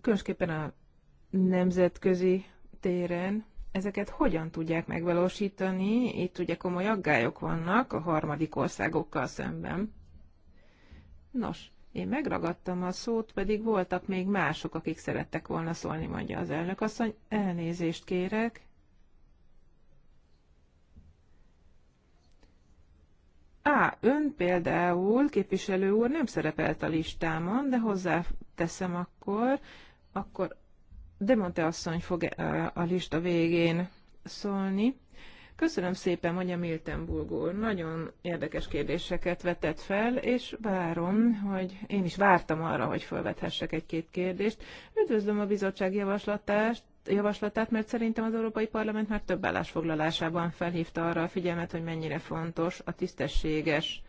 különösképpen a nemzetközi téren, ezeket hogyan tudják megvalósítani, itt ugye komoly aggályok vannak a harmadik országokkal szemben. Nos, én megragadtam a szót, pedig voltak még mások, akik szerettek volna szólni, mondja az elnök mondja, Elnézést kérek. Á, ön például, képviselő úr, nem szerepelt a listámon, de hozzáteszem akkor, akkor Demonte asszony fog e, a lista végén szólni. Köszönöm szépen, hogy a Miltenburg úr nagyon érdekes kérdéseket vetett fel, és várom, hogy én is vártam arra, hogy felvethessek egy-két kérdést. Üdvözlöm a bizottság javaslatást, javaslatát, mert szerintem az Európai Parlament már több állásfoglalásában felhívta arra a figyelmet, hogy mennyire fontos a tisztességes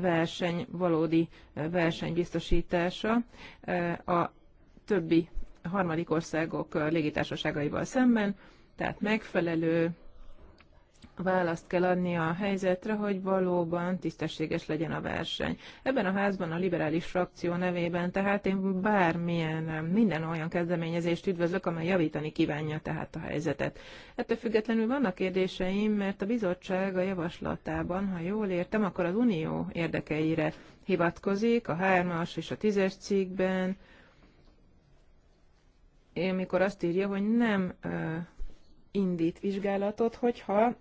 verseny, valódi verseny biztosítása a többi harmadik országok légitársaságaival szemben, tehát megfelelő választ kell adni a helyzetre, hogy valóban tisztességes legyen a verseny. Ebben a házban a liberális frakció nevében, tehát én bármilyen, minden olyan kezdeményezést üdvözlök, amely javítani kívánja tehát a helyzetet. Ettől függetlenül vannak kérdéseim, mert a bizottság a javaslatában, ha jól értem, akkor az unió érdekeire hivatkozik, a hármas és a tízes es cikkben, amikor azt írja, hogy nem indít vizsgálatot, hogyha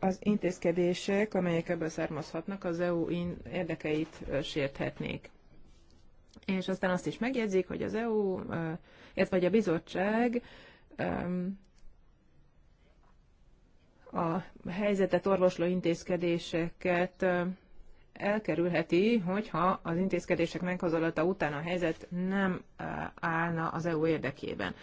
az intézkedések, amelyek ebből származhatnak, az EU érdekeit sérthetnék. És aztán azt is megjegyzik, hogy az EU, illetve vagy a bizottság a helyzetet orvosló intézkedéseket elkerülheti, hogyha az intézkedések meghozolata után a helyzet nem állna az EU érdekében.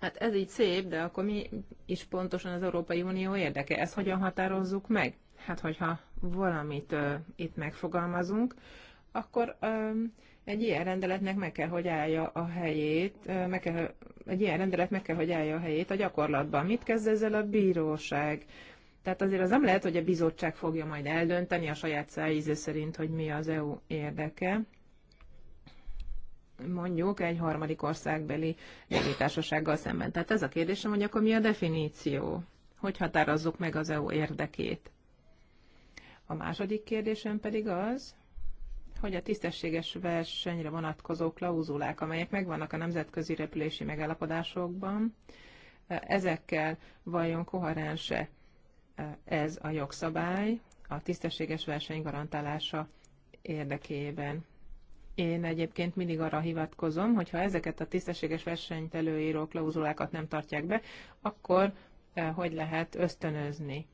Hát ez így szép, de akkor mi is pontosan az Európai Unió érdeke? Ezt hogyan határozzuk meg? Hát, hogyha valamit ö, itt megfogalmazunk, akkor ö, egy ilyen rendeletnek meg kell, hogy állja a helyét, ö, meg kell, egy ilyen rendelet meg kell, hogy állja a helyét a gyakorlatban. Mit kezd ezzel a bíróság? Tehát azért az nem lehet, hogy a bizottság fogja majd eldönteni a saját szájíze szerint, hogy mi az EU érdeke, mondjuk egy harmadik országbeli légitársasággal szemben. Tehát ez a kérdésem, hogy akkor mi a definíció? Hogy határozzuk meg az EU érdekét? A második kérdésem pedig az, hogy a tisztességes versenyre vonatkozó klauzulák, amelyek megvannak a nemzetközi repülési megállapodásokban, ezekkel vajon koherense ez a jogszabály a tisztességes verseny garantálása érdekében. Én egyébként mindig arra hivatkozom, hogy ha ezeket a tisztességes versenyt előíró klauzulákat nem tartják be, akkor eh, hogy lehet ösztönözni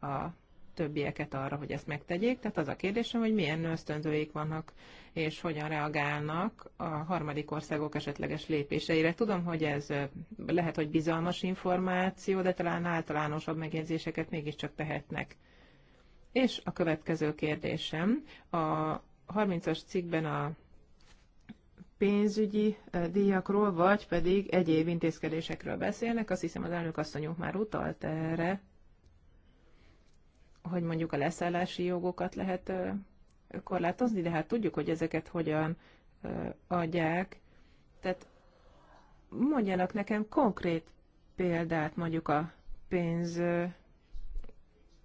a többieket arra, hogy ezt megtegyék. Tehát az a kérdésem, hogy milyen ösztönzőik vannak, és hogyan reagálnak a harmadik országok esetleges lépéseire. Tudom, hogy ez eh, lehet, hogy bizalmas információ, de talán általánosabb megjegyzéseket mégiscsak tehetnek. És a következő kérdésem. A 30-as cikkben a pénzügyi eh, díjakról, vagy pedig egyéb intézkedésekről beszélnek. Azt hiszem az elnök asszonyunk már utalt erre, hogy mondjuk a leszállási jogokat lehet eh, korlátozni, de hát tudjuk, hogy ezeket hogyan eh, adják. Tehát mondjanak nekem konkrét példát mondjuk a pénz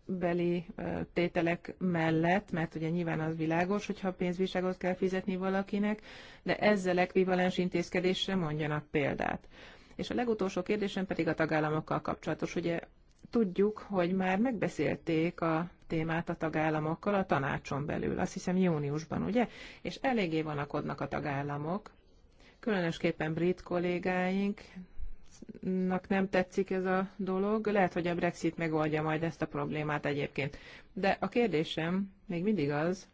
beli tételek mellett, mert ugye nyilván az világos, hogyha pénzbírságot kell fizetni valakinek, de ezzel ekvivalens intézkedésre mondjanak példát. És a legutolsó kérdésem pedig a tagállamokkal kapcsolatos. Ugye tudjuk, hogy már megbeszélték a témát a tagállamokkal a tanácson belül, azt hiszem júniusban, ugye? És eléggé vanakodnak a tagállamok, különösképpen brit kollégáink, Nak nem tetszik ez a dolog. Lehet, hogy a Brexit megoldja majd ezt a problémát egyébként. De a kérdésem még mindig az,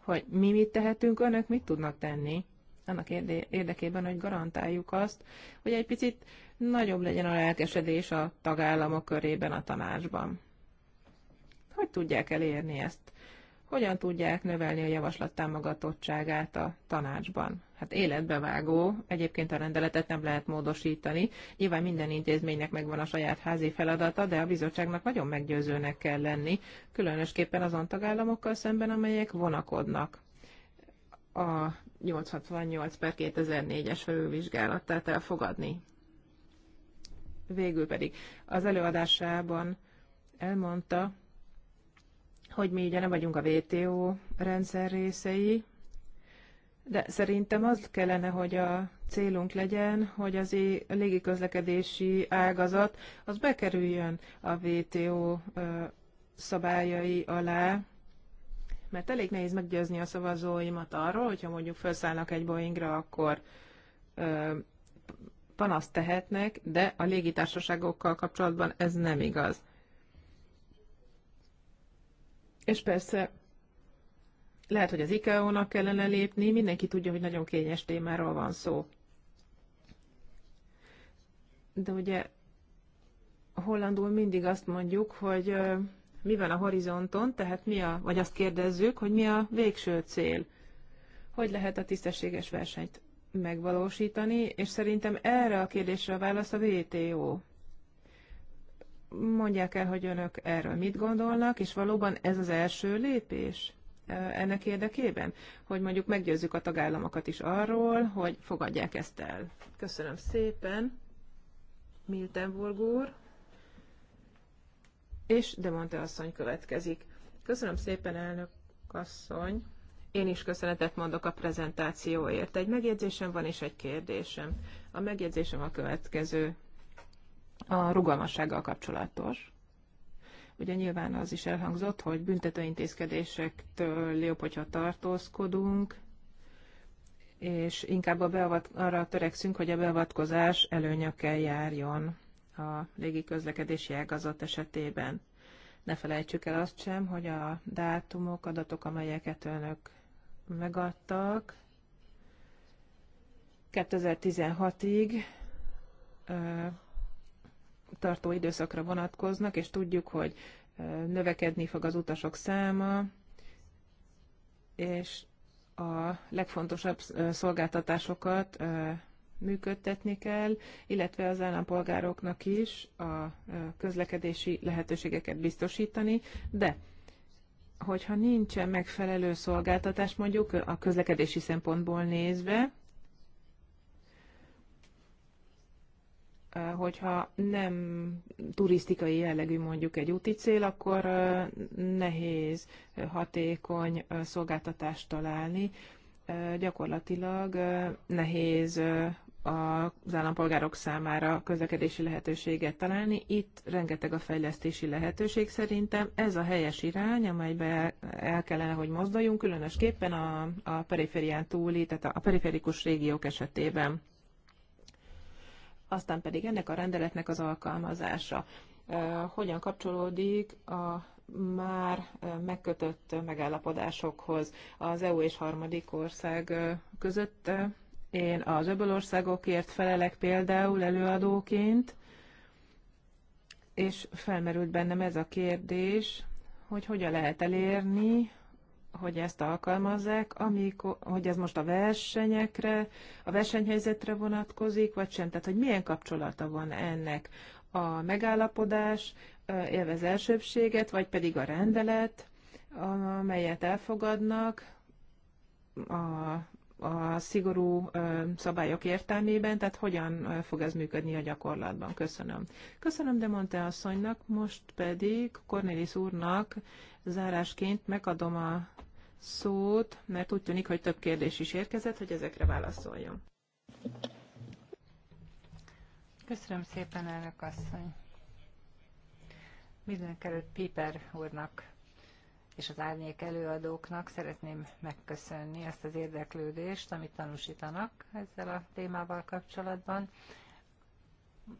hogy mi mit tehetünk, önök mit tudnak tenni annak érdekében, hogy garantáljuk azt, hogy egy picit nagyobb legyen a lelkesedés a tagállamok körében a tanácsban. Hogy tudják elérni ezt? hogyan tudják növelni a javaslat támogatottságát a tanácsban. Hát életbevágó, egyébként a rendeletet nem lehet módosítani. Nyilván minden intézménynek megvan a saját házi feladata, de a bizottságnak nagyon meggyőzőnek kell lenni, különösképpen azon tagállamokkal szemben, amelyek vonakodnak a 868 per 2004-es felülvizsgálatát elfogadni. Végül pedig az előadásában elmondta, hogy mi ugye nem vagyunk a WTO rendszer részei, de szerintem az kellene, hogy a célunk legyen, hogy az légiközlekedési ágazat az bekerüljön a WTO szabályai alá, mert elég nehéz meggyőzni a szavazóimat arról, hogyha mondjuk felszállnak egy Boeingra, akkor ö, panaszt tehetnek, de a légitársaságokkal kapcsolatban ez nem igaz. És persze lehet, hogy az ikea nak kellene lépni, mindenki tudja, hogy nagyon kényes témáról van szó. De ugye hollandul mindig azt mondjuk, hogy mi van a horizonton, tehát mi a, vagy azt kérdezzük, hogy mi a végső cél, hogy lehet a tisztességes versenyt megvalósítani, és szerintem erre a kérdésre a válasz a VTO mondják el, hogy önök erről mit gondolnak, és valóban ez az első lépés ennek érdekében, hogy mondjuk meggyőzzük a tagállamokat is arról, hogy fogadják ezt el. Köszönöm szépen, Miltenburg úr, és de Demonte asszony következik. Köszönöm szépen, elnök asszony. Én is köszönetet mondok a prezentációért. Egy megjegyzésem van és egy kérdésem. A megjegyzésem a következő a rugalmassággal kapcsolatos. Ugye nyilván az is elhangzott, hogy büntetőintézkedésektől jobb, hogyha tartózkodunk, és inkább a beavat, arra törekszünk, hogy a beavatkozás előnyökkel járjon a légiközlekedési ágazat esetében. Ne felejtsük el azt sem, hogy a dátumok, adatok, amelyeket önök megadtak, 2016-ig tartó időszakra vonatkoznak, és tudjuk, hogy növekedni fog az utasok száma, és a legfontosabb szolgáltatásokat működtetni kell, illetve az állampolgároknak is a közlekedési lehetőségeket biztosítani, de hogyha nincsen megfelelő szolgáltatás mondjuk a közlekedési szempontból nézve, hogyha nem turisztikai jellegű mondjuk egy úti cél, akkor nehéz hatékony szolgáltatást találni. Gyakorlatilag nehéz az állampolgárok számára közlekedési lehetőséget találni. Itt rengeteg a fejlesztési lehetőség szerintem. Ez a helyes irány, amelybe el kellene, hogy mozduljunk, különösképpen a, a periférián túli, tehát a periférikus régiók esetében aztán pedig ennek a rendeletnek az alkalmazása hogyan kapcsolódik a már megkötött megállapodásokhoz az EU és harmadik ország között. Én az öbölországokért felelek például előadóként, és felmerült bennem ez a kérdés, hogy hogyan lehet elérni, hogy ezt alkalmazzák, amikor, hogy ez most a versenyekre, a versenyhelyzetre vonatkozik, vagy sem. Tehát, hogy milyen kapcsolata van ennek a megállapodás, élvez elsőbséget, vagy pedig a rendelet, amelyet elfogadnak a, a szigorú szabályok értelmében, tehát hogyan fog ez működni a gyakorlatban. Köszönöm. Köszönöm de Demonte asszonynak, most pedig Cornelis úrnak zárásként megadom a szót, mert úgy tűnik, hogy több kérdés is érkezett, hogy ezekre válaszoljon. Köszönöm szépen, elnök asszony. Mindenek előtt Piper úrnak és az árnyék előadóknak szeretném megköszönni ezt az érdeklődést, amit tanúsítanak ezzel a témával kapcsolatban,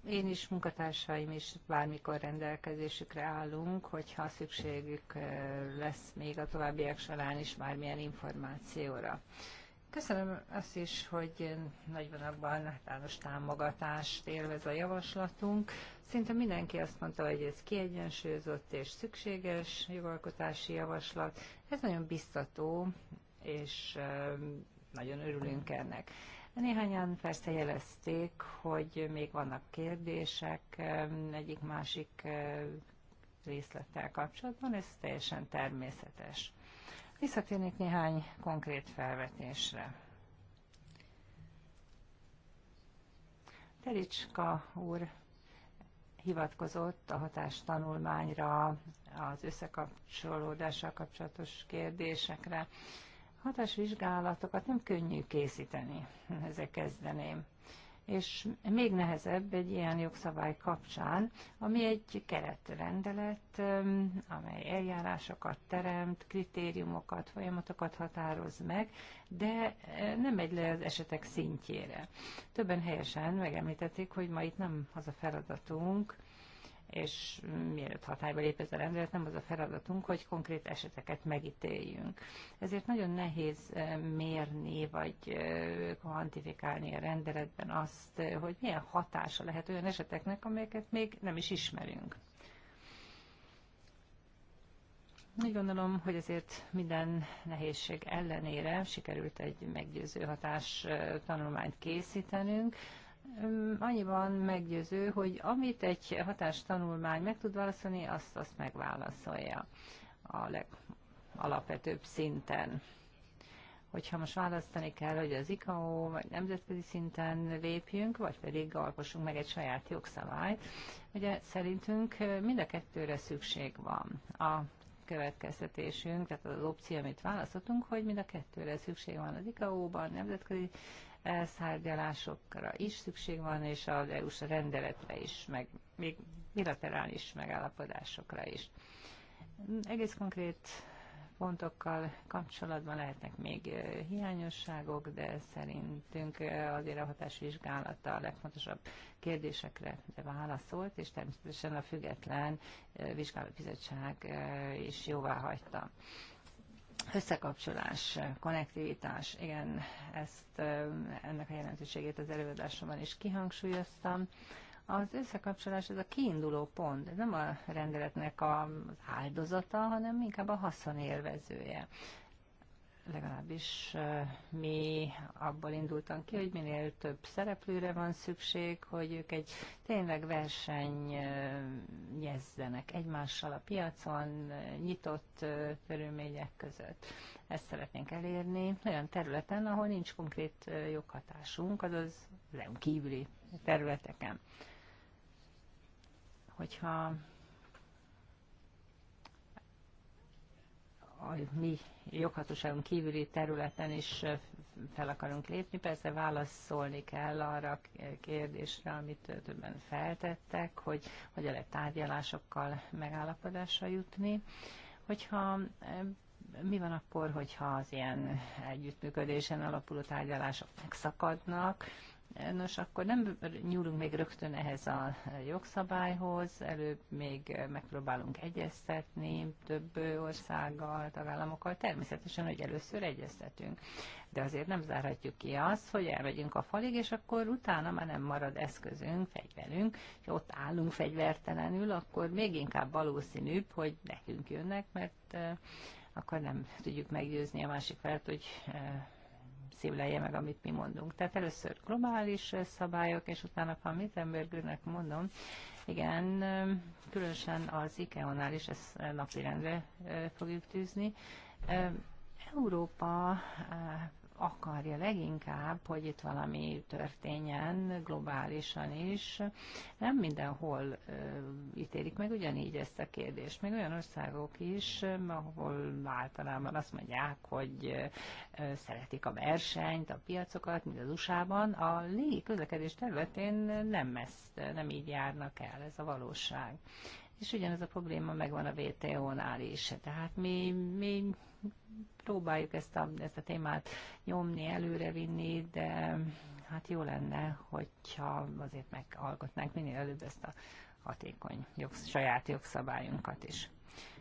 én is, munkatársaim is bármikor rendelkezésükre állunk, hogyha szükségük lesz még a továbbiak során is bármilyen információra. Köszönöm azt is, hogy nagyvonalban vonalban általános támogatást élvez a javaslatunk. Szinte mindenki azt mondta, hogy ez kiegyensúlyozott és szükséges jogalkotási javaslat. Ez nagyon biztató, és nagyon örülünk ennek. Néhányan persze jelezték, hogy még vannak kérdések egyik-másik részlettel kapcsolatban, ez teljesen természetes. Visszatérnék néhány konkrét felvetésre. Telicska úr hivatkozott a hatástanulmányra, az összekapcsolódással kapcsolatos kérdésekre hatásvizsgálatokat nem könnyű készíteni, ezek kezdeném. És még nehezebb egy ilyen jogszabály kapcsán, ami egy keretrendelet, amely eljárásokat teremt, kritériumokat, folyamatokat határoz meg, de nem megy le az esetek szintjére. Többen helyesen megemlítették, hogy ma itt nem az a feladatunk, és mielőtt hatályba lép ez a rendelet, nem az a feladatunk, hogy konkrét eseteket megítéljünk. Ezért nagyon nehéz eh, mérni, vagy eh, kvantifikálni a rendeletben azt, eh, hogy milyen hatása lehet olyan eseteknek, amelyeket még nem is ismerünk. Úgy gondolom, hogy azért minden nehézség ellenére sikerült egy meggyőző hatás tanulmányt készítenünk, annyiban meggyőző, hogy amit egy tanulmány meg tud válaszolni, azt azt megválaszolja a legalapvetőbb szinten. Hogyha most választani kell, hogy az ICAO vagy nemzetközi szinten lépjünk, vagy pedig alkossunk meg egy saját jogszabályt, ugye szerintünk mind a kettőre szükség van. A következtetésünk, tehát az opció, amit választottunk, hogy mind a kettőre szükség van az ICAO-ban, nemzetközi elszárgyalásokra is szükség van, és az EU-s rendeletre is, meg még bilaterális megállapodásokra is. Egész konkrét pontokkal kapcsolatban lehetnek még hiányosságok, de szerintünk azért a hatásvizsgálata a legfontosabb kérdésekre válaszolt, és természetesen a független vizsgálóbizottság is jóvá hagyta összekapcsolás, konnektivitás, igen, ezt ennek a jelentőségét az előadásomban is kihangsúlyoztam. Az összekapcsolás ez a kiinduló pont, ez nem a rendeletnek az áldozata, hanem inkább a haszonélvezője legalábbis mi abból indultunk ki, hogy minél több szereplőre van szükség, hogy ők egy tényleg versenyezzenek egymással a piacon, nyitott körülmények között. Ezt szeretnénk elérni olyan területen, ahol nincs konkrét joghatásunk, azaz nem kívüli területeken. Hogyha a mi joghatóságunk kívüli területen is fel akarunk lépni. Persze válaszolni kell arra a kérdésre, amit többen feltettek, hogy hogyan lehet tárgyalásokkal megállapodásra jutni. Hogyha mi van akkor, hogyha az ilyen együttműködésen alapuló tárgyalások megszakadnak, Nos, akkor nem nyúlunk még rögtön ehhez a jogszabályhoz, előbb még megpróbálunk egyeztetni több országgal, tagállamokkal, természetesen, hogy először egyeztetünk. De azért nem zárhatjuk ki azt, hogy elmegyünk a falig, és akkor utána már nem marad eszközünk, fegyverünk, és ott állunk fegyvertelenül, akkor még inkább valószínűbb, hogy nekünk jönnek, mert eh, akkor nem tudjuk meggyőzni a másik felt, hogy eh, szívlelje meg, amit mi mondunk. Tehát először globális szabályok, és utána a Mittenbergőnek mondom, igen, különösen az ikea nál is ezt napirendre fogjuk tűzni. Európa akarja leginkább, hogy itt valami történjen globálisan is. Nem mindenhol ítélik meg ugyanígy ezt a kérdést, meg olyan országok is, ahol általában azt mondják, hogy szeretik a versenyt, a piacokat, mint az USA-ban. A légi közlekedés területén nem, ezt, nem így járnak el, ez a valóság. És ugyanez a probléma megvan a WTO-nál is. Tehát mi, mi próbáljuk ezt a, ezt a témát nyomni, előrevinni, de hát jó lenne, hogyha azért megalkotnánk minél előbb ezt a hatékony jogsz, saját jogszabályunkat is.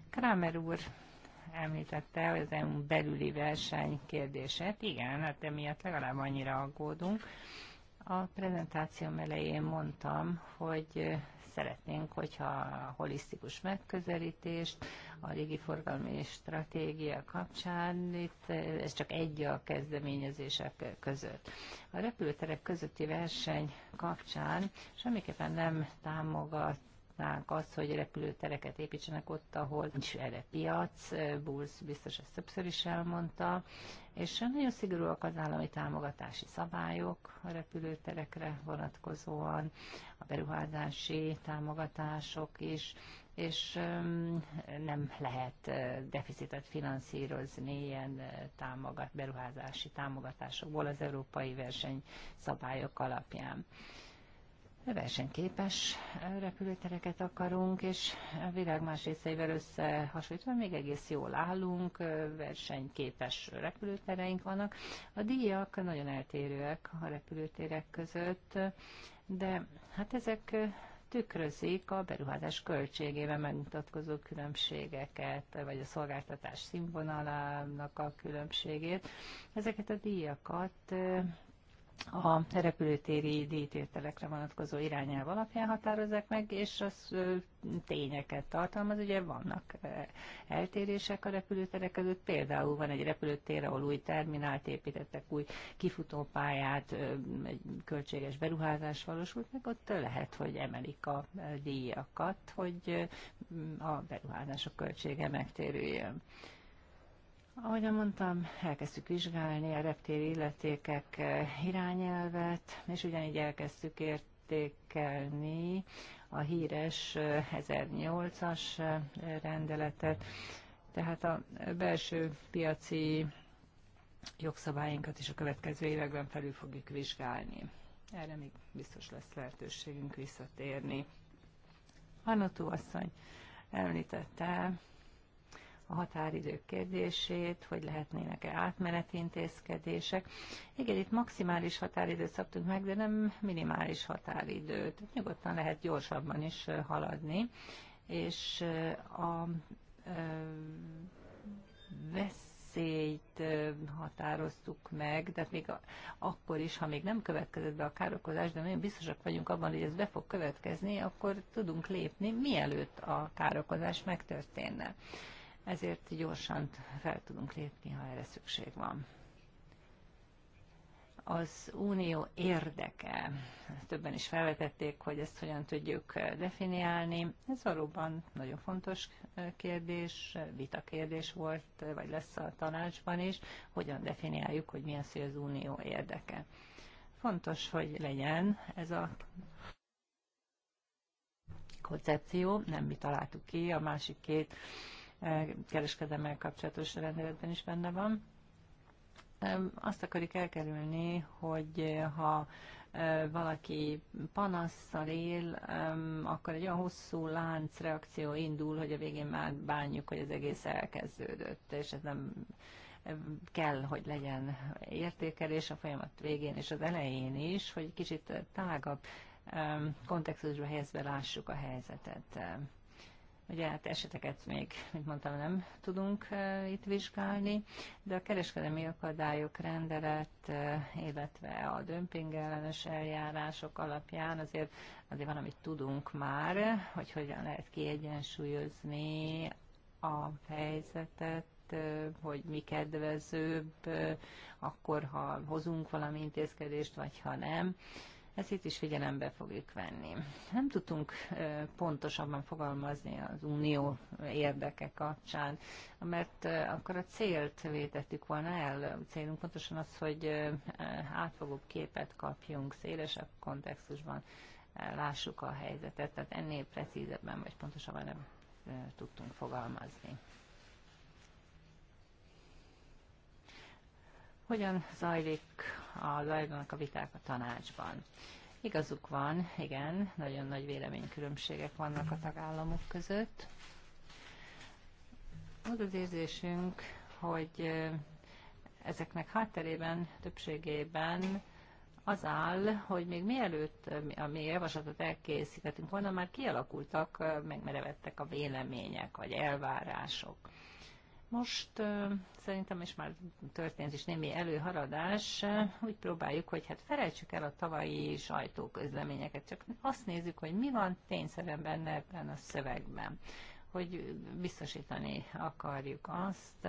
Kramer úr említette, hogy az EU belüli verseny kérdését. Igen, hát emiatt legalább annyira aggódunk. A prezentációm elején mondtam, hogy szeretnénk, hogyha holisztikus megközelítést a légiforgalmi stratégia kapcsán, itt eh, ez csak egy a kezdeményezések között. A repülőterek közötti verseny kapcsán semmiképpen nem támogat támogatnánk azt, hogy repülőtereket építsenek ott, ahol nincs erre piac, Bulls biztos ezt többször is elmondta, és nagyon szigorúak az állami támogatási szabályok a repülőterekre vonatkozóan, a beruházási támogatások is, és nem lehet deficitet finanszírozni ilyen támogat, beruházási támogatásokból az európai verseny szabályok alapján versenyképes repülőtereket akarunk, és a világ más részeivel összehasonlítva még egész jól állunk, versenyképes repülőtereink vannak. A díjak nagyon eltérőek a repülőtérek között, de hát ezek tükrözik a beruházás költségében megmutatkozó különbségeket, vagy a szolgáltatás színvonalának a különbségét. Ezeket a díjakat a repülőtéri díjtételekre vonatkozó irányelv alapján határozzák meg, és az tényeket tartalmaz. Ugye vannak eltérések a repülőterek között, például van egy repülőtér, ahol új terminált építettek, új kifutópályát, egy költséges beruházás valósult meg, ott lehet, hogy emelik a díjakat, hogy a beruházások költsége megtérüljön. Ahogy mondtam, elkezdtük vizsgálni a reptéri illetékek eh, irányelvet, és ugyanígy elkezdtük értékelni a híres 1008-as eh, eh, rendeletet, tehát a belső piaci jogszabályinkat is a következő években felül fogjuk vizsgálni. Erre még biztos lesz lehetőségünk visszatérni. Hanotó asszony említette a határidők kérdését, hogy lehetnének-e átmeneti intézkedések. Igen, itt maximális határidőt szabtunk meg, de nem minimális határidőt. Nyugodtan lehet gyorsabban is haladni, és a veszélyt határoztuk meg, de hát még akkor is, ha még nem következett be a károkozás, de nagyon biztosak vagyunk abban, hogy ez be fog következni, akkor tudunk lépni, mielőtt a károkozás megtörténne ezért gyorsan fel tudunk lépni, ha erre szükség van. Az unió érdeke, többen is felvetették, hogy ezt hogyan tudjuk eh, definiálni. Ez valóban nagyon fontos eh, kérdés, eh, vita kérdés volt, vagy lesz a tanácsban is, hogyan definiáljuk, hogy mi az, hogy az unió érdeke. Fontos, hogy legyen ez a koncepció, nem mi találtuk ki, a másik két E, kereskedemmel kapcsolatos rendeletben is benne van. E, azt akarik elkerülni, hogy ha e, valaki panasszal él, akkor egy olyan hosszú láncreakció indul, hogy a végén már bánjuk, hogy az egész elkezdődött, és ez nem kell, hogy legyen értékelés a folyamat végén és az elején is, hogy kicsit tágabb kontextusba helyezve lássuk a helyzetet. Ugye hát eseteket még, mint mondtam, nem tudunk itt vizsgálni, de a kereskedelmi akadályok rendelet, illetve a dömping ellenes eljárások alapján azért, azért van, amit tudunk már, hogy hogyan lehet kiegyensúlyozni a helyzetet, hogy mi kedvezőbb, akkor ha hozunk valami intézkedést, vagy ha nem ezt itt is figyelembe fogjuk venni. Nem tudtunk pontosabban fogalmazni az unió érdeke kapcsán, mert akkor a célt vétettük volna el. A célunk pontosan az, hogy átfogóbb képet kapjunk, szélesebb kontextusban lássuk a helyzetet, tehát ennél precízebben vagy pontosabban nem tudtunk fogalmazni. hogyan zajlik a zajlanak a viták a tanácsban. Igazuk van, igen, nagyon nagy véleménykülönbségek vannak a tagállamok között. Az az érzésünk, hogy ezeknek hátterében, többségében az áll, hogy még mielőtt a mi javaslatot elkészítettünk volna, már kialakultak, megmerevettek a vélemények vagy elvárások. Most szerintem is már történt is némi előharadás. Úgy próbáljuk, hogy hát felejtsük el a tavalyi sajtóközleményeket, csak azt nézzük, hogy mi van tényszerűen benne ebben a szövegben hogy biztosítani akarjuk azt,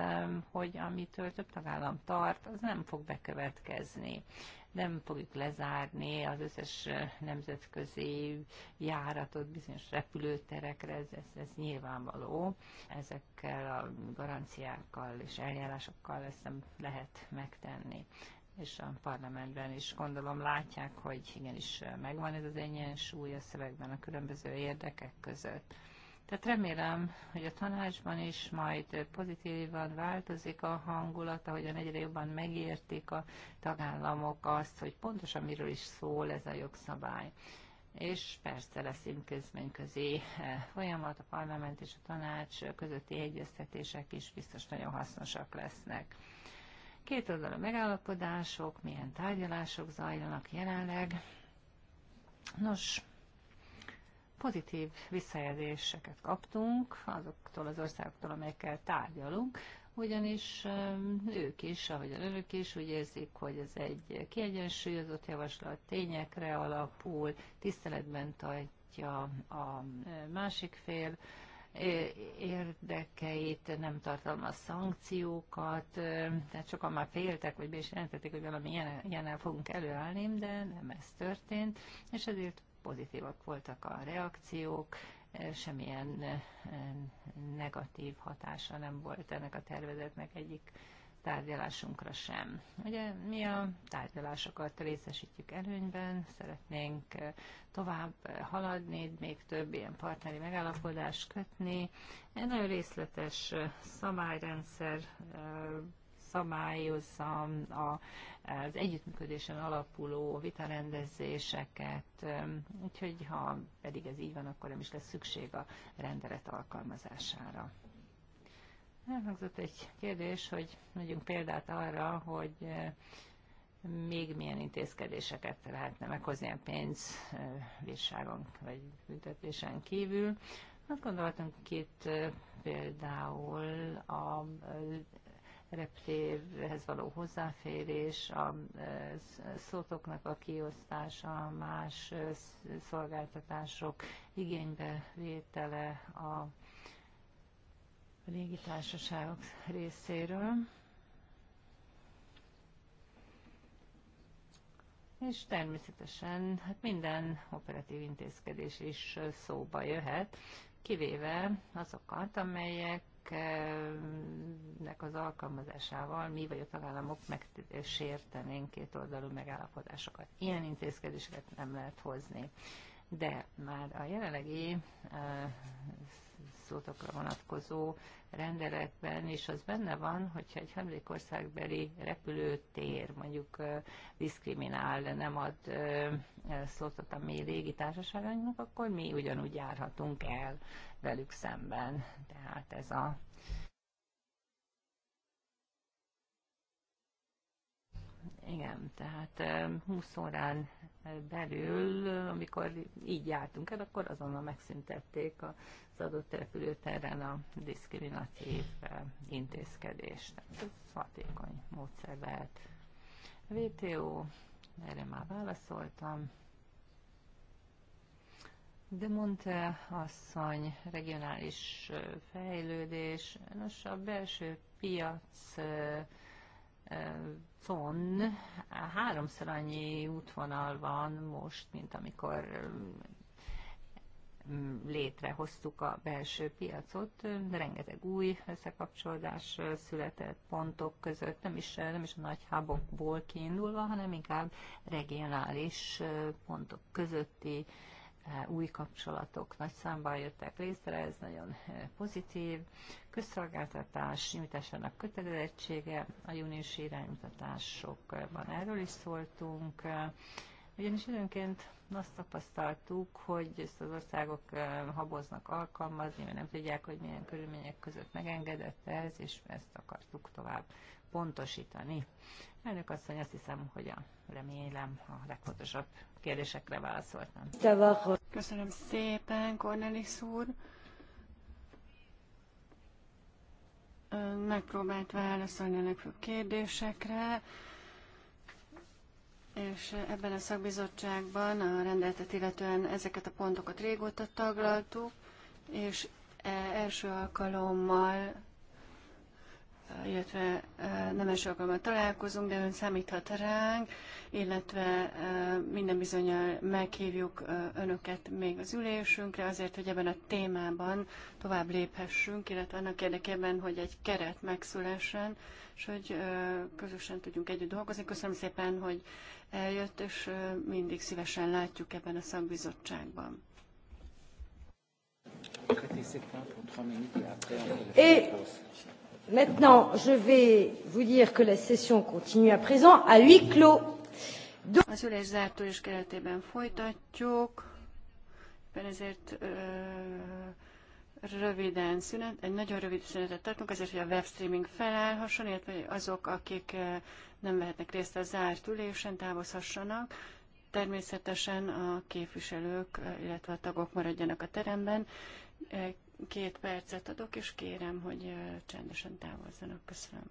hogy amitől több tagállam tart, az nem fog bekövetkezni. Nem fogjuk lezárni az összes nemzetközi járatot bizonyos repülőterekre, ez, ez, ez nyilvánvaló. Ezekkel a garanciákkal és eljárásokkal ezt nem lehet megtenni és a parlamentben is gondolom látják, hogy igenis megvan ez az egyensúly a szövegben a különböző érdekek között. Tehát remélem, hogy a tanácsban is majd pozitívan változik a hangulat, ahogyan egyre jobban megértik a tagállamok azt, hogy pontosan miről is szól ez a jogszabály. És persze lesz intézményközi eh, folyamat, a parlament és a tanács közötti egyeztetések is biztos nagyon hasznosak lesznek. Két oldalú megállapodások, milyen tárgyalások zajlanak jelenleg. Nos, Pozitív visszajelzéseket kaptunk azoktól az országoktól, amelyekkel tárgyalunk, ugyanis ők is, ahogy önök is úgy érzik, hogy ez egy kiegyensúlyozott javaslat, tényekre alapul, tiszteletben tartja a e, másik fél e, érdekeit, nem tartalmaz szankciókat, e, tehát sokan már féltek, vagy be is jelentették, hogy valami ilyen, ilyennel fogunk előállni, de nem ez történt, és ezért pozitívak voltak a reakciók, e, semmilyen e, negatív hatása nem volt ennek a tervezetnek egyik tárgyalásunkra sem. Ugye mi a tárgyalásokat részesítjük előnyben, szeretnénk e, tovább haladni, még több ilyen partneri megállapodást kötni. Egy nagyon részletes szabályrendszer szabályozzam a, az együttműködésen alapuló vitarendezéseket. Úgyhogy ha pedig ez így van, akkor nem is lesz szükség a rendelet alkalmazására. Elhangzott egy kérdés, hogy mondjunk példát arra, hogy még milyen intézkedéseket lehetne meghozni a pénzbírságon vagy büntetésen kívül. Hát gondoltunk itt például a reptérhez való hozzáférés, a szótoknak a kiosztása, más szolgáltatások igénybevétele a légitársaságok részéről. És természetesen hát minden operatív intézkedés is szóba jöhet, kivéve azokat, amelyek ezeknek az alkalmazásával mi vagy a tagállamok megsértenénk két oldalú megállapodásokat. Ilyen intézkedéseket nem lehet hozni. De már a jelenlegi eh, abszolútokra vonatkozó rendeletben, és az benne van, hogyha egy hemlékországbeli országbeli repülőtér mondjuk diszkriminál, nem ad szlotot a mi légitársaságainknak, akkor mi ugyanúgy járhatunk el velük szemben. Tehát ez a Igen, tehát 20 órán belül, amikor így jártunk el, akkor azonnal megszüntették az adott repülőterren a diszkriminatív intézkedést. hatékony módszer lehet. VTO, erre már válaszoltam. De mondta asszony, regionális fejlődés, nos a belső piac ton, háromszor annyi útvonal van most, mint amikor mm, létrehoztuk a belső piacot, rengeteg új összekapcsolódás született pontok között, nem is, nem is a nagy hubokból kiindulva, hanem inkább regionális eh, pontok közötti új kapcsolatok nagy számban jöttek létre, ez nagyon eh, pozitív. Közszolgáltatás nyújtásának kötelezettsége, a júniusi iránymutatásokban erről is szóltunk, ugyanis időnként azt tapasztaltuk, hogy ezt az országok eh, haboznak alkalmazni, mert nem tudják, hogy milyen körülmények között megengedett ez, és ezt akartuk tovább pontosítani. Elnök asszony, azt hiszem, hogy a remélem a legfontosabb kérdésekre válaszoltam. Köszönöm szépen, Cornelis úr. megpróbált válaszolni a legfőbb kérdésekre, és ebben a szakbizottságban a rendeltet illetően ezeket a pontokat régóta taglaltuk, és e, első alkalommal illetve nem első alkalommal találkozunk, de ön számíthat ránk, illetve minden bizonyal meghívjuk önöket még az ülésünkre, azért, hogy ebben a témában tovább léphessünk, illetve annak érdekében, hogy egy keret megszülessen, és hogy közösen tudjunk együtt dolgozni. Köszönöm szépen, hogy eljött, és mindig szívesen látjuk ebben a szakbizottságban. Et Maintenant, je vais vous dire que la session continue à présent à huis clos. Do az ülés zártó is keretében folytatjuk, éppen ezért ö, röviden szünet, egy nagyon rövid szünetet tartunk, azért, hogy a webstreaming felállhasson, illetve azok, akik ö, nem vehetnek részt a zárt ülésen, távozhassanak. Természetesen a képviselők, illetve a tagok maradjanak a teremben két percet adok, és kérem, hogy csendesen távozzanak. Köszönöm.